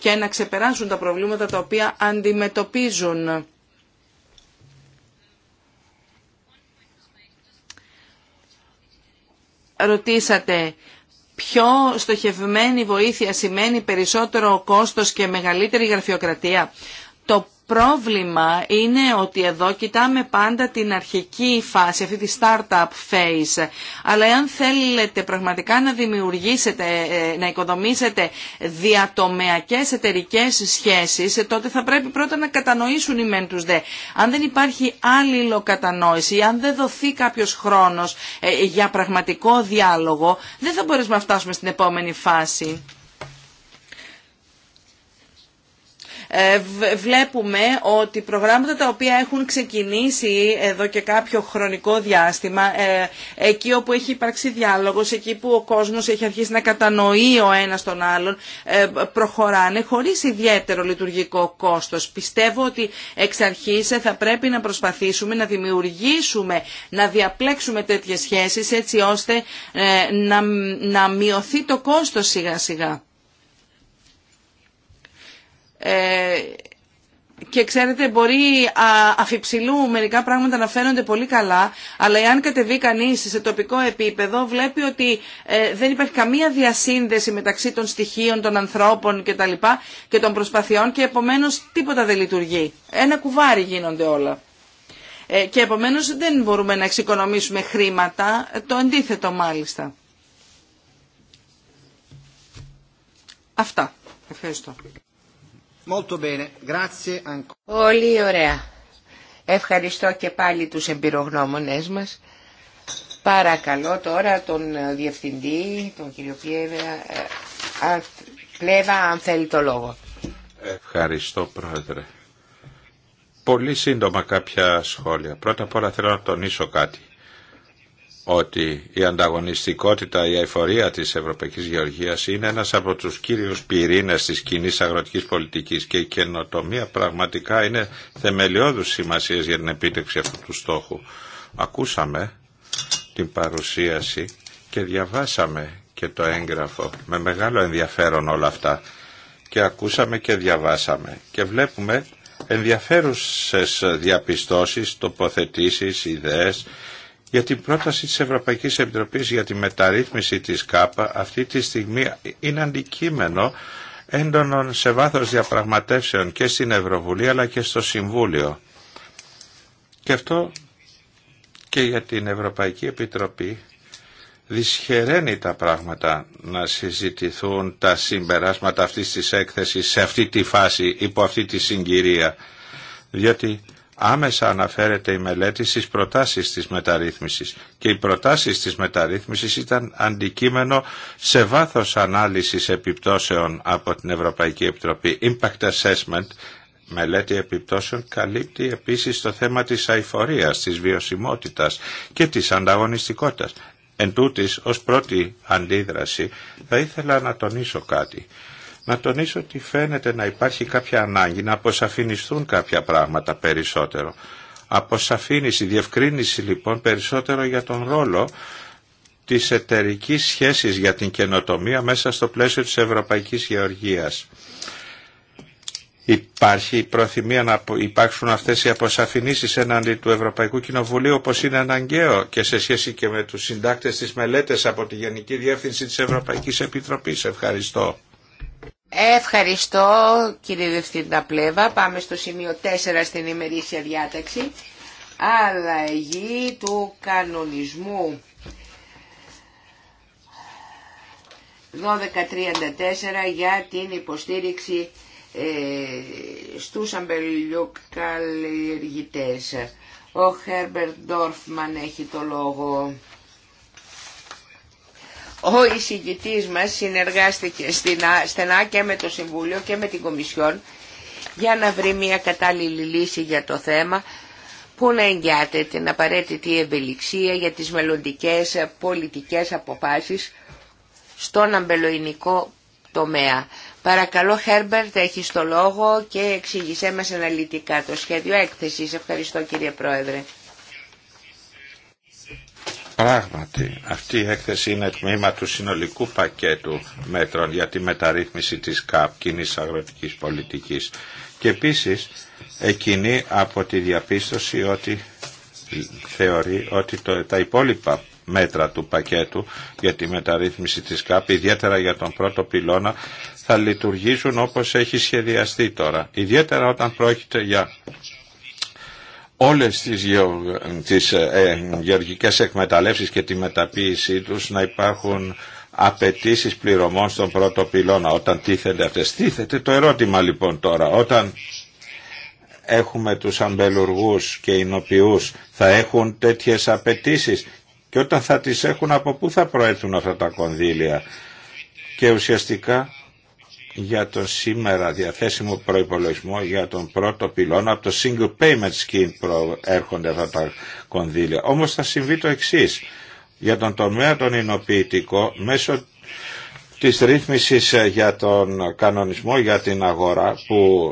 και να ξεπεράσουν τα προβλήματα τα οποία αντιμετωπίζουν. Ρωτήσατε πιο στοχευμένη βοήθεια σημαίνει περισσότερο κόστος και μεγαλύτερη γραφειοκρατία πρόβλημα είναι ότι εδώ κοιτάμε πάντα την αρχική φάση, αυτή τη startup phase. Αλλά εάν θέλετε πραγματικά να δημιουργήσετε, ε, να οικοδομήσετε διατομεακές εταιρικέ σχέσεις, ε, τότε θα πρέπει πρώτα να κατανοήσουν οι μεν τους δε. Αν δεν υπάρχει άλλη κατανόηση, αν δεν δοθεί κάποιος χρόνος ε, για πραγματικό διάλογο, δεν θα μπορέσουμε να φτάσουμε στην επόμενη φάση. Ε, βλέπουμε ότι προγράμματα τα οποία έχουν ξεκινήσει εδώ και κάποιο χρονικό διάστημα, ε, εκεί όπου έχει υπάρξει διάλογος, εκεί που ο κόσμος έχει αρχίσει να κατανοεί ο ένας τον άλλον, ε, προχωράνε χωρίς ιδιαίτερο λειτουργικό κόστος. Πιστεύω ότι εξ αρχής θα πρέπει να προσπαθήσουμε να δημιουργήσουμε, να διαπλέξουμε τέτοιες σχέσεις έτσι ώστε να, να μειωθεί το κόστος σιγά σιγά. Ε, και ξέρετε μπορεί αφιψηλού μερικά πράγματα να φαίνονται πολύ καλά αλλά εάν κατεβεί κανείς σε τοπικό επίπεδο βλέπει ότι ε, δεν υπάρχει καμία διασύνδεση μεταξύ των στοιχείων των ανθρώπων και τα λοιπά και των προσπαθειών και επομένως τίποτα δεν λειτουργεί. Ένα κουβάρι γίνονται όλα. Ε, και επομένως δεν μπορούμε να εξοικονομήσουμε χρήματα, το αντίθετο μάλιστα. Αυτά. Ευχαριστώ. Πολύ ωραία. Ευχαριστώ και πάλι τους εμπειρογνώμονές μας. Παρακαλώ τώρα τον ε, Διευθυντή, τον κύριο ε, Πλέβα, αν θέλει το λόγο. Ευχαριστώ Πρόεδρε. Πολύ σύντομα κάποια σχόλια. Πρώτα απ' όλα θέλω να τονίσω κάτι ότι η ανταγωνιστικότητα, η αηφορία της Ευρωπαϊκής Γεωργίας είναι ένας από τους κύριους πυρήνες της κοινή αγροτικής πολιτικής και η καινοτομία πραγματικά είναι θεμελιώδους σημασίας για την επίτευξη αυτού του στόχου. Ακούσαμε την παρουσίαση και διαβάσαμε και το έγγραφο με μεγάλο ενδιαφέρον όλα αυτά και ακούσαμε και διαβάσαμε και βλέπουμε ενδιαφέρουσες διαπιστώσεις, τοποθετήσεις, ιδέες για την πρόταση της Ευρωπαϊκής Επιτροπής για τη μεταρρύθμιση της ΚΑΠΑ αυτή τη στιγμή είναι αντικείμενο έντονων σε βάθος διαπραγματεύσεων και στην Ευρωβουλή αλλά και στο Συμβούλιο. Και αυτό και για την Ευρωπαϊκή Επιτροπή δυσχεραίνει τα πράγματα να συζητηθούν τα συμπεράσματα αυτής της έκθεσης σε αυτή τη φάση, υπό αυτή τη συγκυρία. Διότι άμεσα αναφέρεται η μελέτη στις προτάσεις της μεταρρύθμισης και οι προτάσεις της μεταρρύθμισης ήταν αντικείμενο σε βάθος ανάλυσης επιπτώσεων από την Ευρωπαϊκή Επιτροπή. Impact Assessment, μελέτη επιπτώσεων, καλύπτει επίσης το θέμα της αηφορίας, της βιωσιμότητας και της ανταγωνιστικότητας. Εν τούτης, ως πρώτη αντίδραση, θα ήθελα να τονίσω κάτι. Να τονίσω ότι φαίνεται να υπάρχει κάποια ανάγκη να αποσαφινιστούν κάποια πράγματα περισσότερο. Αποσαφήνιση, διευκρίνηση λοιπόν περισσότερο για τον ρόλο της εταιρική σχέσης για την καινοτομία μέσα στο πλαίσιο της Ευρωπαϊκής Γεωργίας. Υπάρχει η προθυμία να υπάρξουν αυτές οι αποσαφηνίσεις έναντι του Ευρωπαϊκού Κοινοβουλίου όπως είναι αναγκαίο και σε σχέση και με τους συντάκτες της μελέτες από τη Γενική Διεύθυνση της Ευρωπαϊκής Επιτροπής. Ευχαριστώ. Ευχαριστώ κύριε Δευθύντα Πάμε στο σημείο 4 στην ημερήσια διάταξη. Αλλαγή του κανονισμού 1234 για την υποστήριξη ε, στους αμπελιοκαλλιεργητές. Ο Χέρμπερ Ντόρφμαν έχει το λόγο. Ο εισηγητής μας συνεργάστηκε στενά και με το Συμβούλιο και με την Κομισιόν για να βρει μια κατάλληλη λύση για το θέμα που να εγγυάται την απαραίτητη ευελιξία για τις μελλοντικές πολιτικές αποφάσεις στον αμπελοϊνικό τομέα. Παρακαλώ, Χέρμπερτ, έχει το λόγο και εξήγησέ μας αναλυτικά το σχέδιο έκθεσης. Ευχαριστώ, κύριε Πρόεδρε. Πράγματι, αυτή η έκθεση είναι τμήμα του συνολικού πακέτου μέτρων για τη μεταρρύθμιση της ΚΑΠ, κοινή αγροτικής πολιτικής. Και επίσης, εκείνη από τη διαπίστωση ότι θεωρεί ότι το, τα υπόλοιπα μέτρα του πακέτου για τη μεταρρύθμιση της ΚΑΠ, ιδιαίτερα για τον πρώτο πυλώνα, θα λειτουργήσουν όπως έχει σχεδιαστεί τώρα. Ιδιαίτερα όταν πρόκειται για όλες τις, γεω, τις ε, ε, γεωργικές εκμεταλλεύσεις και τη μεταποίησή τους να υπάρχουν απαιτήσει πληρωμών στον πρώτο πυλώνα όταν τίθενται αυτές. Τίθεται το ερώτημα λοιπόν τώρα όταν έχουμε τους αμπελουργούς και εινοποιούς θα έχουν τέτοιες απαιτήσει και όταν θα τις έχουν από πού θα προέρθουν αυτά τα κονδύλια και ουσιαστικά για τον σήμερα διαθέσιμο προϋπολογισμό για τον πρώτο πυλόν από το Single Payment Scheme έρχονται αυτά τα κονδύλια. Όμως θα συμβεί το εξή. Για τον τομέα τον εινοποιητικό μέσω της ρύθμισης ε, για τον κανονισμό για την αγορά που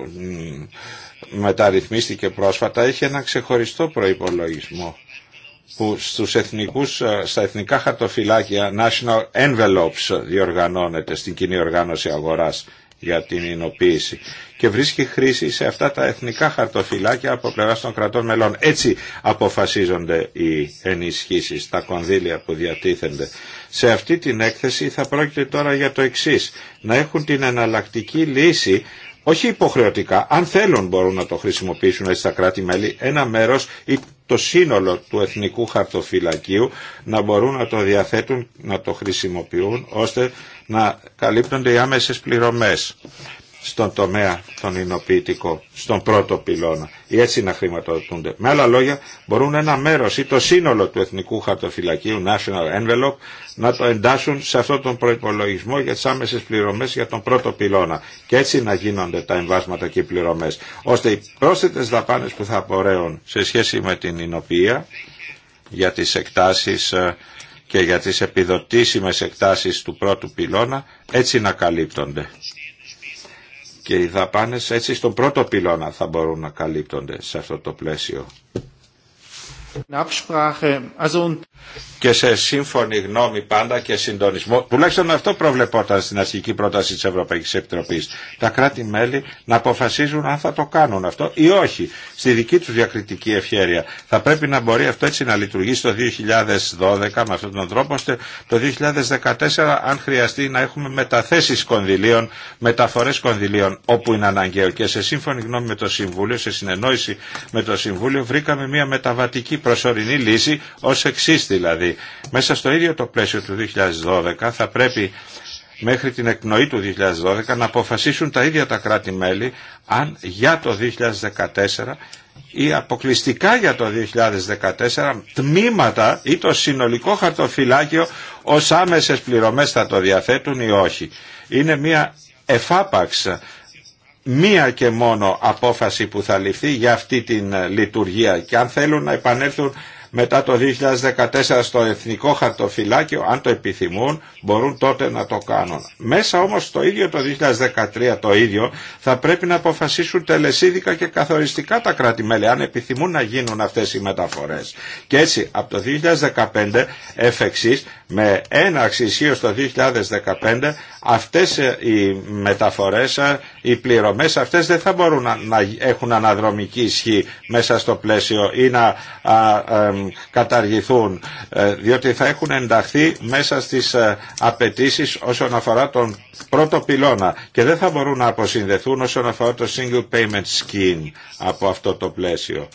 μεταρρυθμίστηκε πρόσφατα έχει ένα ξεχωριστό προϋπολογισμό που στους εθνικούς, στα εθνικά χαρτοφυλάκια National Envelopes διοργανώνεται στην κοινή οργάνωση αγοράς για την εινοποίηση και βρίσκει χρήση σε αυτά τα εθνικά χαρτοφυλάκια από πλευρά των κρατών μελών. Έτσι αποφασίζονται οι ενισχύσεις, τα κονδύλια που διατίθενται. Σε αυτή την έκθεση θα πρόκειται τώρα για το εξής, να έχουν την εναλλακτική λύση όχι υποχρεωτικά, αν θέλουν μπορούν να το χρησιμοποιήσουν έτσι τα κράτη-μέλη, ένα μέρος ή το σύνολο του εθνικού χαρτοφυλακίου να μπορούν να το διαθέτουν, να το χρησιμοποιούν, ώστε να καλύπτονται οι άμεσες πληρωμές στον τομέα των εινοποιητικό, στον πρώτο πυλώνα ή έτσι να χρηματοδοτούνται. Με άλλα λόγια μπορούν ένα μέρο ή το σύνολο του Εθνικού Χαρτοφυλακίου National Envelope να το εντάσσουν σε αυτόν τον προπολογισμό για τι άμεσε πληρωμές για τον πρώτο πυλώνα και έτσι να γίνονται τα εμβάσματα και οι πληρωμέ, ώστε οι πρόσθετε δαπάνε που θα απορρέουν σε σχέση με την εινοποιία για τι εκτάσει ε, και για τις επιδοτήσιμες εκτάσεις του πρώτου πυλώνα έτσι να καλύπτονται και οι δαπάνες έτσι στον πρώτο πυλώνα θα μπορούν να καλύπτονται σε αυτό το πλαίσιο. Και σε σύμφωνη γνώμη πάντα και συντονισμό, τουλάχιστον αυτό προβλεπόταν στην αρχική πρόταση της Ευρωπαϊκής Επιτροπής, τα κράτη-μέλη να αποφασίζουν αν θα το κάνουν αυτό ή όχι, στη δική τους διακριτική ευχέρεια. Θα πρέπει να μπορεί αυτό έτσι να λειτουργήσει το 2012 με αυτόν τον τρόπο, ώστε το 2014 αν χρειαστεί να έχουμε μεταθέσεις κονδυλίων, μεταφορές κονδυλίων όπου είναι αναγκαίο. Και σε σύμφωνη γνώμη με το Συμβούλιο, σε συνεννόηση με το Συμβούλιο, βρήκαμε μια μεταβατική προσωρινή λύση ως εξή δηλαδή. Μέσα στο ίδιο το πλαίσιο του 2012 θα πρέπει μέχρι την εκνοή του 2012 να αποφασίσουν τα ίδια τα κράτη-μέλη αν για το 2014 ή αποκλειστικά για το 2014 τμήματα ή το συνολικό χαρτοφυλάκιο ως άμεσες πληρωμές θα το διαθέτουν ή όχι. Είναι μια εφάπαξ μία και μόνο απόφαση που θα ληφθεί για αυτή την ε, λειτουργία και αν θέλουν να επανέλθουν μετά το 2014 στο Εθνικό Χαρτοφυλάκιο, αν το επιθυμούν, μπορούν τότε να το κάνουν. Μέσα όμως το ίδιο το 2013 το ίδιο θα πρέπει να αποφασίσουν τελεσίδικα και καθοριστικά τα κράτη-μέλη, αν επιθυμούν να γίνουν αυτές οι μεταφορές. Και έτσι από το 2015 εφ' εξής, με ένα αξισίο το 2015, αυτές ε, οι μεταφορές ε, οι πληρωμές αυτές δεν θα μπορούν να έχουν αναδρομική ισχύ μέσα στο πλαίσιο ή να καταργηθούν ε, διότι θα έχουν ενταχθεί μέσα στις ε, απαιτήσει όσον αφορά τον πρώτο πυλώνα και δεν θα μπορούν να αποσυνδεθούν όσον αφορά το single payment scheme από αυτό το πλαίσιο.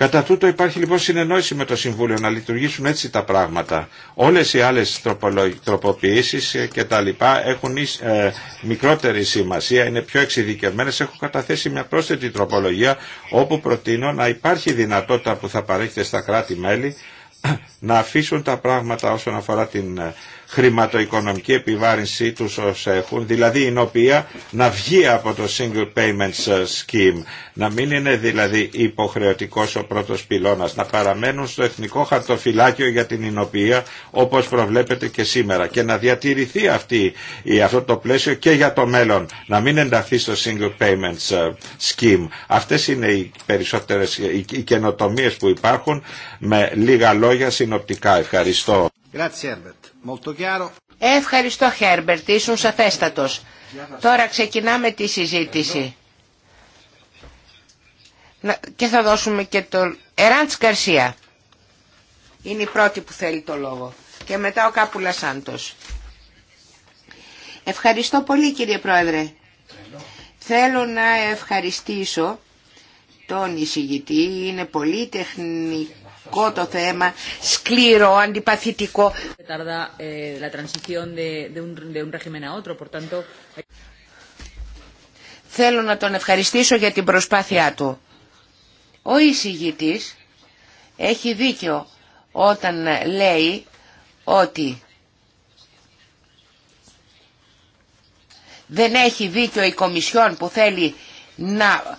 Κατά τούτο υπάρχει λοιπόν συνεννόηση με το Συμβούλιο να λειτουργήσουν έτσι τα πράγματα. Όλες οι άλλες τροποποιήσεις ε, και τα λοιπά έχουν ε, μικρότερη σημασία, είναι πιο εξειδικευμένες. Έχω καταθέσει μια πρόσθετη τροπολογία όπου προτείνω να υπάρχει δυνατότητα που θα παρέχεται στα κράτη-μέλη να αφήσουν τα πράγματα όσον αφορά την ε, χρηματοοικονομική επιβάρυνσή τους όσα έχουν, δηλαδή η οποία να βγει από το Single Payments ε, Scheme, να μην είναι δηλαδή υποχρεωτικός ο πρώτος πυλώνας, να παραμένουν στο εθνικό χαρτοφυλάκιο για την εινοποιία όπως προβλέπεται και σήμερα και να διατηρηθεί αυτή, αυτό το πλαίσιο και για το μέλλον, να μην ενταχθεί στο Single Payments ε, Scheme. Αυτές είναι οι περισσότερες ε, οι καινοτομίες που υπάρχουν με λίγα λόγια συνοπτικά. Ευχαριστώ. Grazie, Ευχαριστώ Χέρμπερτ, ήσουν σαφέστατος. Τώρα ξεκινάμε τη συζήτηση. Και θα δώσουμε και το... Εράντς Καρσία είναι η πρώτη που θέλει το λόγο. Και μετά ο Κάπουλα Σάντος. Ευχαριστώ πολύ κύριε Πρόεδρε. Θέλω να ευχαριστήσω τον εισηγητή. Είναι πολύ τεχνικό το θέμα, σκληρό, αντιπαθητικό. Θέλω να τον ευχαριστήσω για την προσπάθειά του. Ο εισηγητής έχει δίκιο όταν λέει ότι δεν έχει δίκιο η Κομισιόν που θέλει να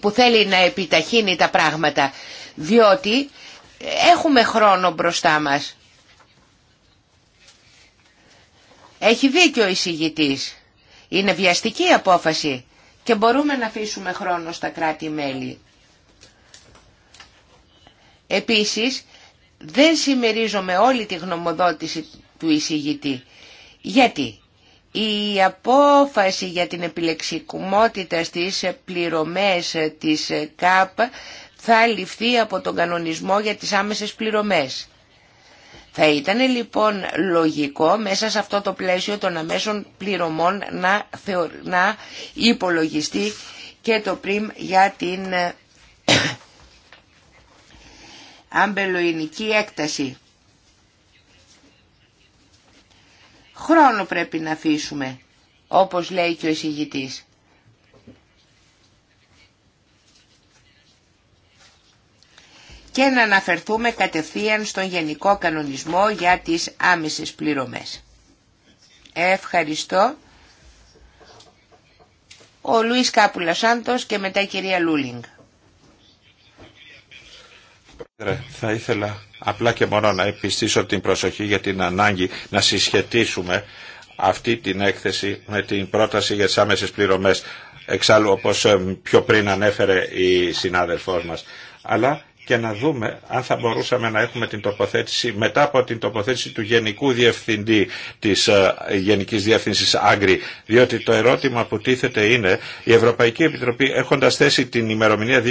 που θέλει να επιταχύνει τα πράγματα, διότι έχουμε χρόνο μπροστά μας. Έχει δίκιο η συγητής. Είναι βιαστική απόφαση και μπορούμε να αφήσουμε χρόνο στα κράτη-μέλη. Επίσης, δεν συμμερίζομαι όλη τη γνωμοδότηση του εισηγητή. Γιατί η απόφαση για την επιλεξικουμότητα στις πληρωμές της ΚΑΠ θα ληφθεί από τον κανονισμό για τις άμεσες πληρωμές. Θα ήταν λοιπόν λογικό μέσα σε αυτό το πλαίσιο των αμέσων πληρωμών να, θεω... να υπολογιστεί και το πριμ για την [coughs] αμπελοϊνική έκταση. Χρόνο πρέπει να αφήσουμε, όπως λέει και ο εισηγητής. και να αναφερθούμε κατευθείαν στον Γενικό Κανονισμό για τις άμεσες πληρωμές. Ευχαριστώ. Ο Λουίς Κάπουλα Σάντος και μετά η κυρία Λούλινγκ. Θα ήθελα απλά και μόνο να επιστήσω την προσοχή για την ανάγκη να συσχετήσουμε αυτή την έκθεση με την πρόταση για τις άμεσες πληρωμές. Εξάλλου όπως πιο πριν ανέφερε η συνάδελφός μας. Αλλά και να δούμε αν θα μπορούσαμε να έχουμε την τοποθέτηση μετά από την τοποθέτηση του Γενικού Διευθυντή της ε, Γενικής Διεύθυνσης Άγκρη. Διότι το ερώτημα που τίθεται είναι η Ευρωπαϊκή Επιτροπή έχοντας θέσει την ημερομηνία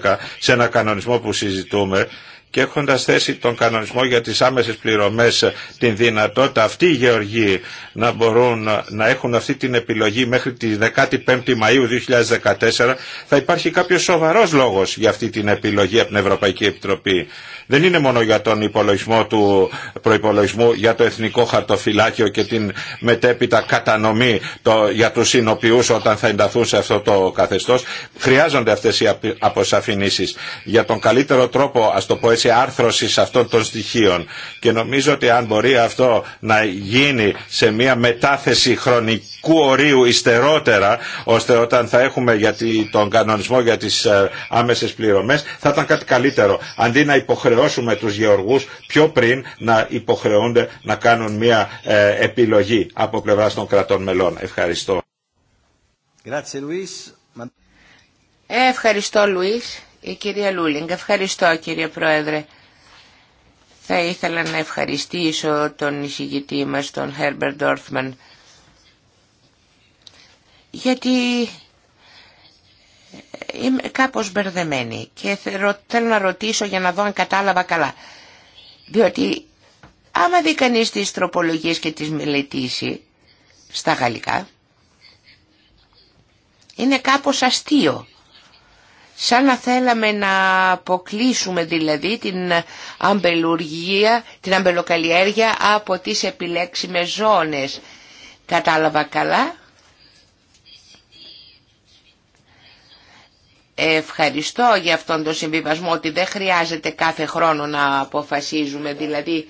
2012 σε ένα κανονισμό που συζητούμε και έχοντας θέσει τον κανονισμό για τις άμεσες πληρωμές ε, την δυνατότητα αυτοί οι γεωργοί να μπορούν ε, να έχουν αυτή την επιλογή μέχρι τη 15η Μαΐου 2014 θα υπάρχει κάποιος σοβαρός λόγος για αυτή την επιλογή από την Ευρωπαϊκή Επιτροπή δεν είναι μόνο για τον υπολογισμό του προϋπολογισμού για το εθνικό χαρτοφυλάκιο και την μετέπειτα κατανομή το, για τους συνοποιούς όταν θα ενταθούν σε αυτό το καθεστώς. Χρειάζονται αυτές οι αποσαφηνήσεις για τον καλύτερο τρόπο, ας το πω έτσι, άρθρωσης αυτών των στοιχείων. Και νομίζω ότι αν μπορεί αυτό να γίνει σε μια μετάθεση χρονικού ορίου υστερότερα, ώστε όταν θα έχουμε για τον κανονισμό για τις ε, άμεσες πληρωμές, θα ήταν κάτι καλύτερο. Αντί να υποχρεώσουμε υποχρεώσουμε τους γεωργούς πιο πριν να υποχρεώνται να κάνουν μια ε, επιλογή από πλευράς των κρατών μελών. Ευχαριστώ. Ευχαριστώ Λουίς. Η κυρία Λούλινγκ. Ευχαριστώ κύριε Πρόεδρε. Θα ήθελα να ευχαριστήσω τον εισηγητή μας, τον Herbert Dorfman, γιατί Είμαι κάπως μπερδεμένη και θέλω να ρωτήσω για να δω αν κατάλαβα καλά. Διότι άμα δει κανεί τις τροπολογίες και τις μελετήσει στα γαλλικά, είναι κάπως αστείο. Σαν να θέλαμε να αποκλείσουμε δηλαδή την αμπελουργία, την αμπελοκαλλιέργεια από τις επιλέξιμες ζώνες. Κατάλαβα καλά. ευχαριστώ για αυτόν τον συμβιβασμό ότι δεν χρειάζεται κάθε χρόνο να αποφασίζουμε, δηλαδή...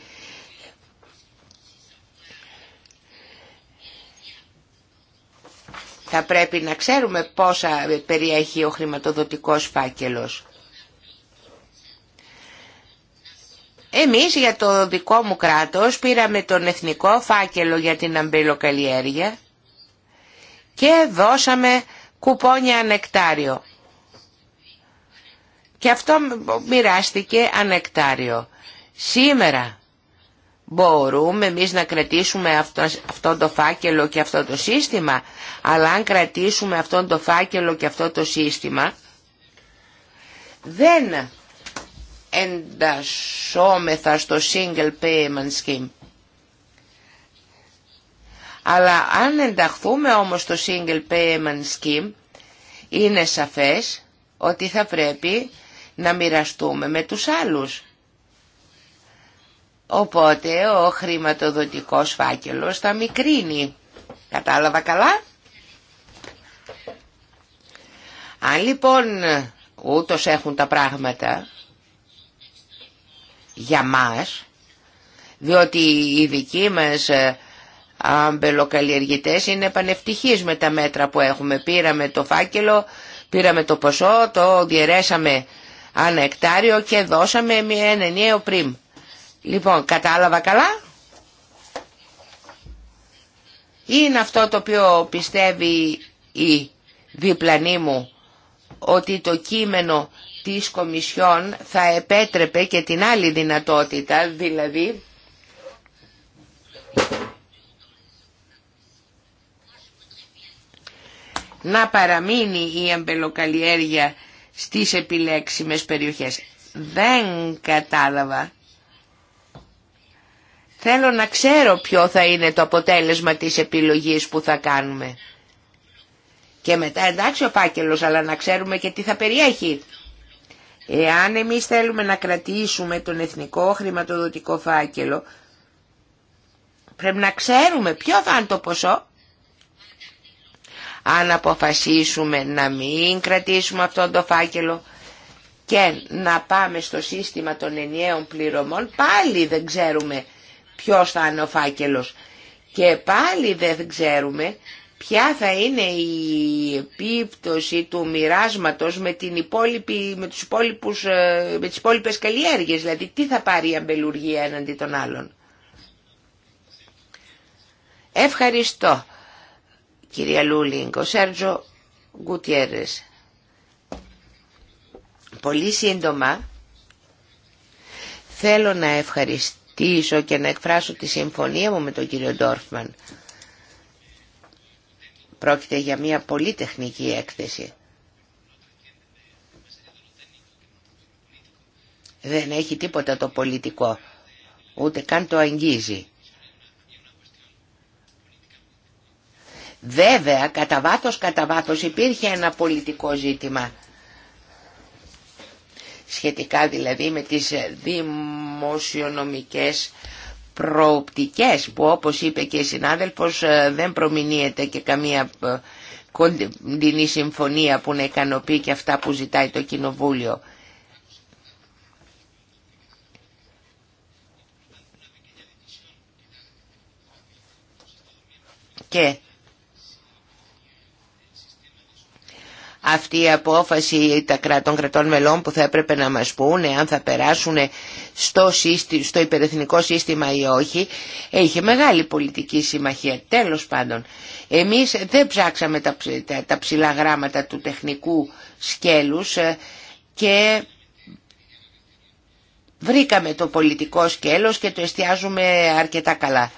Θα πρέπει να ξέρουμε πόσα περιέχει ο χρηματοδοτικός φάκελος. Εμείς για το δικό μου κράτος πήραμε τον εθνικό φάκελο για την αμπελοκαλλιέργεια και δώσαμε κουπόνια ανεκτάριο. Και αυτό μοιράστηκε ανεκτάριο. Σήμερα μπορούμε εμείς να κρατήσουμε αυτό, το φάκελο και αυτό το σύστημα, αλλά αν κρατήσουμε αυτό το φάκελο και αυτό το σύστημα, δεν εντασσόμεθα στο single payment scheme. Αλλά αν ενταχθούμε όμως στο single payment scheme, είναι σαφές ότι θα πρέπει να μοιραστούμε με τους άλλους. Οπότε ο χρηματοδοτικός φάκελος θα μικρύνει. Κατάλαβα καλά. Αν λοιπόν ούτως έχουν τα πράγματα για μας, διότι οι δικοί μας ε, αμπελοκαλλιεργητές είναι πανευτυχείς με τα μέτρα που έχουμε. Πήραμε το φάκελο, πήραμε το ποσό, το διαιρέσαμε ανεκτάριο και δώσαμε μία ενιαίο πριμ. Λοιπόν, κατάλαβα καλά. Είναι αυτό το οποίο πιστεύει η διπλανή μου ότι το κείμενο της Κομισιόν θα επέτρεπε και την άλλη δυνατότητα, δηλαδή να παραμείνει η αμπελοκαλλιέργεια στις επιλέξιμες περιοχές. Δεν κατάλαβα. Θέλω να ξέρω ποιο θα είναι το αποτέλεσμα της επιλογής που θα κάνουμε. Και μετά εντάξει ο φάκελος, αλλά να ξέρουμε και τι θα περιέχει. Εάν εμείς θέλουμε να κρατήσουμε τον εθνικό χρηματοδοτικό φάκελο, πρέπει να ξέρουμε ποιο θα είναι το ποσό αν αποφασίσουμε να μην κρατήσουμε αυτόν το φάκελο και να πάμε στο σύστημα των ενιαίων πληρωμών, πάλι δεν ξέρουμε ποιος θα είναι ο φάκελος και πάλι δεν ξέρουμε ποια θα είναι η επίπτωση του μοιράσματο με, την υπόλοιπη, με, τους ε, με τις υπόλοιπες καλλιέργειες, δηλαδή τι θα πάρει η αμπελουργία έναντι των άλλων. Ευχαριστώ κυρία Λούλινγκ, ο Σέρτζο Γκουτιέρες. Πολύ σύντομα θέλω να ευχαριστήσω και να εκφράσω τη συμφωνία μου με τον κύριο Ντόρφμαν. Πρόκειται για μια πολύ τεχνική έκθεση. Δεν έχει τίποτα το πολιτικό, ούτε καν το αγγίζει. Βέβαια, κατά βάθος, κατά βάθος υπήρχε ένα πολιτικό ζήτημα σχετικά δηλαδή με τις δημοσιονομικές προοπτικές που όπως είπε και η συνάδελφος ε, δεν προμηνύεται και καμία ε, κοντινή συμφωνία που να ικανοποιεί και αυτά που ζητάει το Κοινοβούλιο. Και αυτή η απόφαση των κρατών μελών που θα έπρεπε να μας πούνε αν θα περάσουν στο, στο υπερεθνικό σύστημα ή όχι έχει μεγάλη πολιτική συμμαχία. Τέλος πάντων, εμείς δεν ψάξαμε τα, ψηλά γράμματα του τεχνικού σκέλους ε, και βρήκαμε το πολιτικό σκέλος και το εστιάζουμε αρκετά καλά.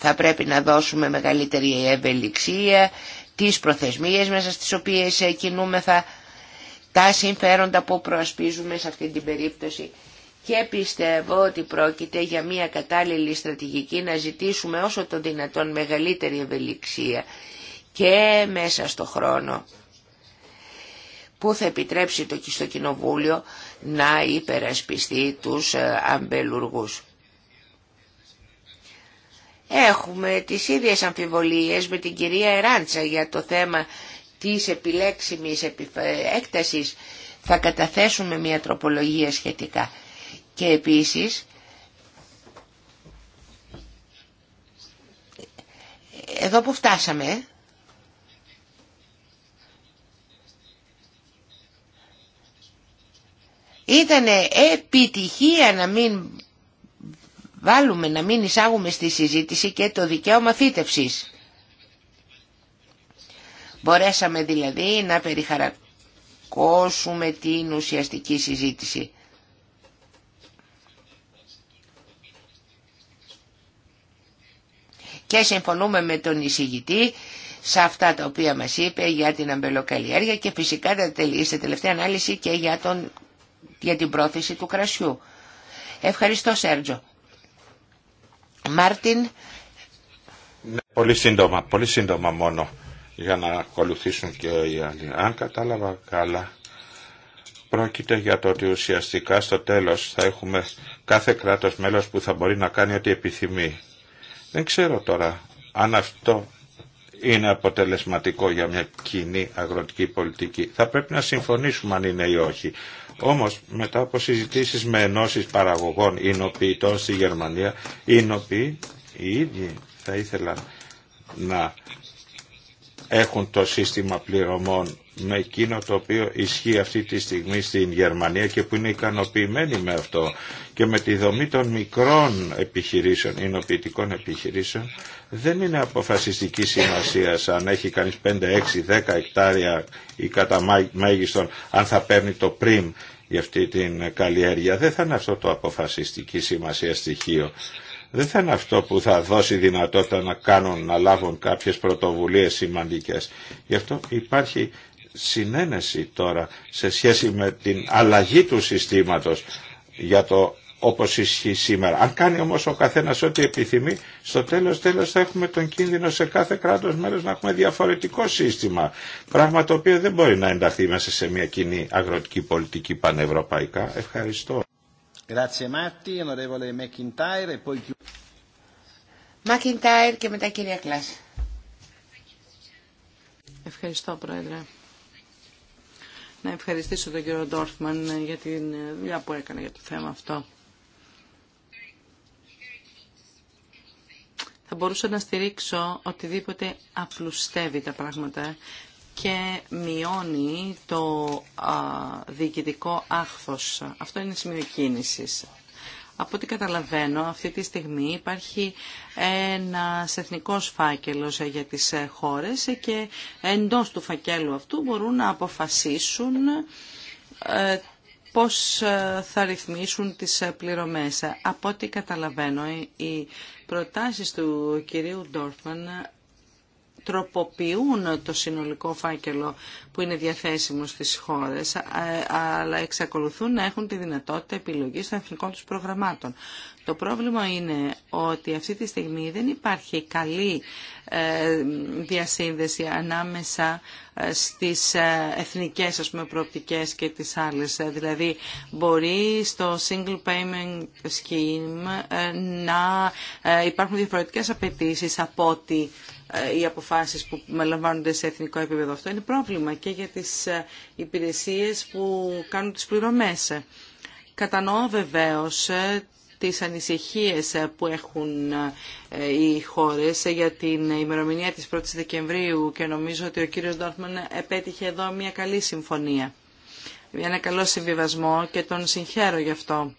Θα πρέπει να δώσουμε μεγαλύτερη ευελιξία τις προθεσμίες μέσα στις οποίες ε, κινούμεθα, τα συμφέροντα που προασπίζουμε σε αυτή την περίπτωση και πιστεύω ότι πρόκειται για μια κατάλληλη στρατηγική να ζητήσουμε όσο το δυνατόν μεγαλύτερη ευελιξία και μέσα στο χρόνο που θα επιτρέψει το στο να υπερασπιστεί τους ε, αμπελουργούς. Έχουμε τις ίδιες αμφιβολίες με την κυρία Εράντσα για το θέμα της επιλέξιμης έκτασης. Θα καταθέσουμε μια τροπολογία σχετικά. Και επίσης εδώ που φτάσαμε ήταν επιτυχία να μην βάλουμε, να μην εισάγουμε στη συζήτηση και το δικαίωμα θήτευσης. Μπορέσαμε δηλαδή να περιχαρακώσουμε την ουσιαστική συζήτηση. Και συμφωνούμε με τον εισηγητή σε αυτά τα οποία μας είπε για την αμπελοκαλλιέργεια και φυσικά σε τελευταία ανάλυση και για, τον, για την πρόθεση του κρασιού. Ευχαριστώ Σέρτζο. Μάρτιν. Ναι, πολύ σύντομα, πολύ σύντομα μόνο για να ακολουθήσουν και οι άλλοι. Αν κατάλαβα καλά, πρόκειται για το ότι ουσιαστικά στο τέλος θα έχουμε κάθε κράτος μέλος που θα μπορεί να κάνει ό,τι επιθυμεί. Δεν ξέρω τώρα αν αυτό είναι αποτελεσματικό για μια κοινή αγροτική πολιτική. Θα πρέπει να συμφωνήσουμε αν είναι ή όχι. Όμως μετά από συζητήσεις με ενώσεις παραγωγών εινοποιητών στη Γερμανία, οι εινοποιοί οι ίδιοι θα ήθελαν να έχουν το σύστημα πληρωμών με εκείνο το οποίο ισχύει αυτή τη στιγμή στην Γερμανία και που είναι ικανοποιημένοι με αυτό και με τη δομή των μικρών επιχειρήσεων, εινοποιητικών επιχειρήσεων δεν είναι αποφασιστική σημασία αν έχει κανείς 5, 6, 10 εκτάρια ή κατά μέγιστον αν θα παίρνει το πριμ για αυτή την καλλιέργεια. Δεν θα είναι αυτό το αποφασιστική σημασία στοιχείο δεν θα είναι αυτό που θα δώσει δυνατότητα να κάνουν, να λάβουν κάποιες πρωτοβουλίες σημαντικές. Γι' αυτό υπάρχει συνένεση τώρα σε σχέση με την αλλαγή του συστήματος για το όπως ισχύει σήμερα. Αν κάνει όμως ο καθένας ό,τι επιθυμεί, στο τέλος τέλος θα έχουμε τον κίνδυνο σε κάθε κράτος μέρος να έχουμε διαφορετικό σύστημα. Πράγμα το οποίο δεν μπορεί να ενταχθεί μέσα σε μια κοινή αγροτική πολιτική πανευρωπαϊκά. Ευχαριστώ. Ευχαριστώ Πρόεδρε. Να ευχαριστήσω τον κύριο Ντόρφμαν ε, για τη ε, δουλειά που έκανε για το θέμα αυτό. Θα μπορούσα να στηρίξω οτιδήποτε απλουστεύει τα πράγματα ε και μειώνει το διοικητικό άχθος. Αυτό είναι σημείο κίνησης. Από ό,τι καταλαβαίνω, αυτή τη στιγμή υπάρχει ένα εθνικό φάκελος για τις χώρες και εντός του φακέλου αυτού μπορούν να αποφασίσουν ε, πώς ε, θα ρυθμίσουν τις πληρωμές. Από ό,τι καταλαβαίνω, οι προτάσεις του κυρίου Ντόρφμαν τροποποιούν το συνολικό φάκελο που είναι διαθέσιμο στις χώρες, αλλά εξακολουθούν να έχουν τη δυνατότητα επιλογής των εθνικών τους προγραμμάτων. Το πρόβλημα είναι ότι αυτή τη στιγμή δεν υπάρχει καλή ε, διασύνδεση ανάμεσα ε, στις ε, εθνικές ας πούμε, προοπτικές και τις άλλες. Δηλαδή μπορεί στο Single Payment Scheme να υπάρχουν διαφορετικές απαιτήσεις από ότι οι αποφάσεις που λαμβάνονται σε εθνικό επίπεδο. Αυτό είναι πρόβλημα και για τις ε, υπηρεσίες που κάνουν τις πληρωμές. Κατανοώ βεβαίως ε, τις ανησυχίες ε, που έχουν οι χώρες για την ημερομηνία της 1ης Δεκεμβρίου και νομίζω ότι ο κύριος Ντόρφμαν επέτυχε εδώ μια καλή συμφωνία. Ένα καλό συμβιβασμό και τον συγχαίρω γι' αυτό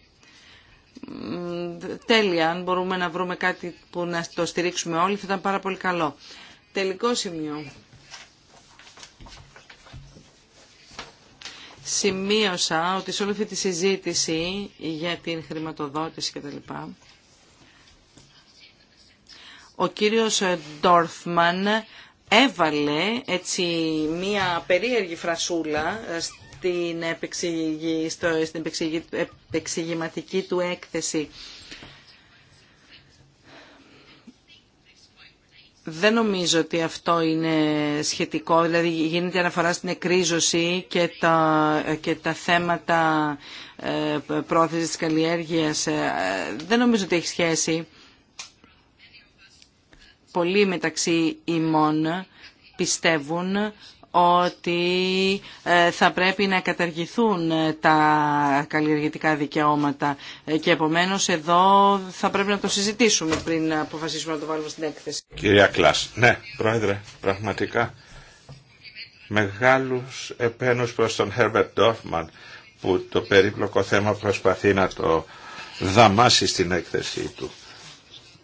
τέλεια, αν μπορούμε να βρούμε κάτι που να το στηρίξουμε όλοι, θα ήταν πάρα πολύ καλό. Τελικό σημείο. Σημείωσα ότι σε όλη αυτή τη συζήτηση για την χρηματοδότηση κτλ. Ο κύριος Ντόρφμαν έβαλε έτσι μία περίεργη φρασούλα ε, στην, επεξηγηματική του έκθεση. Δεν νομίζω ότι αυτό είναι σχετικό, δηλαδή γίνεται αναφορά στην εκρίζωση και τα, και τα θέματα ε, πρόθεσης της καλλιέργειας. Ε, δεν νομίζω ότι έχει σχέση Πολλοί μεταξύ ημών πιστεύουν ότι ε, θα πρέπει να καταργηθούν ε, τα καλλιεργητικά δικαιώματα ε, και επομένως εδώ θα πρέπει να το συζητήσουμε πριν αποφασίσουμε να το βάλουμε στην έκθεση. Κυρία Κλάς, ναι, πρόεδρε, πραγματικά μεγάλους επένους προς τον Herbert Dorfman που το περίπλοκο θέμα προσπαθεί να το δαμάσει στην έκθεσή του.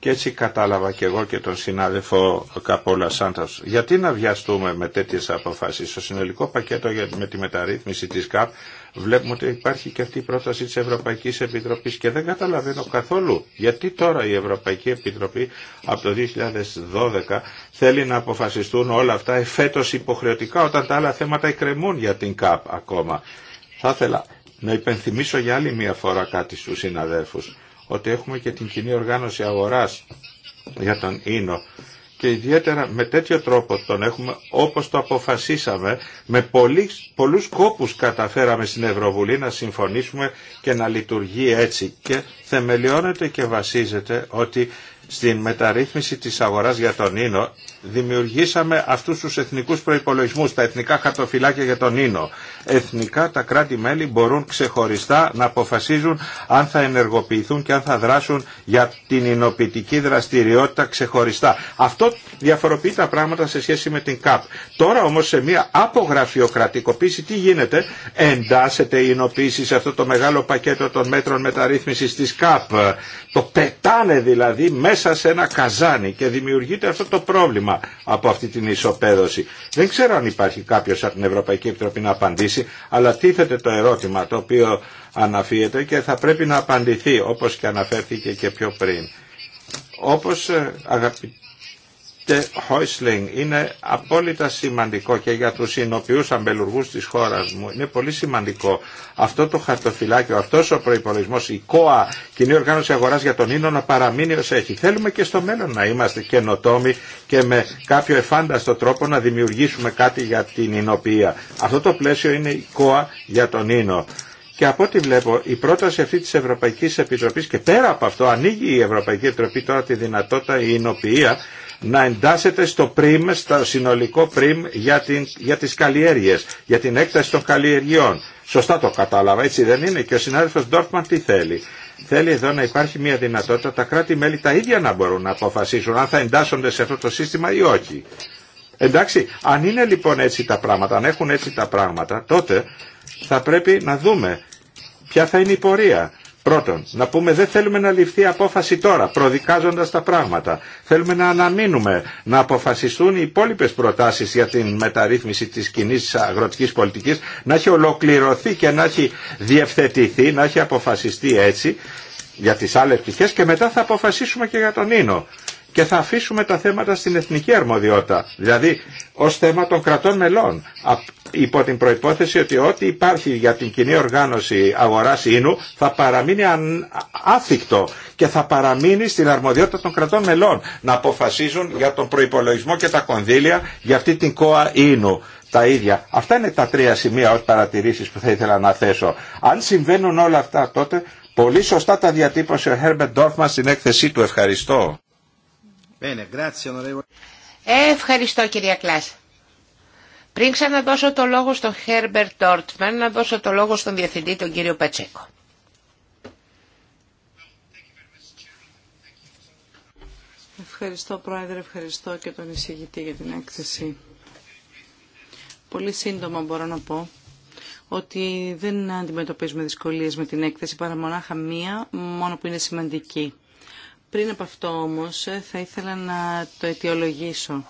Και έτσι κατάλαβα και εγώ και τον συνάδελφο Καπόλα Σάντας. Γιατί να βιαστούμε με τέτοιες αποφάσεις. Στο συνολικό πακέτο με τη μεταρρύθμιση της ΚΑΠ βλέπουμε ότι υπάρχει και αυτή η πρόταση της Ευρωπαϊκής Επιτροπής και δεν καταλαβαίνω καθόλου γιατί τώρα η Ευρωπαϊκή Επιτροπή από το 2012 θέλει να αποφασιστούν όλα αυτά εφέτος υποχρεωτικά όταν τα άλλα θέματα εκκρεμούν για την ΚΑΠ ακόμα. Θα ήθελα να υπενθυμίσω για άλλη μια φορά κάτι στους συναδέλφους ότι έχουμε και την κοινή οργάνωση αγοράς για τον ίνο και ιδιαίτερα με τέτοιο τρόπο τον έχουμε όπως το αποφασίσαμε με πολλούς, πολλούς κόπους καταφέραμε στην Ευρωβουλή να συμφωνήσουμε και να λειτουργεί έτσι και θεμελιώνεται και βασίζεται ότι στην μεταρρύθμιση της αγοράς για τον Ίνο δημιουργήσαμε αυτούς τους εθνικούς προϋπολογισμούς, τα εθνικά χαρτοφυλάκια για τον Ίνο. Εθνικά τα κράτη-μέλη μπορούν ξεχωριστά να αποφασίζουν αν θα ενεργοποιηθούν και αν θα δράσουν για την ινοποιητική δραστηριότητα ξεχωριστά. Αυτό διαφοροποιεί τα πράγματα σε σχέση με την ΚΑΠ. Τώρα όμως σε μια απογραφειοκρατικοποίηση τι γίνεται, εντάσσεται η ινοποίηση σε αυτό το μεγάλο πακέτο των μέτρων μεταρρύθμισης της ΚΑΠ. Το πετάνε δηλαδή μέσα σε ένα καζάνι και δημιουργείται αυτό το πρόβλημα από αυτή την ισοπαίδωση. Δεν ξέρω αν υπάρχει κάποιος από την Ευρωπαϊκή Επιτροπή να απαντήσει, αλλά τίθεται το ερώτημα το οποίο αναφύεται και θα πρέπει να απαντηθεί όπως και αναφέρθηκε και πιο πριν. Όπως ε, αγαπητοί Χόισλινγκ είναι απόλυτα σημαντικό και για τους συνοποιούς αμπελουργούς της χώρας μου. Είναι πολύ σημαντικό αυτό το χαρτοφυλάκιο, αυτός ο προϋπολογισμός, η ΚΟΑ, Κοινή Οργάνωση Αγοράς για τον Ίνο να παραμείνει ως έχει. Θέλουμε και στο μέλλον να είμαστε καινοτόμοι και με κάποιο εφάνταστο τρόπο να δημιουργήσουμε κάτι για την Ινοποία. Αυτό το πλαίσιο είναι η ΚΟΑ για τον Ίνο. Και από ό,τι βλέπω, η πρόταση αυτή τη Ευρωπαϊκή Επιτροπή και πέρα από αυτό ανοίγει η Ευρωπαϊκή Επιτροπή τώρα τη δυνατότητα η να εντάσσεται στο πριμ, στο συνολικό πριμ για, την, για τις καλλιέργειες, για την έκταση των καλλιεργειών. Σωστά το κατάλαβα, έτσι δεν είναι. Και ο συνάδελφος Ντόρφμαν τι θέλει. Θέλει εδώ να υπάρχει μια δυνατότητα τα κράτη-μέλη τα ίδια να μπορούν να αποφασίσουν αν θα εντάσσονται σε αυτό το σύστημα ή όχι. Εντάξει, αν είναι λοιπόν έτσι τα πράγματα, αν έχουν έτσι τα πράγματα, τότε θα πρέπει να δούμε ποια θα είναι η πορεία Πρώτον, να πούμε δεν θέλουμε να ληφθεί απόφαση τώρα, προδικάζοντας τα πράγματα. Θέλουμε να αναμείνουμε, να αποφασιστούν οι υπόλοιπες προτάσεις για την μεταρρύθμιση της κοινή αγροτικής πολιτικής, να έχει ολοκληρωθεί και να έχει διευθετηθεί, να έχει αποφασιστεί έτσι για τις άλλες πτυχές και μετά θα αποφασίσουμε και για τον Ίνο και θα αφήσουμε τα θέματα στην εθνική αρμοδιότητα, δηλαδή ως θέμα των κρατών μελών, υπό την προϋπόθεση ότι ό,τι υπάρχει για την κοινή οργάνωση αγοράς ίνου θα παραμείνει άθικτο και θα παραμείνει στην αρμοδιότητα των κρατών μελών να αποφασίζουν για τον προϋπολογισμό και τα κονδύλια για αυτή την κόα ίνου τα ίδια. Αυτά είναι τα τρία σημεία ως παρατηρήσεις που θα ήθελα να θέσω. Αν συμβαίνουν όλα αυτά τότε, πολύ σωστά τα διατύπωσε ο Herbert Dorfman στην έκθεσή του. Ευχαριστώ. Ευχαριστώ κυρία Κλάς. Πριν ξαναδώσω το λόγο στον Χέρμπερ Τόρτμαν, να δώσω το λόγο στον Διευθυντή, τον κύριο Πατσέκο. Ευχαριστώ Πρόεδρε, ευχαριστώ και τον εισηγητή για την έκθεση. Πολύ σύντομα μπορώ να πω ότι δεν αντιμετωπίζουμε δυσκολίες με την έκθεση παρά μονάχα μία, μόνο που είναι σημαντική. Πριν από αυτό όμως ε, θα ήθελα να το αιτιολογήσω.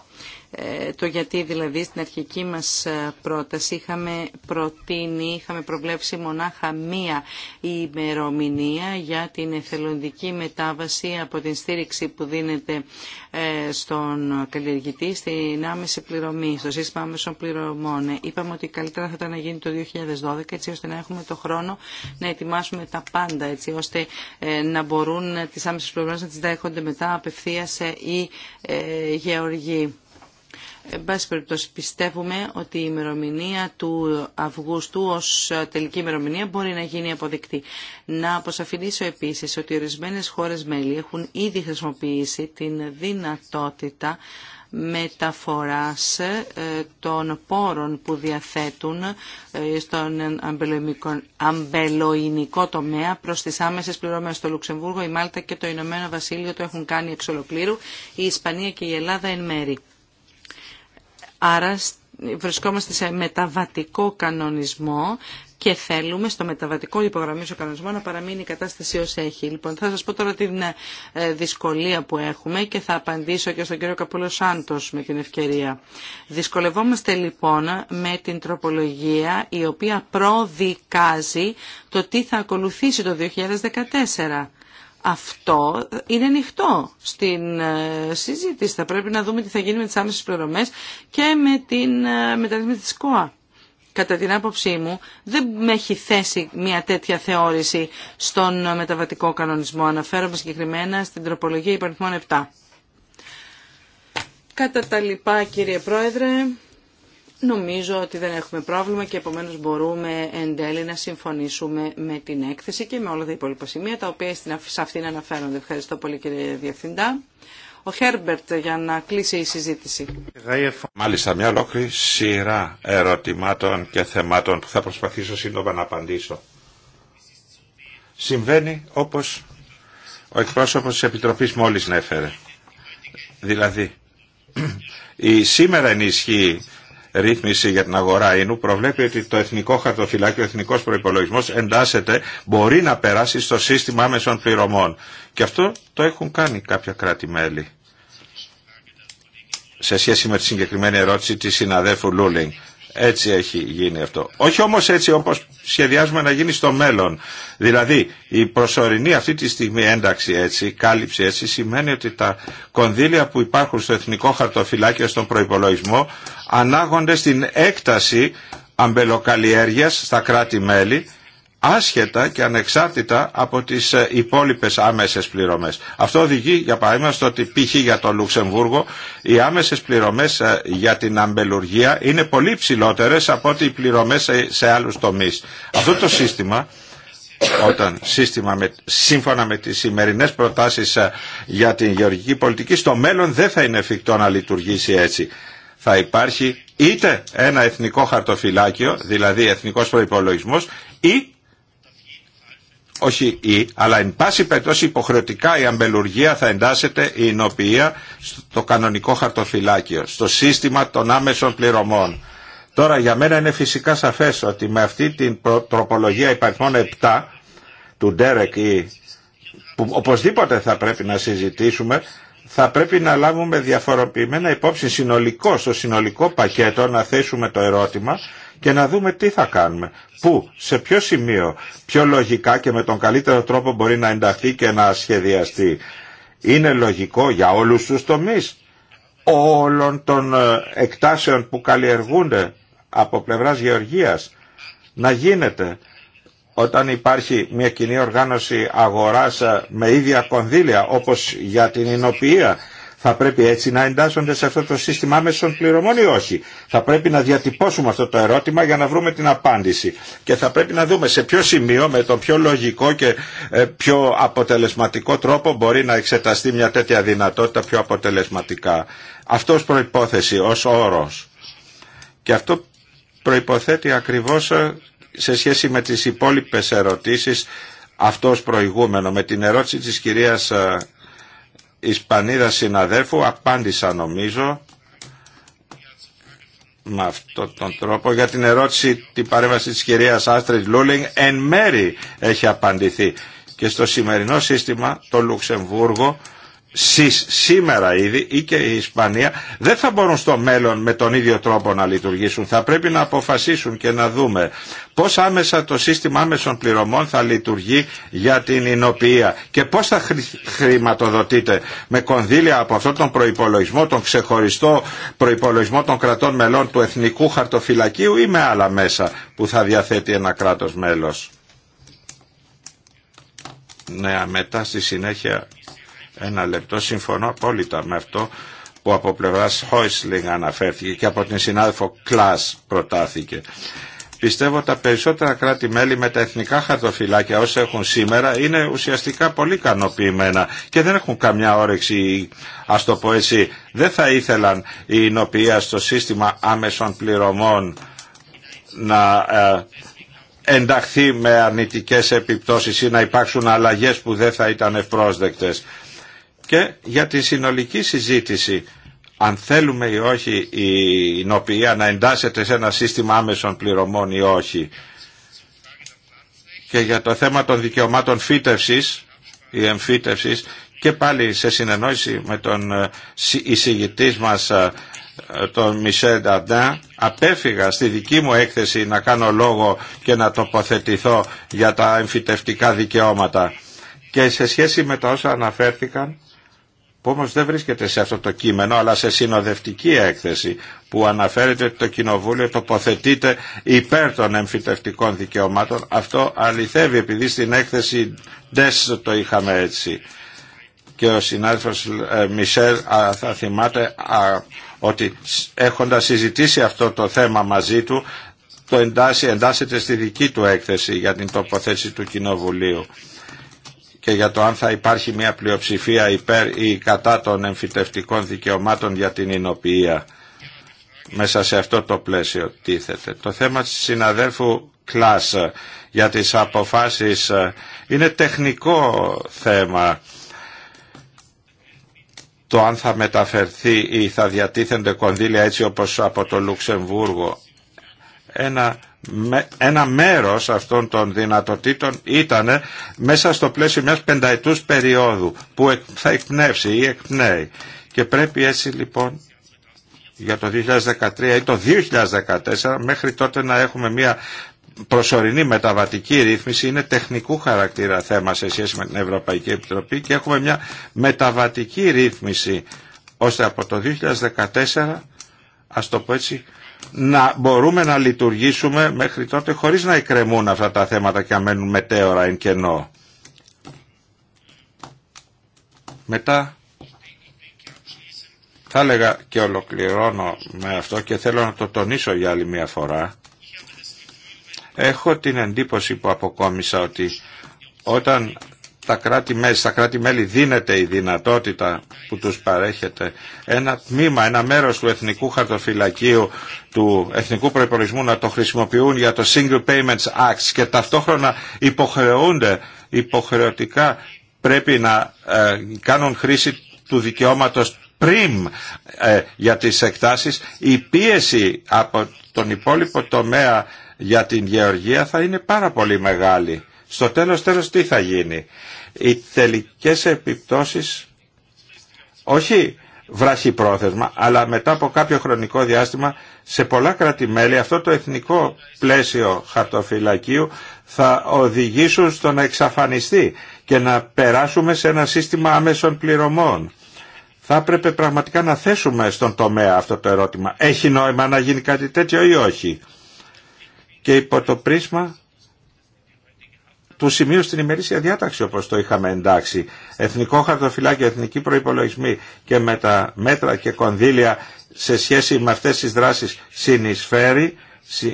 Ε, το γιατί δηλαδή στην αρχική μας ε, πρόταση είχαμε προτείνει, είχαμε προβλέψει μονάχα μία ημερομηνία για την εθελοντική μετάβαση από την στήριξη που δίνεται ε, στον καλλιεργητή στην άμεση πληρωμή, στο σύστημα άμεσων πληρωμών. Είπαμε ότι καλύτερα θα ήταν να γίνει το 2012 έτσι ώστε να έχουμε το χρόνο να ετοιμάσουμε τα πάντα έτσι ώστε να μπορούν τις άμεσες πληρωμές να τις δέχονται μετά απευθείας οι γεωργοί. Εν πάση περιπτώσει πιστεύουμε ότι η ημερομηνία του Αυγούστου ως τελική ημερομηνία μπορεί να γίνει αποδεκτή. Να αποσαφηνίσω επίσης ότι ορισμένε χώρες μέλη έχουν ήδη χρησιμοποιήσει την δυνατότητα μεταφοράς ε, των πόρων που διαθέτουν ε, στον αμπελοϊνικό τομέα προς τις άμεσες πληρωμές στο Λουξεμβούργο, η Μάλτα και το Ηνωμένο Βασίλειο το έχουν κάνει εξ ολοκλήρου, η Ισπανία και η Ελλάδα εν μέρη. Άρα βρισκόμαστε σε μεταβατικό κανονισμό και θέλουμε στο μεταβατικό υπογραμμίσιο κανονισμό να παραμείνει η κατάσταση ως έχει. Λοιπόν, θα σας πω τώρα την ε, δυσκολία που έχουμε και θα απαντήσω και στον κύριο Καπούλο Σάντος με την ευκαιρία. Δυσκολευόμαστε λοιπόν με την τροπολογία η οποία προδικάζει το τι θα ακολουθήσει το 2014 αυτό είναι ανοιχτό στην ε, συζήτηση. Θα πρέπει να δούμε τι θα γίνει με τις άμεσες πληρωμές και με την ε, μεταρρύθμιση της ΚΟΑ. Κατά την άποψή μου δεν με έχει θέσει μια τέτοια θεώρηση στον μεταβατικό κανονισμό. Αναφέρομαι συγκεκριμένα στην τροπολογία υπαριθμών 7. Κατά τα λοιπά κύριε Πρόεδρε, νομίζω ότι δεν έχουμε πρόβλημα και επομένως μπορούμε εν τέλει να συμφωνήσουμε με την έκθεση και με όλα τα υπόλοιπα σημεία τα οποία σε αυτήν αναφέρονται. Ευχαριστώ πολύ κύριε Διευθυντά. Ο Χέρμπερτ για να κλείσει η συζήτηση. Μάλιστα μια ολόκληρη σειρά ερωτημάτων και θεμάτων που θα προσπαθήσω σύντομα να απαντήσω. Συμβαίνει όπως ο εκπρόσωπος της Επιτροπής μόλις να έφερε. Δηλαδή, [clears throat] η σήμερα ενισχύει ρύθμιση για την αγορά ίνου προβλέπει ότι το εθνικό χαρτοφυλάκιο, ο εθνικός προϋπολογισμός εντάσσεται, μπορεί να περάσει στο σύστημα άμεσων πληρωμών. Και αυτό το έχουν κάνει κάποια κράτη-μέλη. Σε σχέση με τη συγκεκριμένη ερώτηση της συναδέφου Λούλινγκ. Έτσι έχει γίνει αυτό. Όχι όμως έτσι όπως σχεδιάζουμε να γίνει στο μέλλον. Δηλαδή η προσωρινή αυτή τη στιγμή ένταξη έτσι, κάλυψη έτσι, σημαίνει ότι τα κονδύλια που υπάρχουν στο εθνικό χαρτοφυλάκιο στον προϋπολογισμό ανάγονται στην έκταση αμπελοκαλλιέργειας στα κράτη-μέλη άσχετα και ανεξάρτητα από τις ε, υπόλοιπες άμεσες πληρωμές. Αυτό οδηγεί για παράδειγμα στο ότι π.χ. για το Λουξεμβούργο οι άμεσες πληρωμές ε, για την αμπελουργία είναι πολύ ψηλότερες από ότι οι πληρωμές σε άλλους τομείς. Αυτό το σύστημα όταν σύστημα με, σύμφωνα με τις σημερινές προτάσεις ε, για την γεωργική πολιτική στο μέλλον δεν θα είναι εφικτό να λειτουργήσει έτσι. Θα υπάρχει είτε ένα εθνικό χαρτοφυλάκιο, δηλαδή εθνικός προϋπολογισμός, ή όχι ή, αλλά εν πάση περιπτώσει υποχρεωτικά η αμπελουργία θα εντάσσεται η εινοποιία στο κανονικό χαρτοφυλάκιο, στο σύστημα των άμεσων πληρωμών. Τώρα για μένα είναι φυσικά σαφές ότι με αυτή την τροπολογία υπαριθμών 7 του Ντέρεκ που οπωσδήποτε θα πρέπει να συζητήσουμε θα πρέπει να λάβουμε διαφοροποιημένα υπόψη συνολικό, στο συνολικό πακέτο να θέσουμε το ερώτημα και να δούμε τι θα κάνουμε. Πού, σε ποιο σημείο, πιο λογικά και με τον καλύτερο τρόπο μπορεί να ενταχθεί και να σχεδιαστεί. Είναι λογικό για όλους τους τομείς όλων των ε, εκτάσεων που καλλιεργούνται από πλευράς γεωργίας να γίνεται όταν υπάρχει μια κοινή οργάνωση αγοράς ε, με ίδια κονδύλια όπως για την εινοποιία θα πρέπει έτσι να εντάσσονται σε αυτό το σύστημα άμεσων πληρωμών ή όχι. Θα πρέπει να διατυπώσουμε αυτό το ερώτημα για να βρούμε την απάντηση. Και θα πρέπει να δούμε σε ποιο σημείο, με τον πιο λογικό και ε, πιο αποτελεσματικό τρόπο μπορεί να εξεταστεί μια τέτοια δυνατότητα πιο αποτελεσματικά. Αυτό ως προϋπόθεση, ως όρος. Και αυτό προϋποθέτει ακριβώς ε, σε σχέση με τις υπόλοιπες ερωτήσεις αυτό προηγούμενο, με την ερώτηση της κυρίας ε, Ισπανίδα συναδέλφου απάντησα νομίζω με αυτόν τον τρόπο για την ερώτηση την παρέμβαση της κυρίας Άστριτ Λούλινγκ εν μέρη έχει απαντηθεί και στο σημερινό σύστημα το Λουξεμβούργο σήμερα ήδη ή και η Ισπανία δεν θα μπορούν στο μέλλον με τον ίδιο τρόπο να λειτουργήσουν. Θα πρέπει να αποφασίσουν και να δούμε πώς άμεσα το σύστημα άμεσων πληρωμών θα λειτουργεί για την εινοποιία και πώς θα χρηματοδοτείται με κονδύλια από αυτόν τον προϋπολογισμό, τον ξεχωριστό προϋπολογισμό των κρατών μελών του Εθνικού Χαρτοφυλακίου ή με άλλα μέσα που θα διαθέτει ένα κράτος μέλος. Ναι, μετά στη συνέχεια ένα λεπτό. Συμφωνώ απόλυτα με αυτό που από πλευρά Χόισλινγκ αναφέρθηκε και από την συνάδελφο Κλάς προτάθηκε. Πιστεύω τα περισσότερα κράτη-μέλη με τα εθνικά χαρτοφυλάκια όσα έχουν σήμερα είναι ουσιαστικά πολύ ικανοποιημένα και δεν έχουν καμιά όρεξη, ας το πω έτσι, δεν θα ήθελαν η εινοποιία στο σύστημα άμεσων πληρωμών να ε, ενταχθεί με αρνητικές επιπτώσεις ή να υπάρξουν αλλαγές που δεν θα ήταν ευπρόσδεκτες και για τη συνολική συζήτηση αν θέλουμε ή όχι η νοποιία να εντάσσεται σε ένα σύστημα άμεσων πληρωμών ή όχι και για το θέμα των δικαιωμάτων φύτευσης ή εμφύτευσης και πάλι σε συνεννόηση με τον ε, εισηγητή μας ε, τον Μισελ Νταντάν απέφυγα στη δική μου έκθεση να κάνω λόγο και να τοποθετηθώ για τα εμφυτευτικά δικαιώματα και σε σχέση με τα όσα αναφέρθηκαν που όμως δεν βρίσκεται σε αυτό το κείμενο αλλά σε συνοδευτική έκθεση που αναφέρεται ότι το Κοινοβούλιο τοποθετείται υπέρ των εμφυτευτικών δικαιωμάτων. Αυτό αληθεύει επειδή στην έκθεση δεν το είχαμε έτσι. Και ο συνάδελφος ε, Μισελ θα θυμάται ότι έχοντας συζητήσει αυτό το θέμα μαζί του το εντάσσεται στη δική του έκθεση για την τοποθέτηση του Κοινοβουλίου και για το αν θα υπάρχει μια πλειοψηφία υπέρ ή κατά των εμφυτευτικών δικαιωμάτων για την εινοποιία. Μέσα σε αυτό το πλαίσιο τίθεται. Το θέμα της συναδέλφου Κλάς για τις αποφάσεις ε, είναι τεχνικό θέμα το αν θα μεταφερθεί ή θα διατίθενται κονδύλια έτσι όπως από το Λουξεμβούργο. Ένα ένα μέρος αυτών των δυνατοτήτων ήταν μέσα στο πλαίσιο μιας πενταετούς περίοδου που θα εκπνεύσει ή εκπνέει. Και πρέπει έτσι λοιπόν για το 2013 ή το 2014 μέχρι τότε να έχουμε μια προσωρινή μεταβατική ρύθμιση είναι τεχνικού χαρακτήρα θέμα σε σχέση με την Ευρωπαϊκή Επιτροπή και έχουμε μια μεταβατική ρύθμιση ώστε από το 2014 ας το πω έτσι να μπορούμε να λειτουργήσουμε μέχρι τότε χωρίς να εκκρεμούν αυτά τα θέματα και να μένουν μετέωρα εν κενό. Μετά θα έλεγα και ολοκληρώνω με αυτό και θέλω να το τονίσω για άλλη μια φορά. Έχω την εντύπωση που αποκόμισα ότι όταν τα κράτη-μέλη, στα κράτη-μέλη δίνεται η δυνατότητα που τους παρέχεται ένα τμήμα, ένα μέρος του εθνικού χαρτοφυλακίου του εθνικού προϋπολογισμού να το χρησιμοποιούν για το Single Payments Act και ταυτόχρονα υποχρεούνται υποχρεωτικά πρέπει να ε, κάνουν χρήση του δικαιώματος πριν ε, για τις εκτάσεις η πίεση από τον υπόλοιπο τομέα για την γεωργία θα είναι πάρα πολύ μεγάλη στο τέλος τέλος τι θα γίνει. Οι τελικές επιπτώσεις, όχι πρόθεσμα αλλά μετά από κάποιο χρονικό διάστημα σε πολλά κράτη-μέλη αυτό το εθνικό πλαίσιο χαρτοφυλακίου θα οδηγήσουν στο να εξαφανιστεί και να περάσουμε σε ένα σύστημα άμεσων πληρωμών. Θα έπρεπε πραγματικά να θέσουμε στον τομέα αυτό το ερώτημα. Έχει νόημα να γίνει κάτι τέτοιο ή όχι. Και υπό το πρίσμα του σημείου στην ημερήσια διάταξη όπω το είχαμε εντάξει. Εθνικό χαρτοφυλάκιο, εθνική προπολογισμή και με τα μέτρα και κονδύλια σε σχέση με αυτές τις δράσεις συνεισφέρει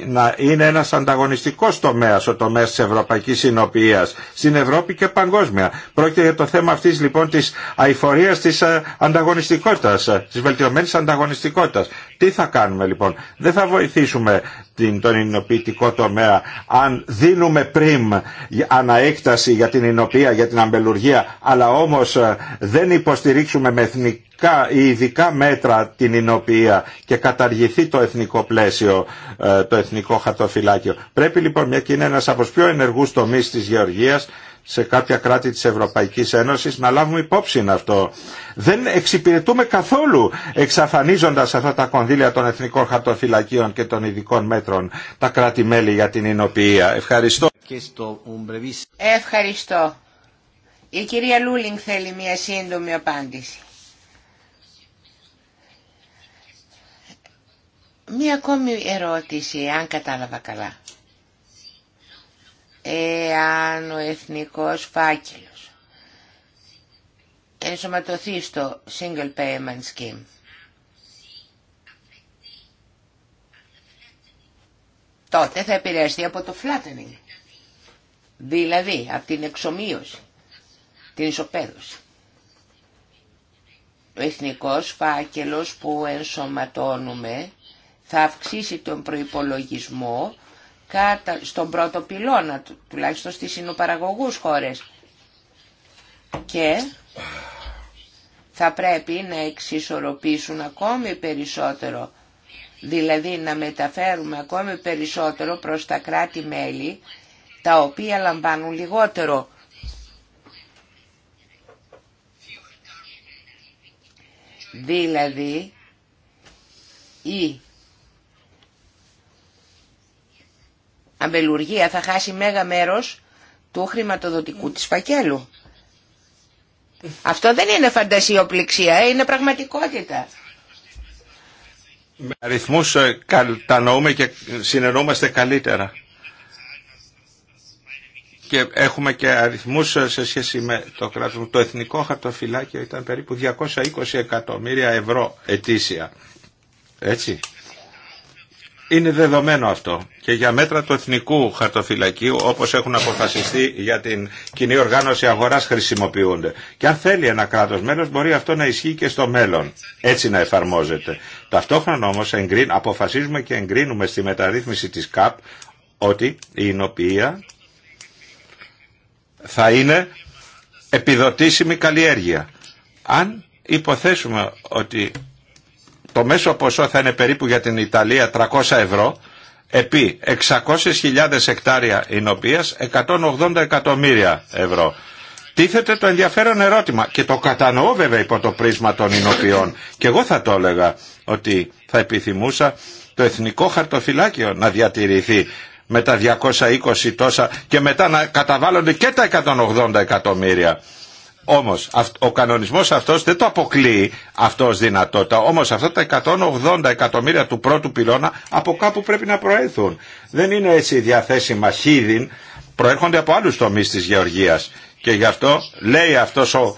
να είναι ένας ανταγωνιστικός τομέας ο τομέας της ευρωπαϊκής συνοποιίας στην Ευρώπη και παγκόσμια. Πρόκειται για το θέμα αυτής λοιπόν της αηφορίας της ε, ανταγωνιστικότητας, ε, της βελτιωμένης ανταγωνιστικότητας. Τι θα κάνουμε λοιπόν, δεν θα βοηθήσουμε στην, τον εινοποιητικό τομέα. Αν δίνουμε πριμ αναέκταση για την εινοποιία για την αμπελουργία, αλλά όμως ε, δεν υποστηρίξουμε με εθνικά ή ειδικά μέτρα την εινοποιία και καταργηθεί το εθνικό πλαίσιο, ε, το εθνικό χαρτοφυλάκιο. Πρέπει λοιπόν, μια και είναι ένας από τους πιο ενεργούς τομείς της γεωργίας, σε κάποια κράτη της Ευρωπαϊκής Ένωσης να λάβουμε υπόψη αυτό. Δεν εξυπηρετούμε καθόλου εξαφανίζοντας αυτά τα κονδύλια των εθνικών χαρτοφυλακίων και των ειδικών μέτρων τα κράτη-μέλη για την εινοποιία. Ευχαριστώ. Ευχαριστώ. Η κυρία Λούλινγκ θέλει μια σύντομη απάντηση. Μία ακόμη ερώτηση, αν κατάλαβα καλά εάν ο εθνικός φάκελος ενσωματωθεί στο Single Payment Scheme τότε θα επηρεαστεί από το flattening, δηλαδή από την εξομοίωση, την ισοπαίδωση. Ο εθνικός φάκελος που ενσωματώνουμε θα αυξήσει τον προϋπολογισμό στον πρώτο πυλώνα, τουλάχιστον στις συνοπαραγωγούς χώρες. Και θα πρέπει να εξισορροπήσουν ακόμη περισσότερο, δηλαδή να μεταφέρουμε ακόμη περισσότερο προς τα κράτη-μέλη, τα οποία λαμβάνουν λιγότερο. Δηλαδή, η αμπελουργία θα χάσει μέγα μέρος του χρηματοδοτικού της φακέλου. Αυτό δεν είναι φαντασιοπληξία, είναι πραγματικότητα. Με αριθμούς ε, κατανοούμε και συνενούμαστε καλύτερα. Και έχουμε και αριθμούς ε, σε σχέση με το κράτος Το εθνικό χαρτοφυλάκιο ήταν περίπου 220 εκατομμύρια ευρώ ετήσια. Έτσι. Είναι δεδομένο αυτό και για μέτρα του Εθνικού Χαρτοφυλακίου όπως έχουν αποφασιστεί για την κοινή οργάνωση αγοράς χρησιμοποιούνται. Και αν θέλει ένα κράτος μέλος μπορεί αυτό να ισχύει και στο μέλλον. Έτσι να εφαρμόζεται. Ταυτόχρονα όμως αποφασίζουμε και εγκρίνουμε στη μεταρρύθμιση της ΚΑΠ ότι η εινοποιία θα είναι επιδοτήσιμη καλλιέργεια. Αν υποθέσουμε ότι το μέσο ποσό θα είναι περίπου για την Ιταλία 300 ευρώ επί 600.000 εκτάρια εινοποιίας 180 εκατομμύρια ευρώ. Τίθεται το ενδιαφέρον ερώτημα και το κατανοώ βέβαια υπό το πρίσμα των εινοποιών και εγώ θα το έλεγα ότι θα επιθυμούσα το εθνικό χαρτοφυλάκιο να διατηρηθεί με τα 220 τόσα και μετά να καταβάλλονται και τα 180 εκατομμύρια. Όμως ο κανονισμός αυτός δεν το αποκλείει αυτό ως δυνατότητα. Όμως αυτά τα 180 εκατομμύρια του πρώτου πυλώνα από κάπου πρέπει να προέλθουν. Δεν είναι έτσι διαθέσιμα χίδιν, προέρχονται από άλλους τομείς της γεωργίας. Και γι' αυτό λέει αυτός ο,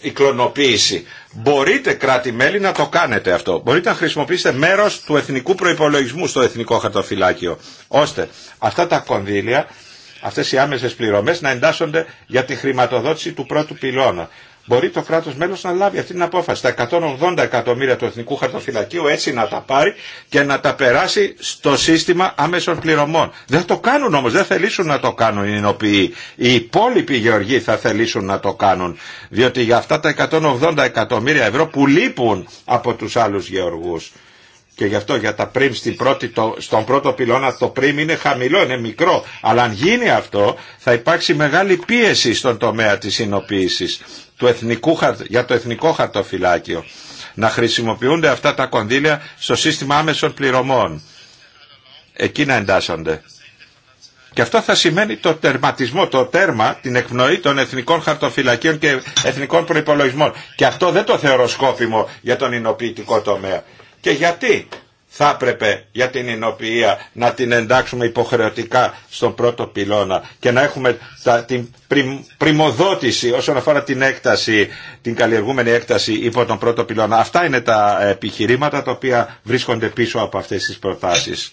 η κλωνοποίηση. Μπορείτε κράτη-μέλη να το κάνετε αυτό. Μπορείτε να χρησιμοποιήσετε μέρος του εθνικού προϋπολογισμού στο εθνικό χαρτοφυλάκιο. Ώστε αυτά τα κονδύλια αυτές οι άμεσες πληρωμές να εντάσσονται για τη χρηματοδότηση του πρώτου πυλώνα. Μπορεί το κράτος μέλος να λάβει αυτή την απόφαση. Τα 180 εκατομμύρια του Εθνικού Χαρτοφυλακίου έτσι να τα πάρει και να τα περάσει στο σύστημα άμεσων πληρωμών. Δεν θα το κάνουν όμως, δεν θελήσουν να το κάνουν οι νοποιοί. Οι υπόλοιποι γεωργοί θα θελήσουν να το κάνουν. Διότι για αυτά τα 180 εκατομμύρια ευρώ που λείπουν από τους άλλους γεωργούς. Και γι' αυτό για τα πριμ στον πρώτο πυλώνα το πριμ είναι χαμηλό, είναι μικρό. Αλλά αν γίνει αυτό θα υπάρξει μεγάλη πίεση στον τομέα της συνοποίησης του εθνικού, για το εθνικό χαρτοφυλάκιο. Να χρησιμοποιούνται αυτά τα κονδύλια στο σύστημα άμεσων πληρωμών. Εκεί να εντάσσονται. Και αυτό θα σημαίνει το τερματισμό, το τέρμα, την εκπνοή των εθνικών χαρτοφυλακίων και εθνικών προπολογισμών. Και αυτό δεν το θεωρώ σκόπιμο για τον εινοποιητικό τομέα και γιατί θα έπρεπε για την εινοποιία να την εντάξουμε υποχρεωτικά στον πρώτο πυλώνα και να έχουμε την πριμ, πριμοδότηση όσον αφορά την έκταση, την καλλιεργούμενη έκταση υπό τον πρώτο πυλώνα. Αυτά είναι τα επιχειρήματα τα οποία βρίσκονται πίσω από αυτές τις προτάσεις.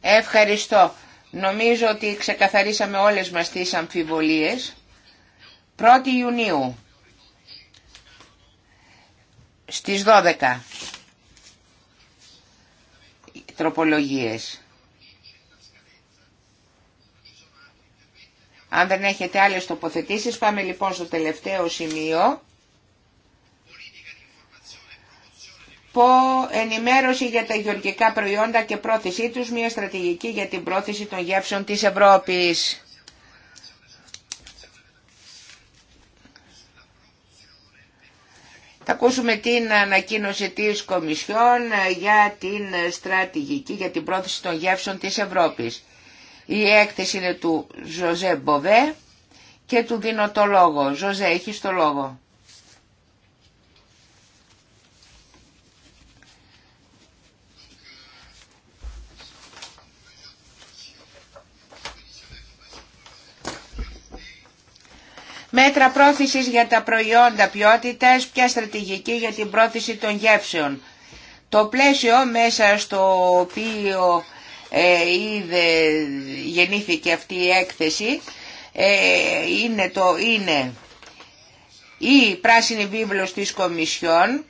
Ευχαριστώ. Νομίζω ότι ξεκαθαρίσαμε όλες μας τις αμφιβολίες. 1η Ιουνίου στις 12 τροπολογίες. Αν δεν έχετε άλλες τοποθετήσεις, πάμε λοιπόν στο τελευταίο σημείο. Πω ενημέρωση για τα γεωργικά προϊόντα και πρόθεσή τους, μια στρατηγική για την πρόθεση των γεύσεων της Ευρώπης. Θα ακούσουμε την ανακοίνωση της Κομισιόν ε, για την στρατηγική, για την πρόθεση των γεύσεων της Ευρώπης. Η έκθεση είναι του Ζωζέ Μποβέ και του δίνω το λόγο. Ζωζέ, έχεις το λόγο. μέτρα πρόθεσης για τα προϊόντα ποιότητας, ποια στρατηγική για την πρόθεση των γεύσεων. Το πλαίσιο μέσα στο οποίο ε, είδε, γεννήθηκε αυτή η έκθεση ε, είναι, το, είναι η πράσινη βίβλος της Κομισιόν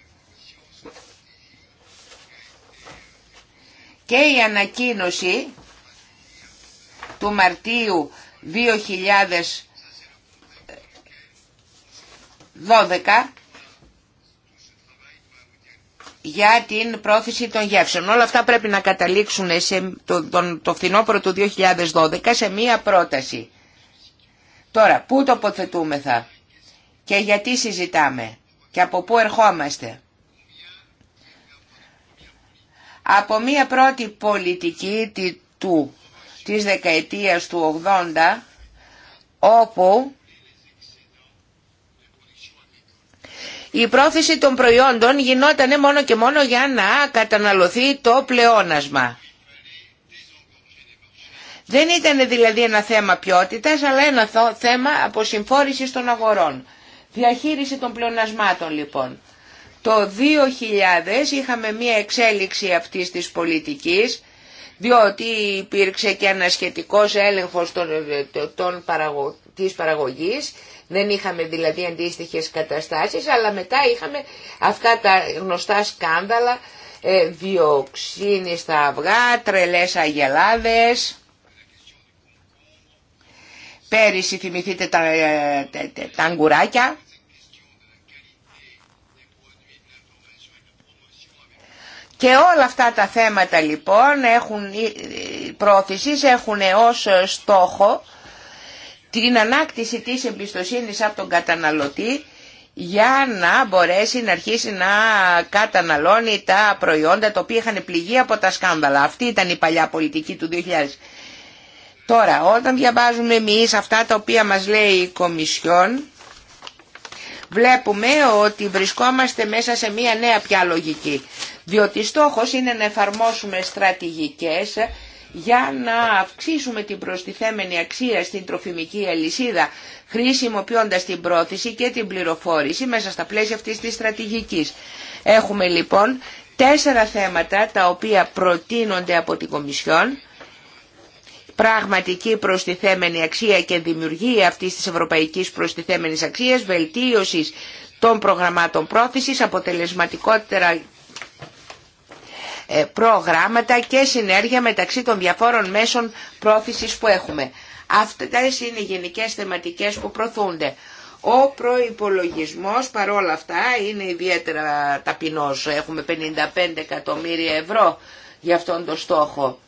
και η ανακοίνωση του Μαρτίου 2000 12 για την πρόθεση των γεύσεων. Όλα αυτά πρέπει να καταλήξουν σε το, τον, το φθινόπωρο του 2012 σε μία πρόταση. Τώρα, πού τοποθετούμεθα και γιατί συζητάμε και από πού ερχόμαστε. Από μία πρώτη πολιτική της δεκαετίας του 80, όπου η πρόθεση των προϊόντων γινόταν μόνο και μόνο για να καταναλωθεί το πλεόνασμα. Δεν ήταν δηλαδή ένα θέμα ποιότητας, αλλά ένα θέμα αποσυμφόρησης των αγορών. Διαχείριση των πλεονασμάτων λοιπόν. Το 2000 είχαμε μία εξέλιξη αυτής της πολιτικής, διότι υπήρξε και ένα σχετικός έλεγχος των, ε, των της παραγωγής δεν είχαμε δηλαδή αντίστοιχες καταστάσεις, αλλά μετά είχαμε αυτά τα γνωστά σκάνδαλα, ε, διοξίνη στα αυγά, τρελές αγελάδες. Πέρυσι θυμηθείτε τα, ε, τα, Και όλα αυτά τα θέματα λοιπόν έχουν, ε, ε, οι έχουν ως στόχο την ανάκτηση της εμπιστοσύνης από τον καταναλωτή για να μπορέσει να αρχίσει να καταναλώνει τα προϊόντα τα οποία είχαν πληγεί από τα σκάνδαλα. Αυτή ήταν η παλιά πολιτική του 2000. Τώρα, όταν διαβάζουμε εμείς αυτά τα οποία μας λέει η Κομισιόν, βλέπουμε ότι βρισκόμαστε μέσα σε μια νέα πια λογική. Διότι στόχος είναι να εφαρμόσουμε στρατηγικές για να αυξήσουμε την προστιθέμενη αξία στην τροφιμική αλυσίδα χρησιμοποιώντας την πρόθεση και την πληροφόρηση μέσα στα πλαίσια αυτής της στρατηγικής. Έχουμε λοιπόν τέσσερα θέματα τα οποία προτείνονται από την Κομισιόν πραγματική προστιθέμενη αξία και δημιουργία αυτή της ευρωπαϊκής προστιθέμενης αξίας, βελτίωσης των προγραμμάτων πρόθεσης, αποτελεσματικότερα ε, προγράμματα και συνέργεια μεταξύ των διαφόρων μέσων πρόθεσης που έχουμε. Αυτές είναι οι γενικές θεματικές που προθούνται. Ο προϋπολογισμός παρόλα αυτά είναι ιδιαίτερα ταπεινός. Έχουμε 55 εκατομμύρια ευρώ για αυτόν τον στόχο.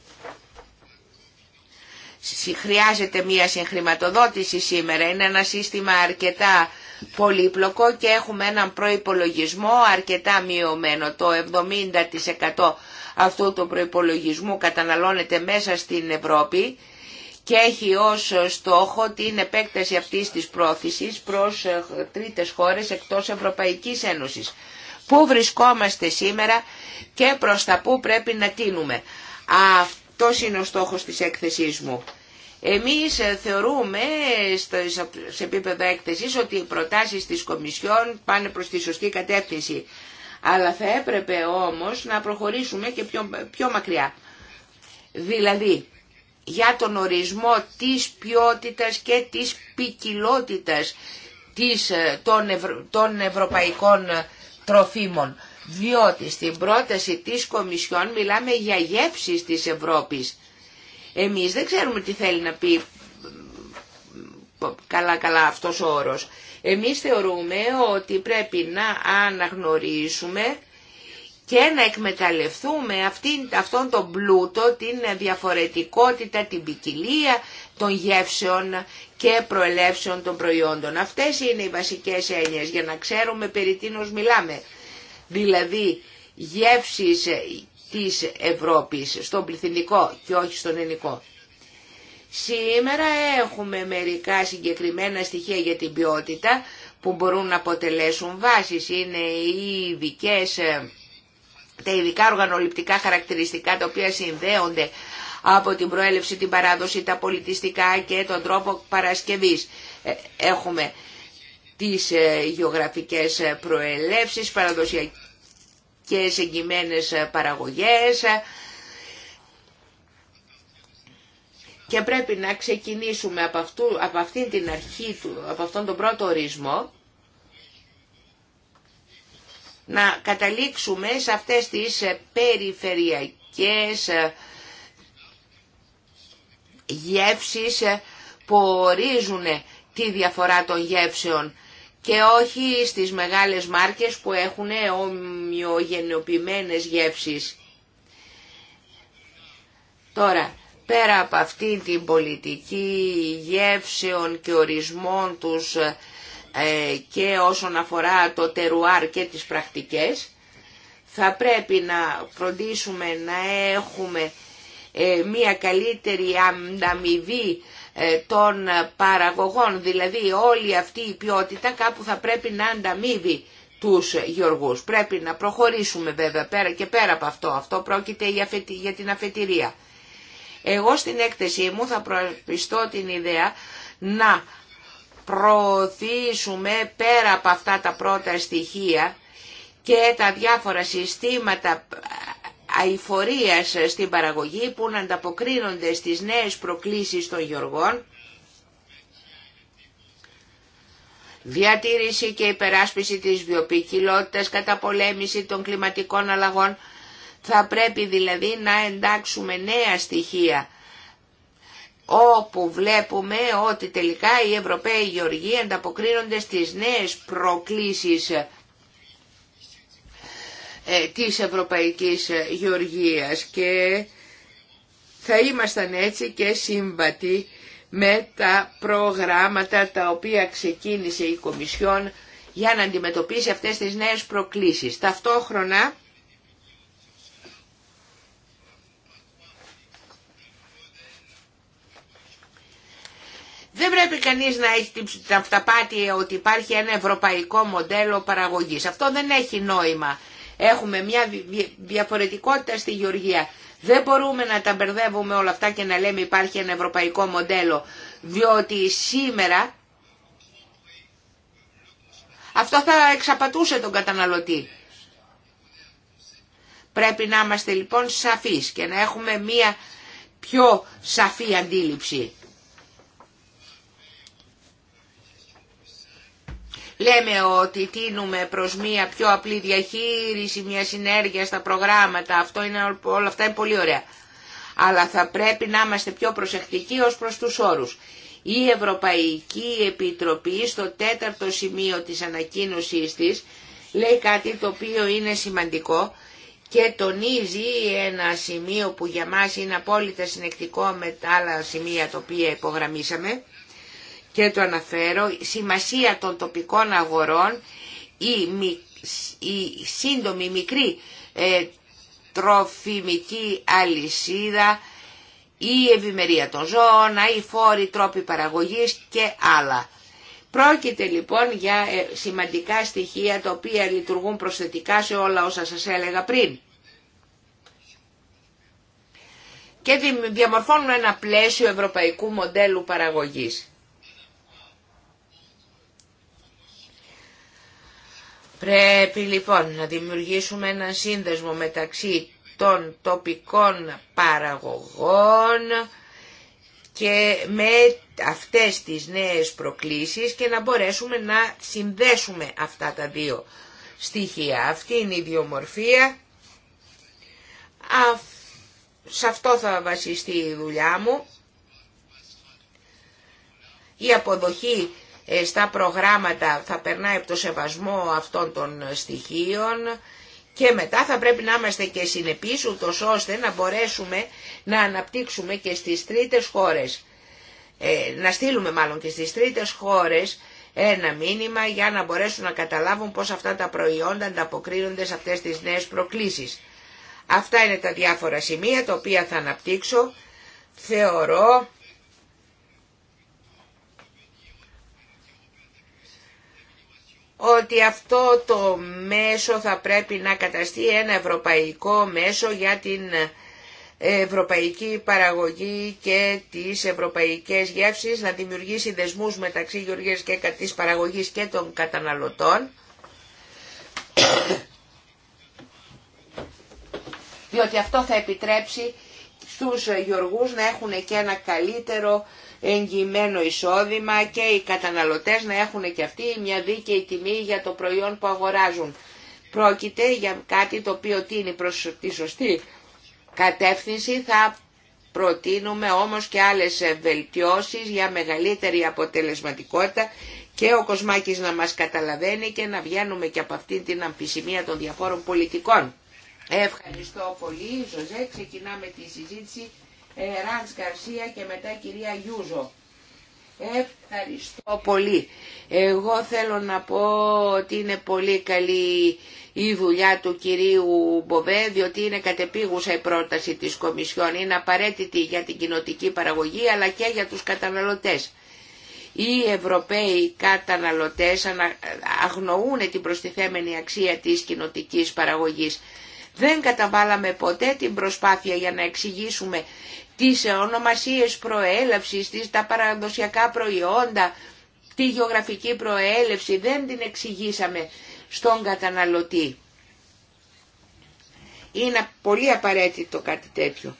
Χρειάζεται μία συγχρηματοδότηση σήμερα. Είναι ένα σύστημα αρκετά πολύπλοκο και έχουμε έναν προϋπολογισμό αρκετά μειωμένο. Το 70% αυτού του προϋπολογισμού καταναλώνεται μέσα στην Ευρώπη και έχει ως στόχο την επέκταση αυτής της πρόθεσης προς ε, τρίτες χώρες εκτός Ευρωπαϊκής Ένωσης. Πού βρισκόμαστε σήμερα και προς τα πού πρέπει να τίνουμε. Αυτός είναι ο στόχος της έκθεσής μου. Εμείς ε, θεωρούμε σε επίπεδο έκθεσης ότι οι προτάσεις της Κομισιόν πάνε προς τη σωστή κατεύθυνση. Αλλά θα έπρεπε όμως να προχωρήσουμε και πιο, πιο μακριά. Δηλαδή, για τον ορισμό της ποιότητας και της ποικιλότητα ε, των, των ευρωπαϊκών ε, τροφίμων. Διότι στην πρόταση της Κομισιόν μιλάμε για γεύσεις της Ευρώπης εμείς δεν ξέρουμε τι θέλει να πει καλά-καλά αυτός ο όρος. Εμείς θεωρούμε ότι πρέπει να αναγνωρίσουμε και να εκμεταλλευτούμε αυτήν, αυτόν τον πλούτο, την διαφορετικότητα, την ποικιλία των γεύσεων και προελεύσεων των προϊόντων. Αυτές είναι οι βασικές έννοιες για να ξέρουμε περί τίνος μιλάμε. Δηλαδή γεύσεις της Ευρώπης, στον πληθυντικό και όχι στον ελληνικό. Σήμερα έχουμε μερικά συγκεκριμένα στοιχεία για την ποιότητα που μπορούν να αποτελέσουν βάσεις. Είναι οι ειδικές, ε, τα ειδικά οργανοληπτικά χαρακτηριστικά τα οποία συνδέονται από την προέλευση, την παράδοση, τα πολιτιστικά και τον τρόπο παρασκευής. Ε, έχουμε τις ε, γεωγραφικές προελεύσεις, παραδοσιακές και σε εγγυημένες παραγωγές και πρέπει να ξεκινήσουμε από, αυτού, από αυτήν την αρχή του, από αυτόν τον πρώτο ορισμό να καταλήξουμε σε αυτές τις περιφερειακές γεύσεις που ορίζουν τη διαφορά των γεύσεων και όχι στις μεγάλες μάρκες που έχουν ομοιογενοποιημένες γεύσεις. Τώρα, πέρα από αυτή την πολιτική γεύσεων και ορισμών τους ε, και όσον αφορά το τερουάρ και τις πρακτικές, θα πρέπει να φροντίσουμε να έχουμε ε, μία καλύτερη ανταμοιβή ε, των παραγωγών, δηλαδή όλη αυτή η ποιότητα κάπου θα πρέπει να ανταμείβει τους γεωργούς. Πρέπει να προχωρήσουμε βέβαια πέρα και πέρα από αυτό. Αυτό πρόκειται για την αφετηρία. Εγώ στην έκθεσή μου θα προεπιστώ την ιδέα να προωθήσουμε πέρα από αυτά τα πρώτα στοιχεία και τα διάφορα συστήματα αηφορίας στην παραγωγή που να ανταποκρίνονται στις νέες προκλήσεις των γεωργών, διατήρηση και υπεράσπιση της βιοποικιλότητας, πολέμηση των κλιματικών αλλαγών. Θα πρέπει δηλαδή να εντάξουμε νέα στοιχεία όπου βλέπουμε ότι τελικά οι Ευρωπαίοι Γεωργοί ανταποκρίνονται στις νέες προκλήσεις ε, της Ευρωπαϊκής Γεωργίας και θα ήμασταν έτσι και σύμβατοι με τα προγράμματα τα οποία ξεκίνησε η Κομισιόν για να αντιμετωπίσει αυτές τις νέες προκλήσεις. Ταυτόχρονα δεν πρέπει κανείς να έχει την αυταπάτη ότι υπάρχει ένα ευρωπαϊκό μοντέλο παραγωγής. Αυτό δεν έχει νόημα. Έχουμε μια διαφορετικότητα στη γεωργία. Δεν μπορούμε να τα μπερδεύουμε όλα αυτά και να λέμε υπάρχει ένα ευρωπαϊκό μοντέλο, διότι σήμερα αυτό θα εξαπατούσε τον καταναλωτή. Πρέπει να είμαστε λοιπόν σαφείς και να έχουμε μία πιο σαφή αντίληψη. λέμε ότι τίνουμε προς μία πιο απλή διαχείριση, μία συνέργεια στα προγράμματα, αυτό είναι, όλα αυτά είναι πολύ ωραία. Αλλά θα πρέπει να είμαστε πιο προσεκτικοί ως προς τους όρους. Η Ευρωπαϊκή Επιτροπή στο τέταρτο σημείο της ανακοίνωσής της λέει κάτι το οποίο είναι σημαντικό και τονίζει ένα σημείο που για μας είναι απόλυτα συνεκτικό με τα άλλα σημεία τα οποία υπογραμμίσαμε και το αναφέρω, σημασία των τοπικών αγορών, η, η σύντομη μικρή ε, τροφιμική αλυσίδα, η ευημερία των ζώων, οι φόροι, τρόποι παραγωγής και άλλα. Πρόκειται λοιπόν για ε, σημαντικά στοιχεία τα οποία λειτουργούν προσθετικά σε όλα όσα σας έλεγα πριν. Και διαμορφώνουν ένα πλαίσιο ευρωπαϊκού μοντέλου παραγωγής. Πρέπει λοιπόν να δημιουργήσουμε έναν σύνδεσμο μεταξύ των τοπικών παραγωγών και με αυτές τις νέες προκλήσεις και να μπορέσουμε να συνδέσουμε αυτά τα δύο στοιχεία. Αυτή είναι η διομορφία. Σε αυτό θα βασιστεί η δουλειά μου. Η αποδοχή ε, στα προγράμματα θα περνάει από το σεβασμό αυτών των στοιχείων και μετά θα πρέπει να είμαστε και συνεπείς ούτως ώστε να μπορέσουμε να αναπτύξουμε και στις τρίτες χώρες, ε, να στείλουμε μάλλον και στις τρίτες χώρες ένα μήνυμα για να μπορέσουν να καταλάβουν πώς αυτά τα προϊόντα ανταποκρίνονται σε αυτές τις νέες προκλήσεις. Αυτά είναι τα διάφορα σημεία τα οποία θα αναπτύξω. Θεωρώ ότι αυτό το μέσο θα πρέπει να καταστεί ένα ευρωπαϊκό μέσο για την ευρωπαϊκή παραγωγή και τις ευρωπαϊκές γεύσεις, να δημιουργήσει δεσμούς μεταξύ γεωργίας και της παραγωγής και των καταναλωτών. Διότι αυτό θα επιτρέψει στους γεωργούς να έχουν και ένα καλύτερο εγγυημένο εισόδημα και οι καταναλωτές να έχουν και αυτοί μια δίκαιη τιμή για το προϊόν που αγοράζουν. Πρόκειται για κάτι το οποίο τίνει προς τη σωστή κατεύθυνση, θα προτείνουμε όμως και άλλες βελτιώσεις για μεγαλύτερη αποτελεσματικότητα και ο Κοσμάκης να μας καταλαβαίνει και να βγαίνουμε και από αυτή την αμφισημία των διαφόρων πολιτικών. Ευχαριστώ πολύ. Ζωζέ, ξεκινάμε τη συζήτηση. Ε, Ράνς Καρσία και μετά κυρία Γιούζο. Ευχαριστώ πολύ. Εγώ θέλω να πω ότι είναι πολύ καλή η δουλειά του κυρίου Μποβέ, διότι είναι κατεπίγουσα η πρόταση της Κομισιόν. Είναι απαραίτητη για την κοινοτική παραγωγή, αλλά και για τους καταναλωτές. Οι Ευρωπαίοι καταναλωτές αγνοούν την προστιθέμενη αξία της κοινοτικής παραγωγής. Δεν καταβάλαμε ποτέ την προσπάθεια για να εξηγήσουμε τις ονομασίες προέλευσης, τις, τα παραδοσιακά προϊόντα, τη γεωγραφική προέλευση, δεν την εξηγήσαμε στον καταναλωτή. Είναι πολύ απαραίτητο κάτι τέτοιο.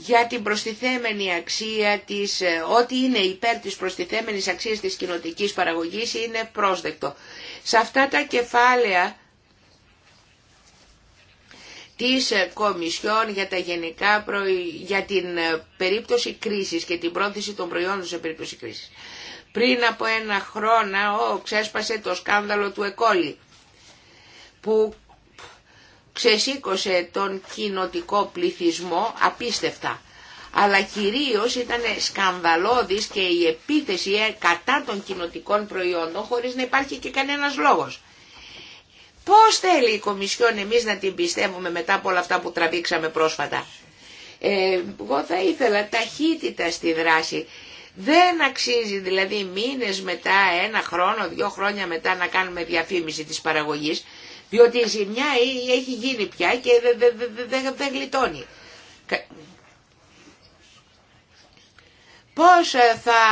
Για την προστιθέμενη αξία της, ε, ό,τι είναι υπέρ της προστιθέμενης αξίας της κοινοτικής παραγωγής είναι πρόσδεκτο. Σε αυτά τα κεφάλαια της ε, Κομισιόν για, τα γενικά προ... για την ε, περίπτωση κρίσης και την πρόθεση των προϊόντων σε περίπτωση κρίσης. Πριν από ένα χρόνο ξέσπασε το σκάνδαλο του Εκόλη που ξεσήκωσε τον κοινοτικό πληθυσμό απίστευτα. Αλλά κυρίως ήταν σκανδαλώδης και η επίθεση ε, κατά των κοινοτικών προϊόντων χωρίς να υπάρχει και κανένας λόγος. Πώς θέλει η Κομισιόν εμείς να την πιστεύουμε μετά από όλα αυτά που τραβήξαμε πρόσφατα. Ε, εγώ θα ήθελα ταχύτητα στη δράση. Δεν αξίζει δηλαδή μήνες μετά, ένα χρόνο, δύο χρόνια μετά να κάνουμε διαφήμιση της παραγωγής, διότι η ζημιά έχει γίνει πια και δεν δε, δε, δε, γλιτώνει. Πώς ε, θα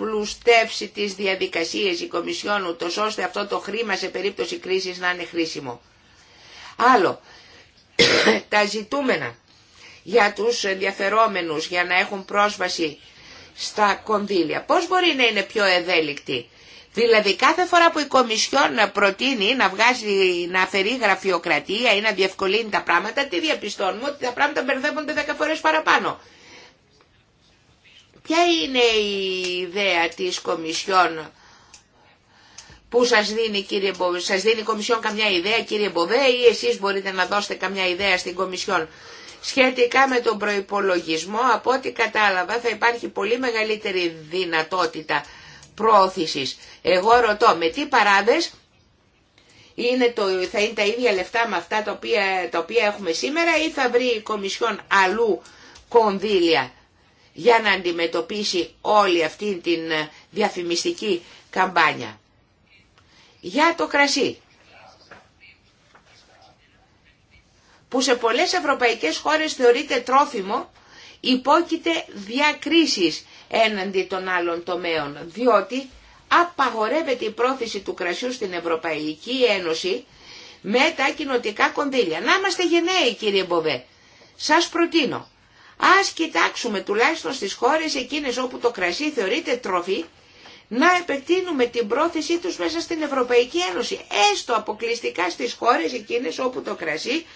πλουστεύσει τις διαδικασίες η Κομισιόν ούτως ώστε αυτό το χρήμα σε περίπτωση κρίσης να είναι χρήσιμο. Άλλο, [coughs] τα ζητούμενα για τους ενδιαφερόμενους για να έχουν πρόσβαση στα κονδύλια. Πώς μπορεί να είναι πιο ευέλικτη. Δηλαδή κάθε φορά που η Κομισιόν προτείνει να, βγάζει, να αφαιρεί γραφειοκρατία ή να διευκολύνει τα πράγματα, τι διαπιστώνουμε ότι τα πράγματα μπερδεύονται 10 φορές παραπάνω. Ποια είναι η ιδέα της Κομισιόν που σας δίνει, κύριε σας δίνει η Κομισιόν καμιά ιδέα κύριε Μποβέ ή εσείς μπορείτε να δώσετε καμιά ιδέα στην Κομισιόν. Σχετικά με τον προϋπολογισμό, από ό,τι κατάλαβα θα υπάρχει πολύ μεγαλύτερη δυνατότητα προώθησης. Εγώ ρωτώ με τι παράδες είναι το, θα είναι τα ίδια λεφτά με αυτά τα οποία, τα οποία έχουμε σήμερα ή θα βρει η Κομισιόν αλλού κονδύλια για να αντιμετωπίσει όλη αυτή την ε, διαφημιστική καμπάνια. Για το κρασί, που σε πολλές ευρωπαϊκές χώρες θεωρείται τρόφιμο, υπόκειται διακρίσεις έναντι των άλλων τομέων, διότι απαγορεύεται η πρόθεση του κρασιού στην Ευρωπαϊκή Ένωση με τα κοινοτικά κονδύλια. Να είμαστε γενναίοι κύριε Μποβέ, σας προτείνω Ας κοιτάξουμε τουλάχιστον στις χώρες εκείνες όπου το κρασί θεωρείται τροφή, να επεκτείνουμε την πρόθεσή τους μέσα στην Ευρωπαϊκή Ένωση, έστω αποκλειστικά στις χώρες εκείνες όπου το κρασί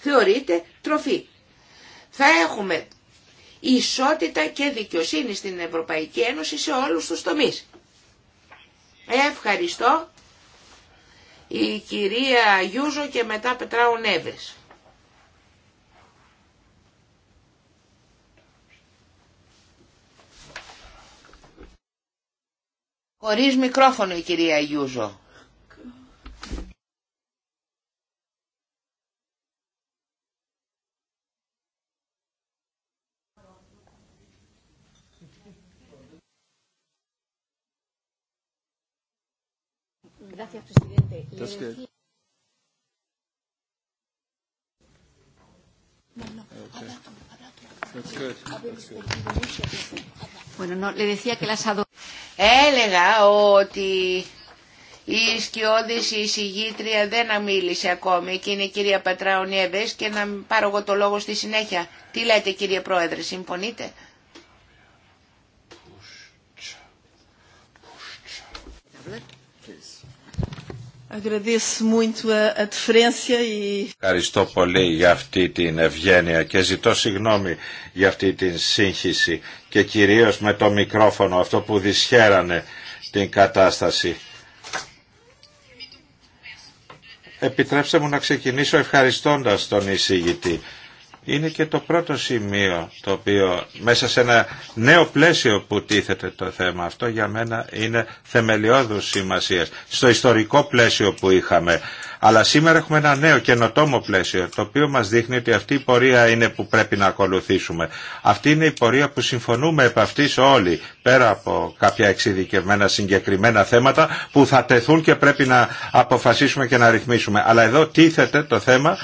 θεωρείται τροφή. Θα έχουμε ισότητα και δικαιοσύνη στην Ευρωπαϊκή Ένωση σε όλους τους τομείς. Ευχαριστώ η κυρία Γιούζο και μετά Πετράου Νέβες. Χωρίς μικρόφωνο η κυρία Γιούζο. Gracias, presidente. Bueno, no, le decía que las adoro. Έλεγα ότι η σκιώδης η δεν μίλησε ακόμη και είναι η κυρία Πατράου και να πάρω εγώ το λόγο στη συνέχεια. Τι λέτε κύριε Πρόεδρε, συμφωνείτε. E Ευχαριστώ πολύ για αυτή την ευγένεια και ζητώ συγγνώμη για αυτή την σύγχυση και κυρίως με το μικρόφωνο αυτό που δυσχέρανε την κατάσταση. Επιτρέψτε μου να ξεκινήσω ευχαριστώντας τον εισηγητή είναι και το πρώτο σημείο το οποίο μέσα σε ένα νέο πλαίσιο που τίθεται το θέμα αυτό για μένα είναι θεμελιώδους σημασίας στο ιστορικό πλαίσιο που είχαμε αλλά σήμερα έχουμε ένα νέο καινοτόμο πλαίσιο το οποίο μας δείχνει ότι αυτή η πορεία είναι που πρέπει να ακολουθήσουμε αυτή είναι η πορεία που συμφωνούμε επ' αυτής όλοι πέρα από κάποια εξειδικευμένα συγκεκριμένα θέματα που θα τεθούν και πρέπει να αποφασίσουμε και να ρυθμίσουμε αλλά εδώ τίθεται το θέμα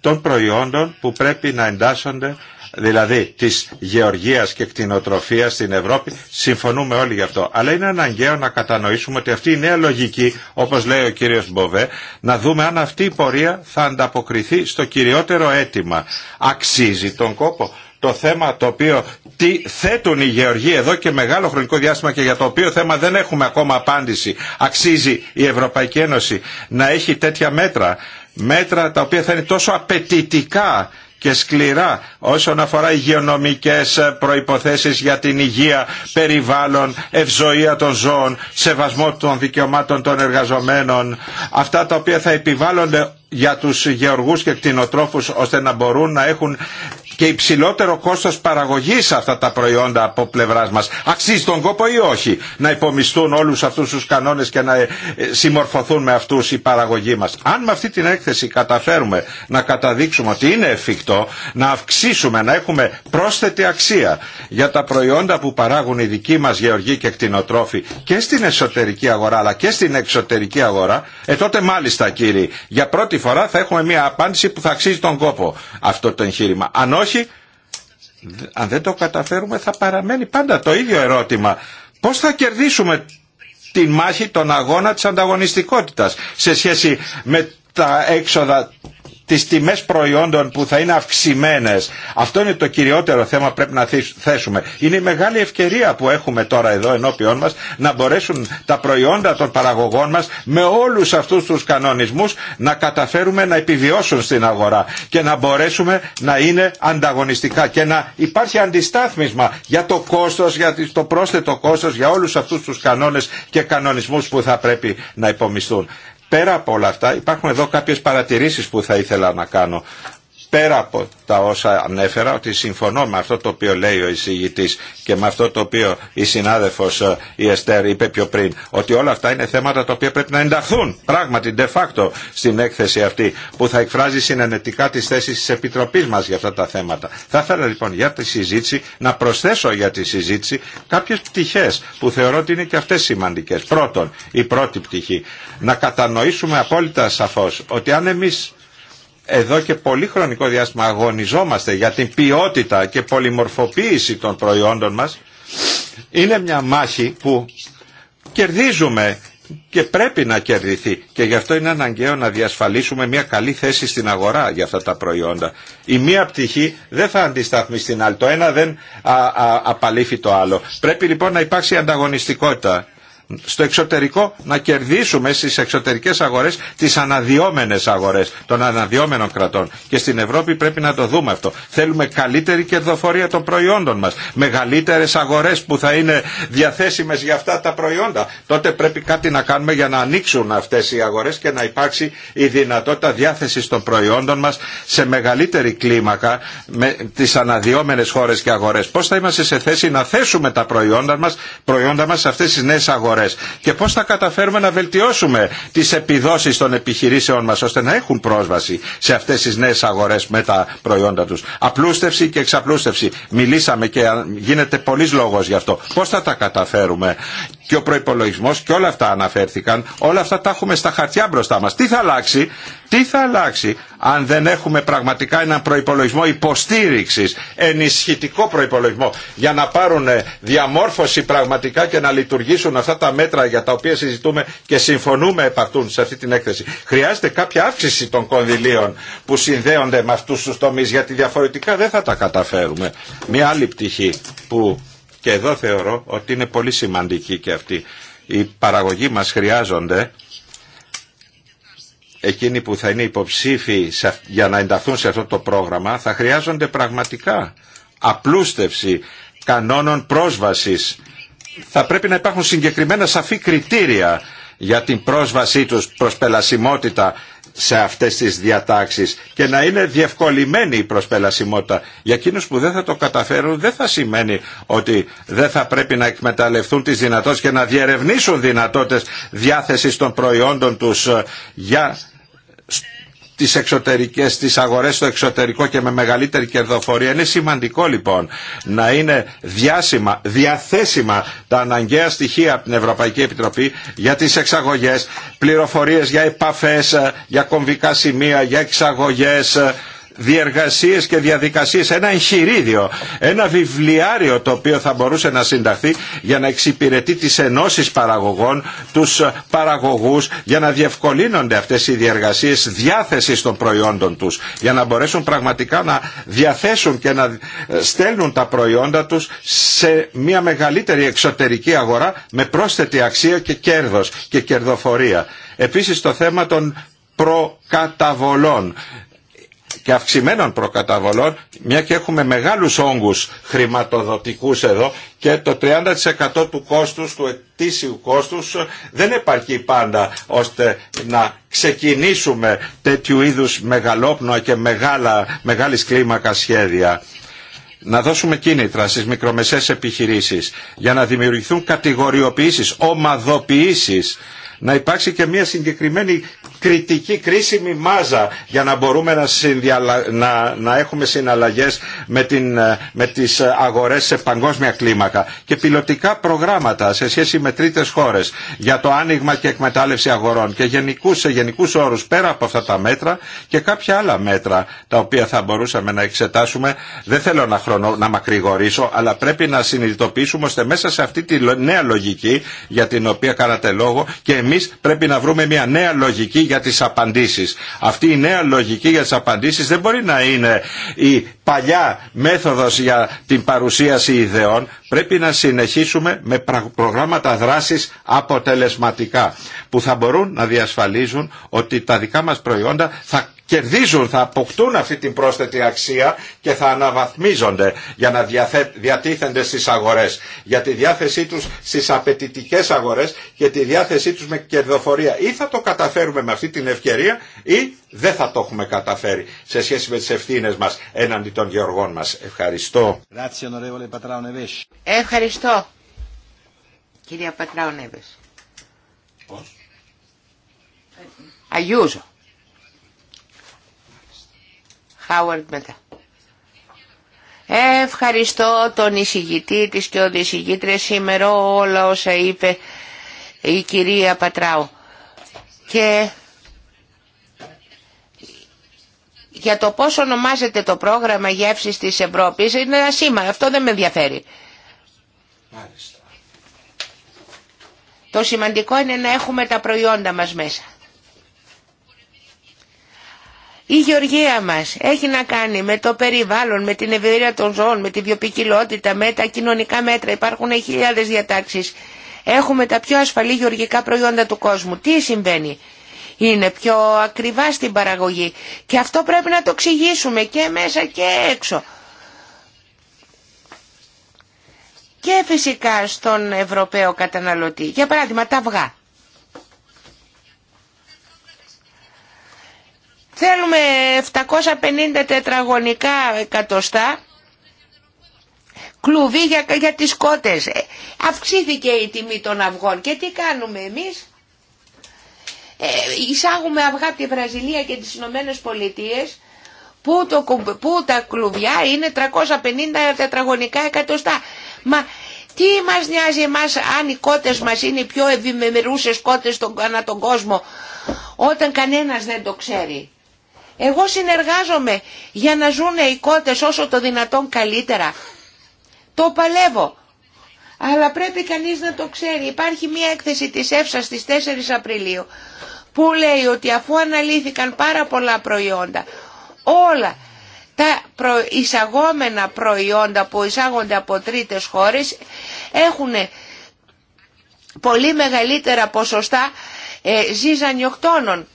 των προϊόντων που πρέπει να εντάσσονται δηλαδή της γεωργίας και κτηνοτροφίας στην Ευρώπη, συμφωνούμε όλοι γι' αυτό. Αλλά είναι αναγκαίο να κατανοήσουμε ότι αυτή η νέα λογική, όπως λέει ο κύριος Μποβέ, να δούμε αν αυτή η πορεία θα ανταποκριθεί στο κυριότερο αίτημα. Αξίζει τον κόπο το θέμα το οποίο τι θέτουν οι γεωργοί εδώ και μεγάλο χρονικό διάστημα και για το οποίο θέμα δεν έχουμε ακόμα απάντηση. Αξίζει η Ευρωπαϊκή Ένωση να έχει τέτοια μέτρα μέτρα τα οποία θα είναι τόσο απαιτητικά και σκληρά όσον αφορά υγειονομικές προϋποθέσεις για την υγεία, περιβάλλον, ευζοία των ζώων, σεβασμό των δικαιωμάτων των εργαζομένων. Αυτά τα οποία θα επιβάλλονται για τους γεωργούς και κτηνοτρόφους ώστε να μπορούν να έχουν και υψηλότερο κόστος παραγωγής αυτά τα προϊόντα από πλευράς μας. Αξίζει τον κόπο ή όχι να υπομισθούν όλους αυτούς τους κανόνες και να ε, συμμορφωθούν με αυτούς οι παραγωγή μας. Αν με αυτή την έκθεση καταφέρουμε να καταδείξουμε ότι είναι εφικτό να αυξήσουμε, να έχουμε πρόσθετη αξία για τα προϊόντα που παράγουν οι δικοί μας γεωργοί και κτηνοτρόφοι και στην εσωτερική αγορά αλλά και στην εξωτερική αγορά, ε μάλιστα κύριοι, για πρώτη πρώτη φορά θα έχουμε μια απάντηση που θα αξίζει τον κόπο αυτό το εγχείρημα. Αν όχι, αν δεν το καταφέρουμε θα παραμένει πάντα το ίδιο ερώτημα. Πώς θα κερδίσουμε τη μάχη, των αγώνα της ανταγωνιστικότητας σε σχέση με τα έξοδα τις τιμές προϊόντων που θα είναι αυξημένες. Αυτό είναι το κυριότερο θέμα που πρέπει να θέσουμε. Είναι η μεγάλη ευκαιρία που έχουμε τώρα εδώ ενώπιόν μας να μπορέσουν τα προϊόντα των παραγωγών μας με όλους αυτούς τους κανονισμούς να καταφέρουμε να επιβιώσουν στην αγορά και να μπορέσουμε να είναι ανταγωνιστικά και να υπάρχει αντιστάθμισμα για το κόστος, για το πρόσθετο κόστος, για όλους αυτούς τους κανόνες και κανονισμούς που θα πρέπει να υπομισθούν. Πέρα από όλα αυτά υπάρχουν εδώ κάποιες παρατηρήσεις που θα ήθελα να κάνω πέρα από τα όσα ανέφερα ότι συμφωνώ με αυτό το οποίο λέει ο εισηγητής και με αυτό το οποίο η συνάδελφος ε, η Εστέρ είπε πιο πριν ότι όλα αυτά είναι θέματα τα οποία πρέπει να ενταχθούν πράγματι de facto στην έκθεση αυτή που θα εκφράζει συνενετικά τις θέσεις της Επιτροπής μας για αυτά τα θέματα. Θα ήθελα λοιπόν για τη συζήτηση να προσθέσω για τη συζήτηση κάποιες πτυχές που θεωρώ ότι είναι και αυτές σημαντικές. Πρώτον, η πρώτη πτυχή, να κατανοήσουμε απόλυτα σαφώς ότι αν εμείς εδώ και πολύ χρονικό διάστημα αγωνιζόμαστε για την ποιότητα και πολυμορφοποίηση των προϊόντων μας είναι μια μάχη που κερδίζουμε και πρέπει να κερδιθεί και γι' αυτό είναι αναγκαίο να διασφαλίσουμε μια καλή θέση στην αγορά για αυτά τα προϊόντα. Η μία πτυχή δεν θα αντισταθμίσει στην άλλη, το ένα δεν α, απαλήφει το άλλο. Πρέπει λοιπόν να υπάρξει ανταγωνιστικότητα στο εξωτερικό να κερδίσουμε στις εξωτερικές αγορές τις αναδιόμενες αγορές των αναδυόμενων κρατών και στην Ευρώπη πρέπει να το δούμε αυτό θέλουμε καλύτερη κερδοφορία των προϊόντων μας μεγαλύτερες αγορές που θα είναι διαθέσιμες για αυτά τα προϊόντα τότε πρέπει κάτι να κάνουμε για να ανοίξουν αυτές οι αγορές και να υπάρξει η δυνατότητα διάθεσης των προϊόντων μας σε μεγαλύτερη κλίμακα με τις αναδιόμενες χώρες και αγορές πώς θα είμαστε σε θέση να θέσουμε τα προϊόντα μας, προϊόντα μας σε αυτές τις νέες αγορές και πώς θα καταφέρουμε να βελτιώσουμε τις επιδόσεις των επιχειρήσεών μας ώστε να έχουν πρόσβαση σε αυτές τις νέες αγορές με τα προϊόντα τους. Απλούστευση και εξαπλούστευση. Μιλήσαμε και γίνεται πολλή λόγος γι' αυτό. Πώς θα τα καταφέρουμε και ο προπολογισμό και όλα αυτά αναφέρθηκαν, όλα αυτά τα έχουμε στα χαρτιά μπροστά μα. Τι θα αλλάξει, τι θα αλλάξει αν δεν έχουμε πραγματικά έναν προϋπολογισμό υποστήριξης, ενισχυτικό προϋπολογισμό, για να πάρουν ε, διαμόρφωση πραγματικά και να λειτουργήσουν αυτά τα μέτρα για τα οποία συζητούμε και συμφωνούμε επαρτούν σε αυτή την έκθεση. Χρειάζεται κάποια αύξηση των κονδυλίων που συνδέονται με αυτούς τους τομείς, γιατί διαφορετικά δεν θα τα καταφέρουμε. Μια άλλη πτυχή που και εδώ θεωρώ ότι είναι πολύ σημαντική και αυτή. Οι παραγωγοί μας χρειάζονται εκείνοι που θα είναι υποψήφοι για να ενταθούν σε αυτό το πρόγραμμα θα χρειάζονται πραγματικά απλούστευση κανόνων πρόσβασης. Θα πρέπει να υπάρχουν συγκεκριμένα σαφή κριτήρια για την πρόσβασή τους προς πελασιμότητα σε αυτές τις διατάξεις και να είναι διευκολυμένη η προσπελασιμότητα. Για εκείνους που δεν θα το καταφέρουν δεν θα σημαίνει ότι δεν θα πρέπει να εκμεταλλευτούν τις δυνατότητες και να διερευνήσουν δυνατότητες διάθεσης των προϊόντων τους ε, για τις εξωτερικές, τις αγορές στο εξωτερικό και με μεγαλύτερη κερδοφορία. Είναι σημαντικό λοιπόν να είναι διάσημα, διαθέσιμα τα αναγκαία στοιχεία από την Ευρωπαϊκή Επιτροπή για τις εξαγωγές, πληροφορίες για επαφές, ε, για κομβικά σημεία, για εξαγωγές, ε, διεργασίες και διαδικασίες, ένα εγχειρίδιο, ένα βιβλιάριο το οποίο θα μπορούσε να συνταχθεί για να εξυπηρετεί τις ενώσεις παραγωγών, τους παραγωγούς, για να διευκολύνονται αυτές οι διεργασίες διάθεσης των προϊόντων τους, για να μπορέσουν πραγματικά να διαθέσουν και να στέλνουν τα προϊόντα τους σε μια μεγαλύτερη εξωτερική αγορά με πρόσθετη αξία και κέρδος και κερδοφορία. Επίσης το θέμα των προκαταβολών και αυξημένων προκαταβολών, μια και έχουμε μεγάλους όγκους χρηματοδοτικούς εδώ και το 30% του κόστους, του ετήσιου κόστους δεν επαρκεί πάντα ώστε να ξεκινήσουμε τέτοιου είδους μεγαλόπνοα και μεγάλα, μεγάλης κλίμακα σχέδια να δώσουμε κίνητρα στις μικρομεσαίες επιχειρήσεις για να δημιουργηθούν κατηγοριοποιήσεις, ομαδοποιήσεις να υπάρξει και μια συγκεκριμένη κριτική κρίσιμη μάζα για να μπορούμε να, να, έχουμε συναλλαγές με, την, με τις αγορές σε παγκόσμια κλίμακα και πιλωτικά προγράμματα σε σχέση με τρίτες χώρες για το άνοιγμα και εκμετάλλευση αγορών και γενικούς, σε γενικούς όρους πέρα από αυτά τα μέτρα και κάποια άλλα μέτρα τα οποία θα μπορούσαμε να εξετάσουμε δεν θέλω να, χρονο, μακρηγορήσω αλλά πρέπει να συνειδητοποιήσουμε ώστε μέσα σε αυτή τη νέα λογική για την οποία κάνατε λόγο και εμείς πρέπει να βρούμε μια νέα λογική για τις απαντήσεις. Αυτή η νέα λογική για τις απαντήσεις δεν μπορεί να είναι η παλιά μέθοδος για την παρουσίαση ιδεών. Πρέπει να συνεχίσουμε με προγράμματα δράσης αποτελεσματικά που θα μπορούν να διασφαλίζουν ότι τα δικά μας προϊόντα θα κερδίζουν, θα αποκτούν αυτή την πρόσθετη αξία και θα αναβαθμίζονται για να διατίθενται στις αγορές, για τη διάθεσή τους στις απαιτητικέ αγορές και τη διάθεσή τους με κερδοφορία. Ή θα το καταφέρουμε με αυτή την ευκαιρία ή δεν θα το έχουμε καταφέρει σε σχέση με τις ευθύνες μας έναντι των γεωργών μας. Ευχαριστώ. Ευχαριστώ. Κυρία Πατράου Πώς. Χάουαρντ μετά. Ευχαριστώ τον εισηγητή της και ο εισηγήτρε σήμερα όλα όσα είπε η κυρία Πατράου. Και για το πώς ονομάζεται το πρόγραμμα γεύσης της Ευρώπης είναι ένα σήμα. Αυτό δεν με ενδιαφέρει. Το σημαντικό είναι να έχουμε τα προϊόντα μας μέσα. Η γεωργία μας έχει να κάνει με το περιβάλλον, με την ευηρία των ζώων, με τη βιοπικιλότητα, με τα κοινωνικά μέτρα. Υπάρχουν χιλιάδες διατάξεις. Έχουμε τα πιο ασφαλή γεωργικά προϊόντα του κόσμου. Τι συμβαίνει. Είναι πιο ακριβά στην παραγωγή. Και αυτό πρέπει να το εξηγήσουμε και μέσα και έξω. Και φυσικά στον Ευρωπαίο καταναλωτή. Για παράδειγμα τα αυγά. Θέλουμε 750 τετραγωνικά εκατοστά κλουβί για, για τις κότες. Ε, αυξήθηκε η τιμή των αυγών και τι κάνουμε εμείς. Ε, εισάγουμε αυγά από τη Βραζιλία και τις Ηνωμένε Πολιτείες που, που τα κλουβιά είναι 350 τετραγωνικά εκατοστά. Μα τι μας νοιάζει εμάς αν οι κότες μας είναι οι πιο ευημερούσες κότες στον, ανά τον κόσμο όταν κανένας δεν το ξέρει. Εγώ συνεργάζομαι για να ζουν οι κότες όσο το δυνατόν καλύτερα. Το παλεύω. Αλλά πρέπει κανείς να το ξέρει. Υπάρχει μια έκθεση της ΕΦΣΑ στις 4 Απριλίου που λέει ότι αφού αναλύθηκαν πάρα πολλά προϊόντα, όλα τα εισαγόμενα προϊόντα που εισάγονται από τρίτες χώρες έχουν πολύ μεγαλύτερα ποσοστά ε, ζυζανιοκτώνων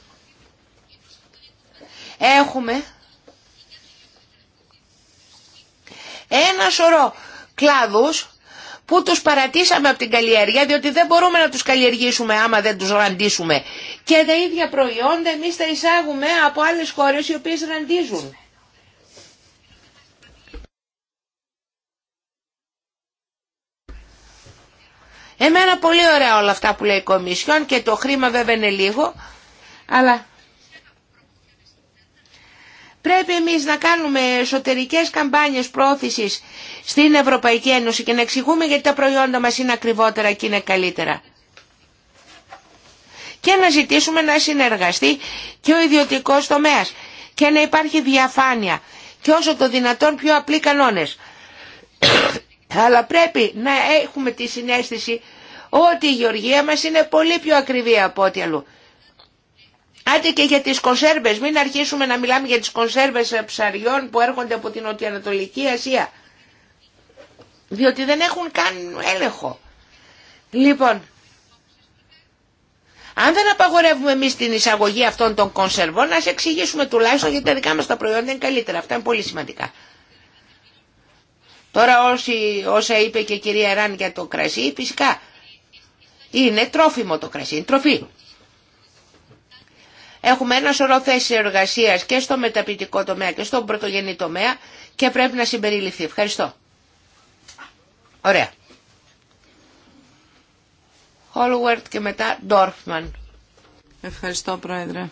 έχουμε ένα σωρό κλάδους που τους παρατήσαμε από την καλλιέργεια διότι δεν μπορούμε να τους καλλιεργήσουμε άμα δεν τους ραντίσουμε. Και τα ίδια προϊόντα εμείς τα εισάγουμε από άλλες χώρες οι οποίες ραντίζουν. Εμένα πολύ ωραία όλα αυτά που λέει η Κομισιόν και το χρήμα βέβαια είναι λίγο, αλλά Πρέπει εμείς να κάνουμε εσωτερικές καμπάνιες πρόθεσης στην Ευρωπαϊκή Ένωση και να εξηγούμε γιατί τα προϊόντα μας είναι ακριβότερα και είναι καλύτερα. Και να ζητήσουμε να συνεργαστεί και ο ιδιωτικός τομέας και να υπάρχει διαφάνεια και όσο το δυνατόν πιο απλοί κανόνες. [coughs] Αλλά πρέπει να έχουμε τη συνέστηση ότι η γεωργία μας είναι πολύ πιο ακριβή από ό,τι αλλού. Άντε και για τις κονσέρβες, μην αρχίσουμε να μιλάμε για τις κονσέρβες ψαριών που έρχονται από την Νοτιοανατολική Ασία. Διότι δεν έχουν καν έλεγχο. Λοιπόν, αν δεν απαγορεύουμε εμείς την εισαγωγή αυτών των κονσερβών, να εξηγήσουμε τουλάχιστον γιατί τα δικά μα τα προϊόντα είναι καλύτερα. Αυτά είναι πολύ σημαντικά. Τώρα όσοι, όσα είπε και η κυρία Ράν για το κρασί, φυσικά είναι τρόφιμο το κρασί, είναι τροφή. Έχουμε ένα σωρό θέσει εργασία και στο μεταπητικό τομέα και στον πρωτογενή τομέα και πρέπει να συμπεριληφθεί. Ευχαριστώ. Ωραία. Χόλουερτ και μετά Ντόρφμαν. Ευχαριστώ Πρόεδρε.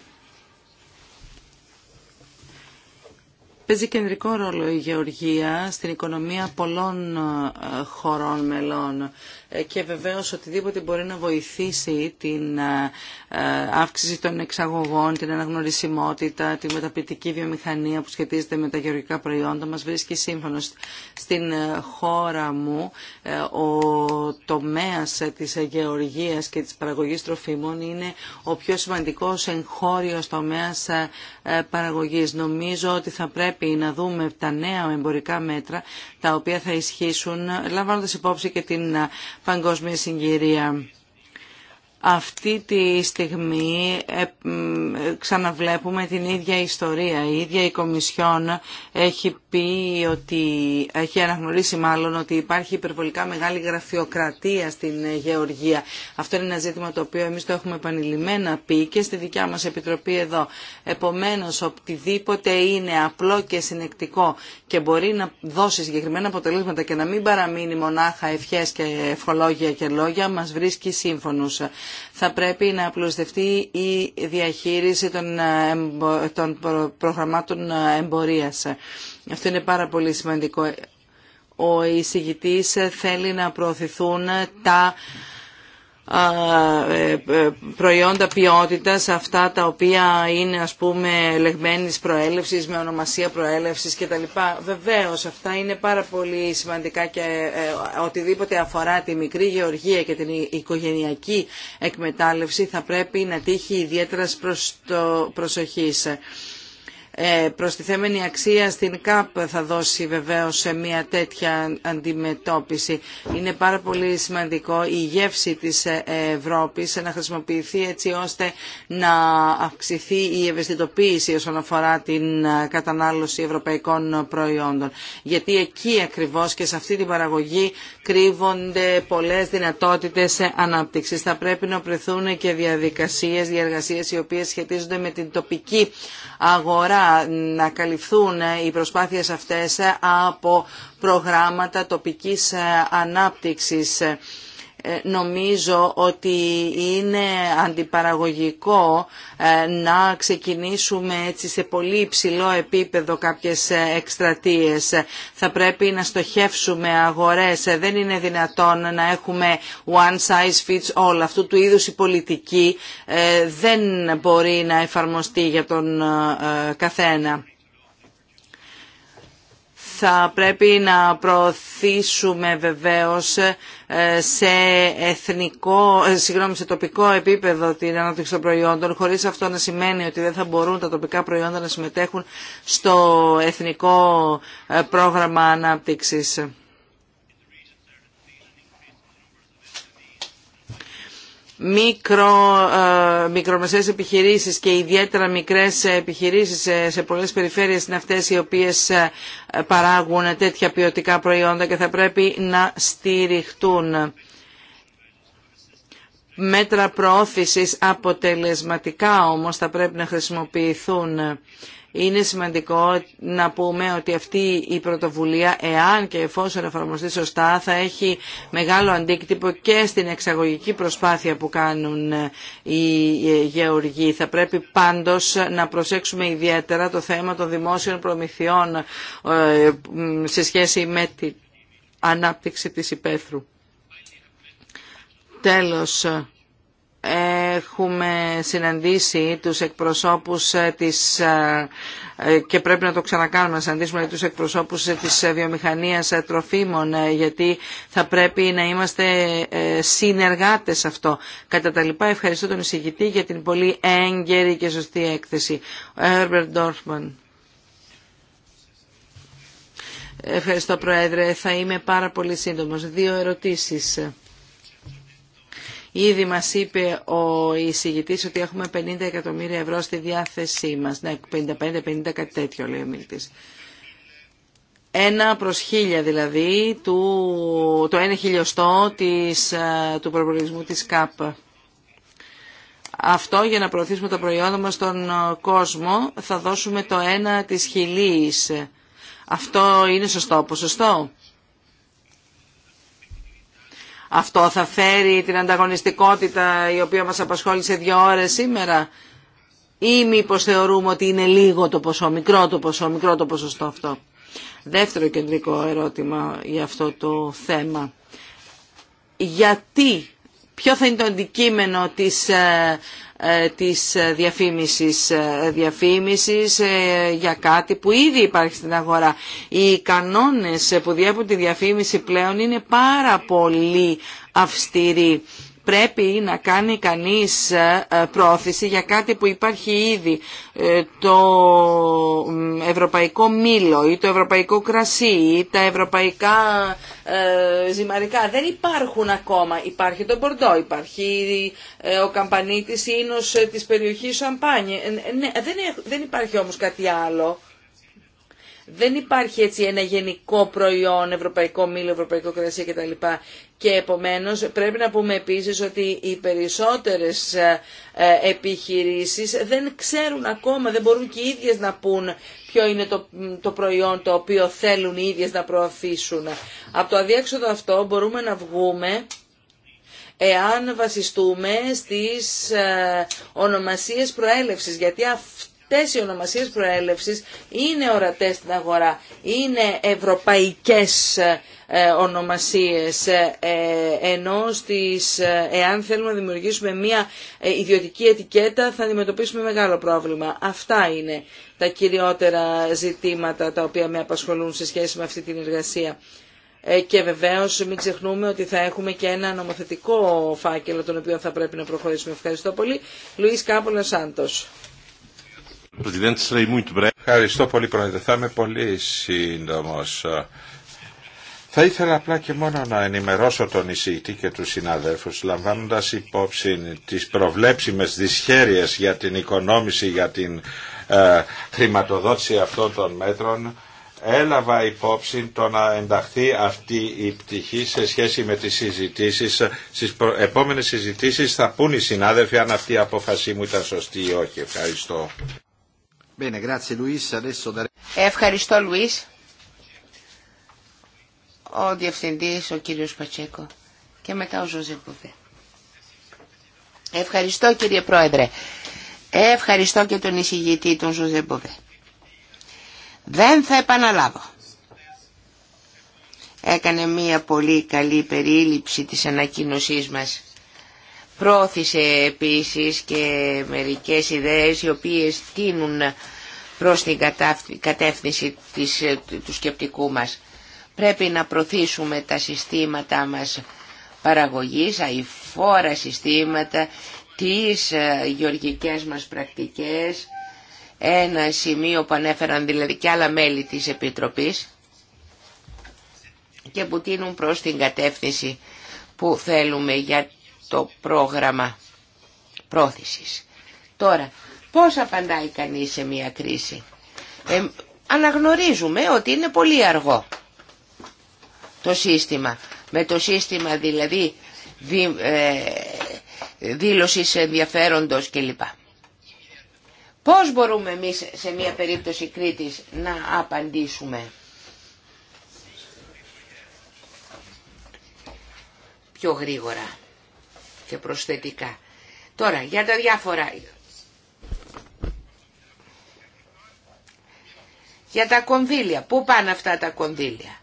Παίζει κεντρικό ρόλο η γεωργία στην οικονομία πολλών ε, χωρών μελών ε, και βεβαίως οτιδήποτε μπορεί να βοηθήσει την ε, ε, αύξηση των εξαγωγών, την αναγνωρισιμότητα, τη μεταπητική βιομηχανία που σχετίζεται με τα γεωργικά προϊόντα μας βρίσκει σύμφωνος. Στην χώρα μου ο τομέας της γεωργίας και της παραγωγής τροφίμων είναι ο πιο σημαντικός εγχώριος τομέας παραγωγής. Νομίζω ότι θα πρέπει να δούμε τα νέα εμπορικά μέτρα τα οποία θα ισχύσουν λαμβάνοντας υπόψη και την παγκόσμια συγκυρία αυτή τη στιγμή ε, ε, ξαναβλέπουμε την ίδια ιστορία. Η ίδια η Κομισιόν έχει πει ότι, έχει αναγνωρίσει μάλλον ότι υπάρχει υπερβολικά μεγάλη γραφειοκρατία στην ε, Γεωργία. Αυτό είναι ένα ζήτημα το οποίο εμείς το έχουμε επανειλημμένα πει και στη δικιά μας Επιτροπή εδώ. Επομένως, οτιδήποτε είναι απλό και συνεκτικό και μπορεί να δώσει συγκεκριμένα αποτελέσματα και να μην παραμείνει μονάχα ευχές και ευχολόγια και λόγια, μας βρίσκει σύμφωνους θα πρέπει να απλουστευτεί η διαχείριση των ε, προγραμμάτων ε, εμπορίας. Αυτό είναι πάρα πολύ σημαντικό. Ο εισηγητής θέλει να προωθηθούν τα ε, ε, προϊόντα ποιότητας, αυτά τα οποία είναι ας πούμε λεγμένης προέλευσης, με ονομασία προέλευσης κτλ. Βεβαίως αυτά είναι πάρα πολύ σημαντικά και ε, οτιδήποτε αφορά τη μικρή γεωργία και την οικογενειακή εκμετάλλευση θα πρέπει να τύχει ιδιαίτερα προς το προσοχής. Ε, προστιθέμενη αξία στην ΚΑΠ θα δώσει βεβαίως σε μια τέτοια αντιμετώπιση. Είναι πάρα πολύ σημαντικό η γεύση της Ευρώπης να χρησιμοποιηθεί έτσι ώστε να αυξηθεί η ευαισθητοποίηση όσον αφορά την κατανάλωση ευρωπαϊκών προϊόντων. Γιατί εκεί ακριβώς και σε αυτή την παραγωγή κρύβονται πολλές δυνατότητες ανάπτυξης. Θα πρέπει να πρεθούν και διαδικασίες, διαργασίες οι οποίες σχετίζονται με την τοπική αγορά να καλυφθούν οι προσπάθειες αυτές από προγράμματα τοπικής ανάπτυξης. Ε, νομίζω ότι είναι αντιπαραγωγικό ε, να ξεκινήσουμε έτσι σε πολύ υψηλό επίπεδο κάποιες ε, εκστρατείες. Θα πρέπει να στοχεύσουμε αγορές. Δεν είναι δυνατόν να έχουμε one size fits all. Αυτού του είδους η πολιτική δεν μπορεί να εφαρμοστεί για τον καθένα θα πρέπει να προωθήσουμε βεβαίως ε, σε εθνικό, ε, συγγνώμη, σε τοπικό επίπεδο την ανάπτυξη των προϊόντων, χωρίς αυτό να σημαίνει ότι δεν θα μπορούν τα τοπικά προϊόντα να συμμετέχουν στο εθνικό ε, πρόγραμμα ανάπτυξης. μικρο, ε, μικρομεσαίες επιχειρήσεις και ιδιαίτερα μικρές επιχειρήσεις σε πολλές περιφέρειες είναι αυτές οι οποίες ε, παράγουν τέτοια ποιοτικά προϊόντα και θα πρέπει να στηριχτούν μέτρα προώθησης αποτελεσματικά όμως θα πρέπει να χρησιμοποιηθούν είναι σημαντικό να πούμε ότι αυτή η πρωτοβουλία, εάν και εφόσον εφαρμοστεί σωστά, θα έχει μεγάλο αντίκτυπο και στην εξαγωγική προσπάθεια που κάνουν οι γεωργοί. Θα πρέπει πάντως να προσέξουμε ιδιαίτερα το θέμα των δημόσιων προμηθειών ε, σε σχέση με την ανάπτυξη της υπαίθρου. Τέλος, ε, έχουμε συναντήσει τους εκπροσώπους ε, της ε, ε, και πρέπει να το ξανακάνουμε, να συναντήσουμε δηλαδή τους εκπροσώπους της βιομηχανίας τροφίμων, γιατί θα πρέπει να είμαστε συνεργάτες αυτό. Κατά τα λοιπά, ευχαριστώ τον εισηγητή για την πολύ έγκαιρη και σωστή έκθεση. Herbert Ευχαριστώ Πρόεδρε. Θα είμαι πάρα πολύ σύντομος. Δύο ερωτήσεις. Ήδη μας είπε ο εισηγητής ότι έχουμε 50 εκατομμύρια ευρώ στη διάθεσή μας. Ναι, 55-50 κάτι τέτοιο λέει ο μιλητή. Ένα προς χίλια δηλαδή, του, το ένα χιλιοστό της, του προπολογισμού της ΚΑΠ. Αυτό για να προωθήσουμε τα προϊόντα μας στον κόσμο θα δώσουμε το ένα της χιλίης. Αυτό είναι σωστό ποσοστό. Αυτό θα φέρει την ανταγωνιστικότητα η οποία μας απασχόλησε δύο ώρες σήμερα ή μήπω θεωρούμε ότι είναι λίγο το ποσό, μικρό το ποσό, μικρό το ποσοστό αυτό. Δεύτερο κεντρικό ερώτημα για αυτό το θέμα. Γιατί, ποιο θα είναι το αντικείμενο της ε, ε, της ε, διαφήμισης, ε, διαφήμισης για κάτι που ήδη υπάρχει στην αγορά. Οι κανόνες που διέπουν τη διαφήμιση πλέον είναι πάρα πολύ αυστηροί πρέπει να κάνει κανείς ε, ε, πρόθεση για κάτι που υπάρχει ήδη ε, το ευρωπαϊκό μήλο ή το ευρωπαϊκό κρασί ή τα ευρωπαϊκά ζυμαρικά δεν υπάρχουν ακόμα. Υπάρχει το Μπορντό, υπάρχει ο καμπανίτης ίνος της περιοχής Σαμπάνι. Ναι, δεν υπάρχει όμως κάτι άλλο. Δεν υπάρχει έτσι ένα γενικό προϊόν, ευρωπαϊκό μήλο, ευρωπαϊκό κρασί κτλ. Και επομένως πρέπει να πούμε επίσης ότι οι περισσότερες ε, ε, επιχειρήσεις δεν ξέρουν ακόμα, δεν μπορούν και οι ίδιες να πούν ποιο είναι το, το προϊόν το οποίο θέλουν οι ίδιες να προωθήσουν. Από το αδίέξοδο αυτό μπορούμε να βγούμε εάν βασιστούμε στις ε, ονομασίες προέλευσης, γιατί αυτό αυτές οι ονομασίες προέλευσης είναι ορατές στην αγορά, είναι ευρωπαϊκές ε, ονομασίες ε, ε, ενώ στις, εάν θέλουμε να δημιουργήσουμε μια ιδιωτική ετικέτα θα αντιμετωπίσουμε μεγάλο πρόβλημα. Αυτά είναι τα κυριότερα ζητήματα τα οποία με απασχολούν σε σχέση με αυτή την εργασία. Και βεβαίως μην ξεχνούμε ότι θα έχουμε και ένα νομοθετικό φάκελο τον οποίο θα πρέπει να προχωρήσουμε. Ευχαριστώ πολύ. Λουίς Κάπολα Σάντος. Ευχαριστώ πολύ Πρόεδρε. Θα είμαι πολύ σύντομο. Θα ήθελα απλά και μόνο να ενημερώσω τον εισηγητή και τους συναδέλφους, λαμβάνοντας υπόψη τις προβλέψιμες δυσχέρειες για την οικονόμηση, για την ε, χρηματοδότηση αυτών των μέτρων, έλαβα υπόψη το να ενταχθεί αυτή η πτυχή σε σχέση με τις συζητήσεις. Στις προ... επόμενες συζητήσεις θα πούν οι συνάδελφοι αν αυτή η απόφασή μου ήταν σωστή ή όχι. Ευχαριστώ. Ευχαριστώ Λουίς. Ο Διευθυντής, ο κύριος Πατσέκο και μετά ο Ζωζέ Πουδέ. Ευχαριστώ κύριε Πρόεδρε. Ευχαριστώ και τον εισηγητή τον Ζωζέ Δεν θα επαναλάβω. Έκανε μία πολύ καλή περίληψη της ανακοίνωσής μας. Πρόθυσε επίσης και μερικές ιδέες οι οποίες τίνουν προς την κατεύθυνση της, του σκεπτικού μας. Πρέπει να προθίσουμε τα συστήματα μας παραγωγής, αηφόρα συστήματα, τις ε, γεωργικές μας πρακτικές, ένα σημείο που ανέφεραν δηλαδή και άλλα μέλη της Επιτροπής και που τίνουν προς την κατεύθυνση που θέλουμε για το πρόγραμμα πρόθεσης. Τώρα, πώς απαντάει κανείς σε μια κρίση. Ε, αναγνωρίζουμε ότι είναι πολύ αργό το σύστημα. Με το σύστημα δηλαδή δήλωση ε, δήλωσης ενδιαφέροντος κλπ. Πώς μπορούμε εμείς σε μια περίπτωση Κρήτης να απαντήσουμε. Πιο γρήγορα και προσθετικά. Τώρα, για τα διάφορα... Για τα κονδύλια. Πού πάνε αυτά τα κονδύλια.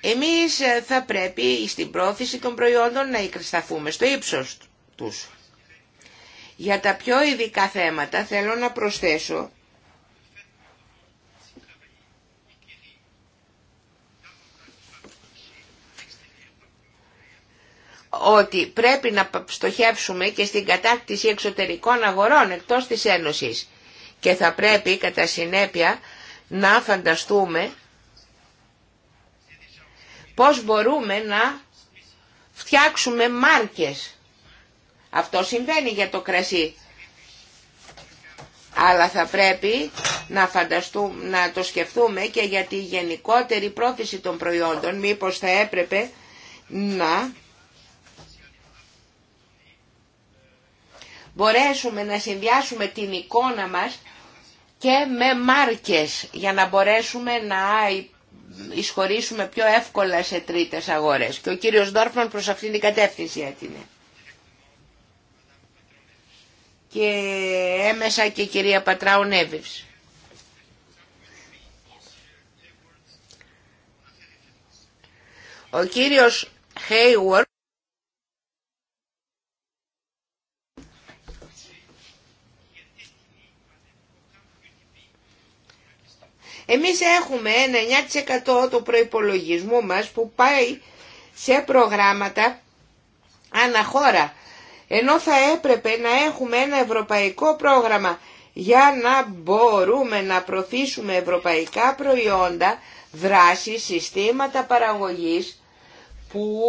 Εμείς ε, θα πρέπει στην πρόθεση των προϊόντων να εκρισταθούμε στο ύψος τους. Για τα πιο ειδικά θέματα θέλω να προσθέσω ότι πρέπει να στοχεύσουμε και στην κατάκτηση εξωτερικών αγορών εκτός της Ένωσης και θα πρέπει κατά συνέπεια να φανταστούμε πώς μπορούμε να φτιάξουμε μάρκες. Αυτό συμβαίνει για το κρασί. Αλλά θα πρέπει να, φανταστούμε, να το σκεφτούμε και για τη γενικότερη πρόθεση των προϊόντων. Μήπως θα έπρεπε να μπορέσουμε να συνδυάσουμε την εικόνα μας και με μάρκες για να μπορέσουμε να εισχωρήσουμε πιο εύκολα σε τρίτες αγορές. Και ο κύριος Ντόρφμαν προς αυτήν την κατεύθυνση έτεινε. Και έμεσα και η κυρία Πατράου Νέβης. Ο κύριος Εμείς έχουμε ένα 9% του προϋπολογισμού μας που πάει σε προγράμματα αναχώρα. Ενώ θα έπρεπε να έχουμε ένα ευρωπαϊκό πρόγραμμα για να μπορούμε να προωθήσουμε ευρωπαϊκά προϊόντα, δράσεις, συστήματα παραγωγής που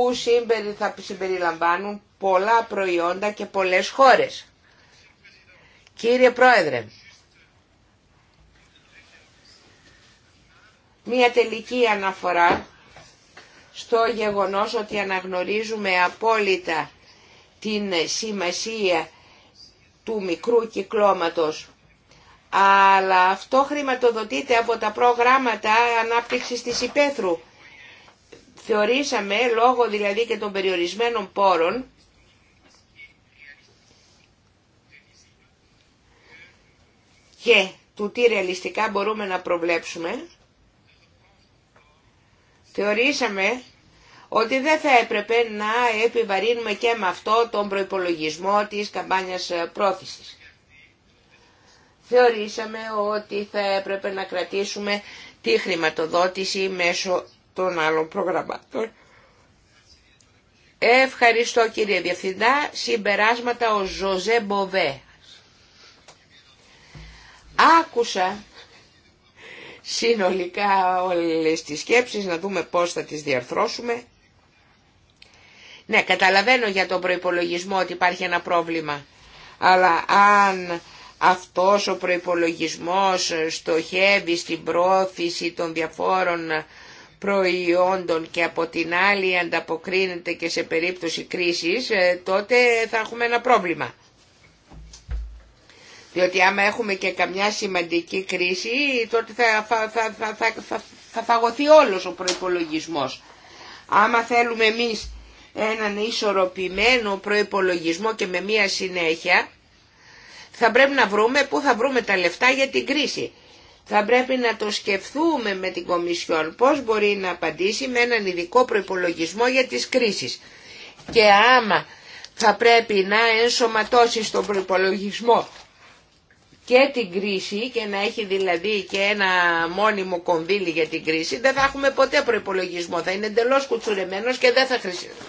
θα συμπεριλαμβάνουν πολλά προϊόντα και πολλές χώρες. Κύριε Πρόεδρε, μια τελική αναφορά στο γεγονός ότι αναγνωρίζουμε απόλυτα την σημασία του μικρού κυκλώματος. Αλλά αυτό χρηματοδοτείται από τα προγράμματα ανάπτυξης της υπαίθρου. Θεωρήσαμε, λόγω δηλαδή και των περιορισμένων πόρων, και του τι ρεαλιστικά μπορούμε να προβλέψουμε, θεωρήσαμε ότι δεν θα έπρεπε να επιβαρύνουμε και με αυτό τον προϋπολογισμό της καμπάνιας πρόθεσης. Θεωρήσαμε ότι θα έπρεπε να κρατήσουμε τη χρηματοδότηση μέσω των άλλων προγραμμάτων. Ευχαριστώ κύριε Διευθυντά. Συμπεράσματα ο Ζωζέ Μποβέ. Άκουσα συνολικά όλες τις σκέψεις, να δούμε πώς θα τις διαρθρώσουμε. Ναι, καταλαβαίνω για τον προϋπολογισμό ότι υπάρχει ένα πρόβλημα, αλλά αν αυτός ο προϋπολογισμός στοχεύει στην πρόθεση των διαφόρων προϊόντων και από την άλλη ανταποκρίνεται και σε περίπτωση κρίσης, ε, τότε θα έχουμε ένα πρόβλημα. Διότι άμα έχουμε και καμιά σημαντική κρίση τότε θα, θα, θα, θα, θα φαγωθεί όλος ο προϋπολογισμός. Άμα θέλουμε εμείς έναν ισορροπημένο προϋπολογισμό και με μία συνέχεια θα πρέπει να βρούμε πού θα βρούμε τα λεφτά για την κρίση. Θα πρέπει να το σκεφτούμε με την Κομισιόν πώς μπορεί να απαντήσει με έναν ειδικό προϋπολογισμό για τις κρίσεις. Και άμα θα πρέπει να ενσωματώσει στον προϋπολογισμό και την κρίση και να έχει δηλαδή και ένα μόνιμο κονδύλι για την κρίση, δεν θα έχουμε ποτέ προϋπολογισμό. Θα είναι εντελώ κουτσουρεμένος και δεν θα χρησιμοποιηθεί.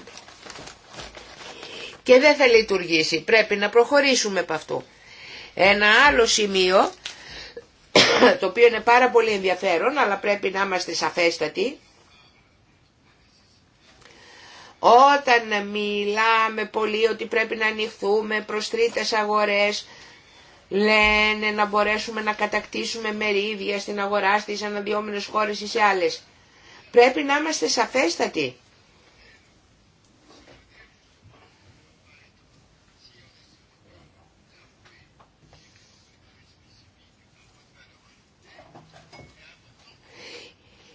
και δεν θα λειτουργήσει. Πρέπει να προχωρήσουμε από αυτό. Ένα άλλο σημείο, [coughs] το οποίο είναι πάρα πολύ ενδιαφέρον, αλλά πρέπει να είμαστε σαφέστατοι, όταν μιλάμε πολύ ότι πρέπει να ανοιχθούμε προς τρίτες αγορές, λένε να μπορέσουμε να κατακτήσουμε μερίδια στην αγορά στις αναδυόμενες χώρες ή σε άλλες. Πρέπει να είμαστε σαφέστατοι.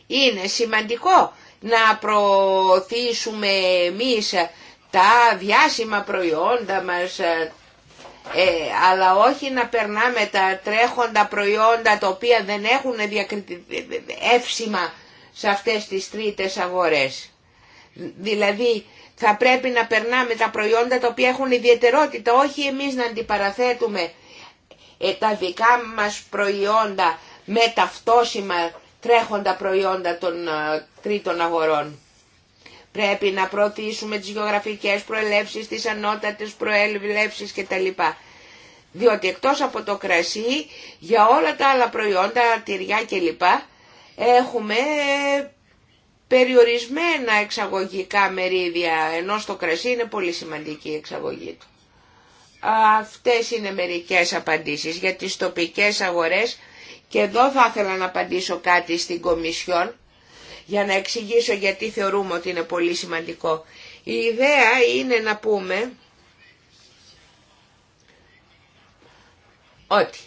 Είναι σημαντικό να προωθήσουμε εμείς τα διάσημα προϊόντα μας, ε, αλλά όχι να περνάμε τα τρέχοντα προϊόντα τα οποία δεν έχουν εύσημα σε αυτές τις τρίτες αγορές. Δηλαδή θα πρέπει να περνάμε τα προϊόντα τα οποία έχουν ιδιαιτερότητα, όχι εμείς να αντιπαραθέτουμε ε, τα δικά μας προϊόντα με ταυτόσημα τρέχοντα προϊόντα των ε, τρίτων αγορών. Πρέπει να προωθήσουμε τις γεωγραφικές προελεύσεις, τις ανώτατες προελεύσεις κτλ. Διότι εκτός από το κρασί, για όλα τα άλλα προϊόντα, τυριά κλπ, έχουμε περιορισμένα εξαγωγικά μερίδια, ενώ στο κρασί είναι πολύ σημαντική η εξαγωγή του. Αυτές είναι μερικές απαντήσεις για τις τοπικές αγορές και εδώ θα ήθελα να απαντήσω κάτι στην Κομισιόν για να εξηγήσω γιατί θεωρούμε ότι είναι πολύ σημαντικό. Η ιδέα είναι να πούμε ότι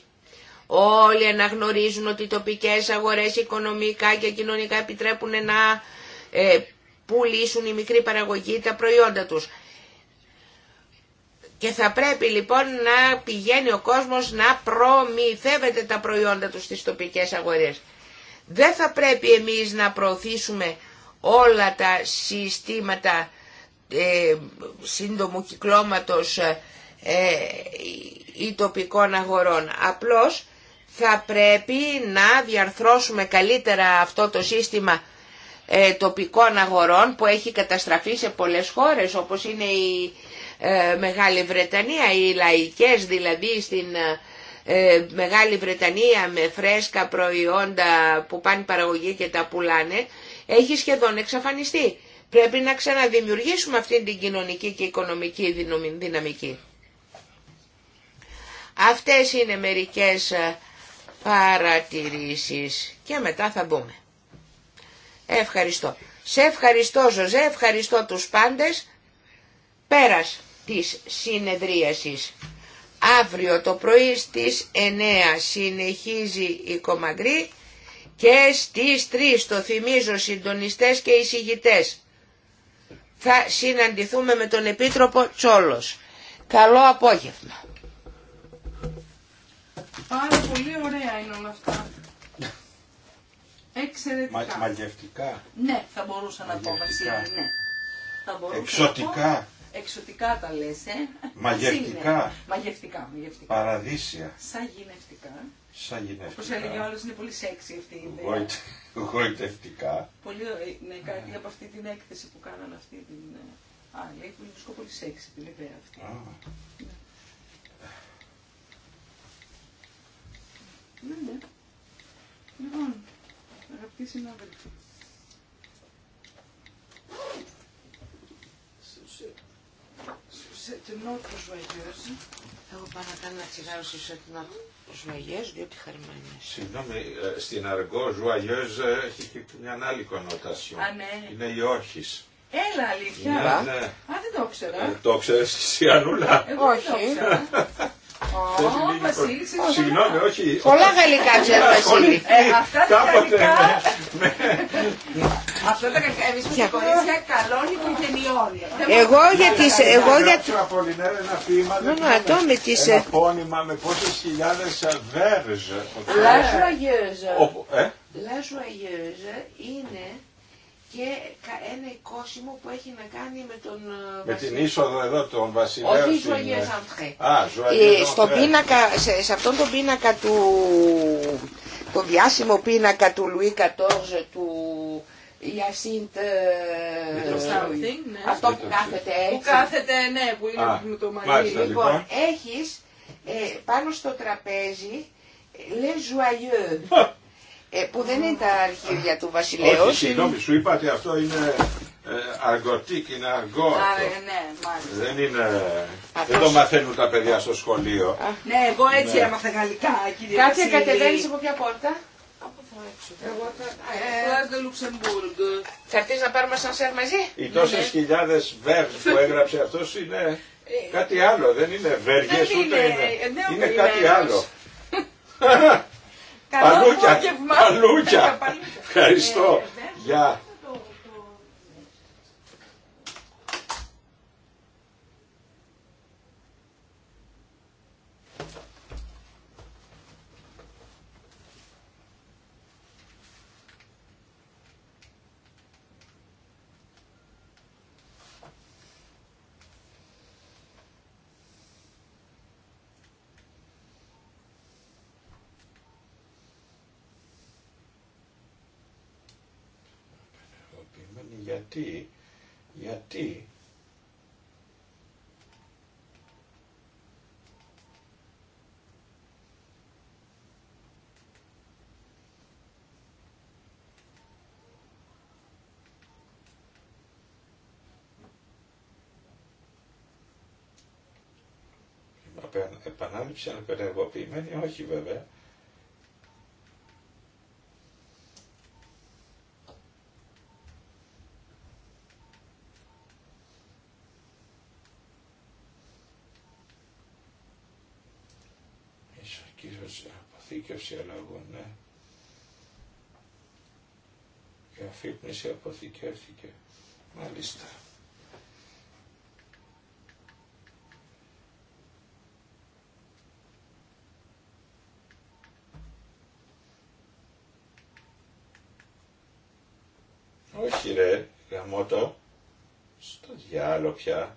όλοι αναγνωρίζουν ότι οι τοπικές αγορές οικονομικά και κοινωνικά επιτρέπουν να ε, πουλήσουν οι μικροί παραγωγοί τα προϊόντα τους. Και θα πρέπει λοιπόν να πηγαίνει ο κόσμος να προμηθεύεται τα προϊόντα του στις τοπικές αγορές. Δεν θα πρέπει εμείς να προωθήσουμε όλα τα συστήματα ε, σύντομου κυκλώματος ε, ε ή τοπικών αγορών. Απλώς θα πρέπει να διαρθρώσουμε καλύτερα αυτό το σύστημα ε, τοπικών αγορών που έχει καταστραφεί σε πολλές χώρες όπως είναι η ε, Μεγάλη Βρετανία, οι λαϊκές δηλαδή στην ε, Μεγάλη Βρετανία με φρέσκα προϊόντα που πάνε παραγωγή και τα πουλάνε έχει σχεδόν εξαφανιστεί. Πρέπει να ξαναδημιουργήσουμε αυτή την κοινωνική και οικονομική δυναμική. Αυτές είναι μερικές ε, παρατηρήσεις και μετά θα μπούμε. Ευχαριστώ. Σε ευχαριστώ Ζωζέ, ευχαριστώ τους πάντες πέρας της συνεδρίασης. Αύριο το πρωί στις 9 συνεχίζει η Κομαγκρή και στις 3 το θυμίζω συντονιστές και εισηγητές. Θα συναντηθούμε με τον Επίτροπο Τσόλος. Καλό απόγευμα. Πάρα πολύ ωραία είναι όλα αυτά. Εξαιρετικά. Μα, μαγευτικά. Ναι, θα μπορούσα να πω, ναι. Θα Εξωτικά. Να πω. Εξωτικά τα λες, ε. Μαγευτικά. μαγευτικά, μαγευτικά. Παραδείσια. Σαγηνευτικά. Σαγηνευτικά. Όπως έλεγε ο άλλος, είναι πολύ σεξι αυτή η ιδέα. γοητευτικά. Πολύ ωραία. Ε, ναι, κάτι από αυτή την έκθεση που κάνανε αυτή την ε, άλλη, που βρίσκω πολύ σεξι την ιδέα αυτή. Ναι. Ναι, ναι. Λοιπόν, αγαπητοί συνάδελφοι. Εγώ πάω να κάνω ένα τσιγάρο στο σετνό Ζουαγιές, διότι χαρμένες. Συγγνώμη, ε, στην αργό Ζουαγιές ε, έχει και μια άλλη κονοτάσιο. Α, ναι. Είναι η όχης. Έλα, αλήθεια. Ναι, ναι. Α, δεν το ξέρα. Ε, το ξέρεις, Σιανούλα. Εγώ όχι. Συγγνώμη, όχι. Πολλά γαλλικά ξέρω εσύ. Αυτά τα γαλλικά. Ναι. Αυτά τα γαλλικά. Εμείς που κορίτσια καλών οικογενειών. Εγώ για τις... Εγώ για... ένα ποίημα. Ναι, ναι, το με τις... Ένα πόνημα με πόσες χιλιάδες βέρες. La joyeuse. La joyeuse είναι και ένα κόσμο που έχει να κάνει με τον... Ε, με την είσοδο εδώ των βασιλέων. Όχι στην... Ε, ε, στον πίνακα, σε, σε, αυτόν τον πίνακα του... τον διάσημο πίνακα του Λουί XIV του Ιασίντ ναι. αυτό που κάθεται έτσι. Που κάθεται, ναι, που είναι Α, με το μαλλί. Λοιπόν, λοιπόν, έχεις ε, πάνω στο τραπέζι le Joyeux [laughs] Ε, που δεν είναι τα αρχίδια του βασιλέως. Όχι, συγγνώμη, σου είπα ότι αυτό είναι ε, αργοτίκ, είναι αργό. Ε, ναι, μάλιστα. Δεν είναι... Αυτός... το μαθαίνουν τα παιδιά στο σχολείο. ναι, εγώ έτσι ναι. έμαθα γαλλικά, κύριε Κάτσε, κατεβαίνεις από ποια πόρτα. Από εδώ έξω. Εγώ θα... Ε, Θα έρθεις να πάρουμε σαν σερ μαζί. Οι τόσες ναι. χιλιάδες βέρς που [laughs] έγραψε αυτός είναι... Κάτι άλλο, δεν είναι βέργες ούτε είναι. είναι ναι, κάτι άλλο. [laughs] Καλό απόγευμα. Παλούκια. Ευχαριστώ. Ε, ε, ε. Γεια. τι. Επανάληψη ανεπενεργοποιημένη, όχι βέβαια. αξιολογούν. Ναι. Η αφύπνιση αποθηκεύθηκε Μάλιστα. Όχι ρε, γαμώτο, στο διάλογο πια.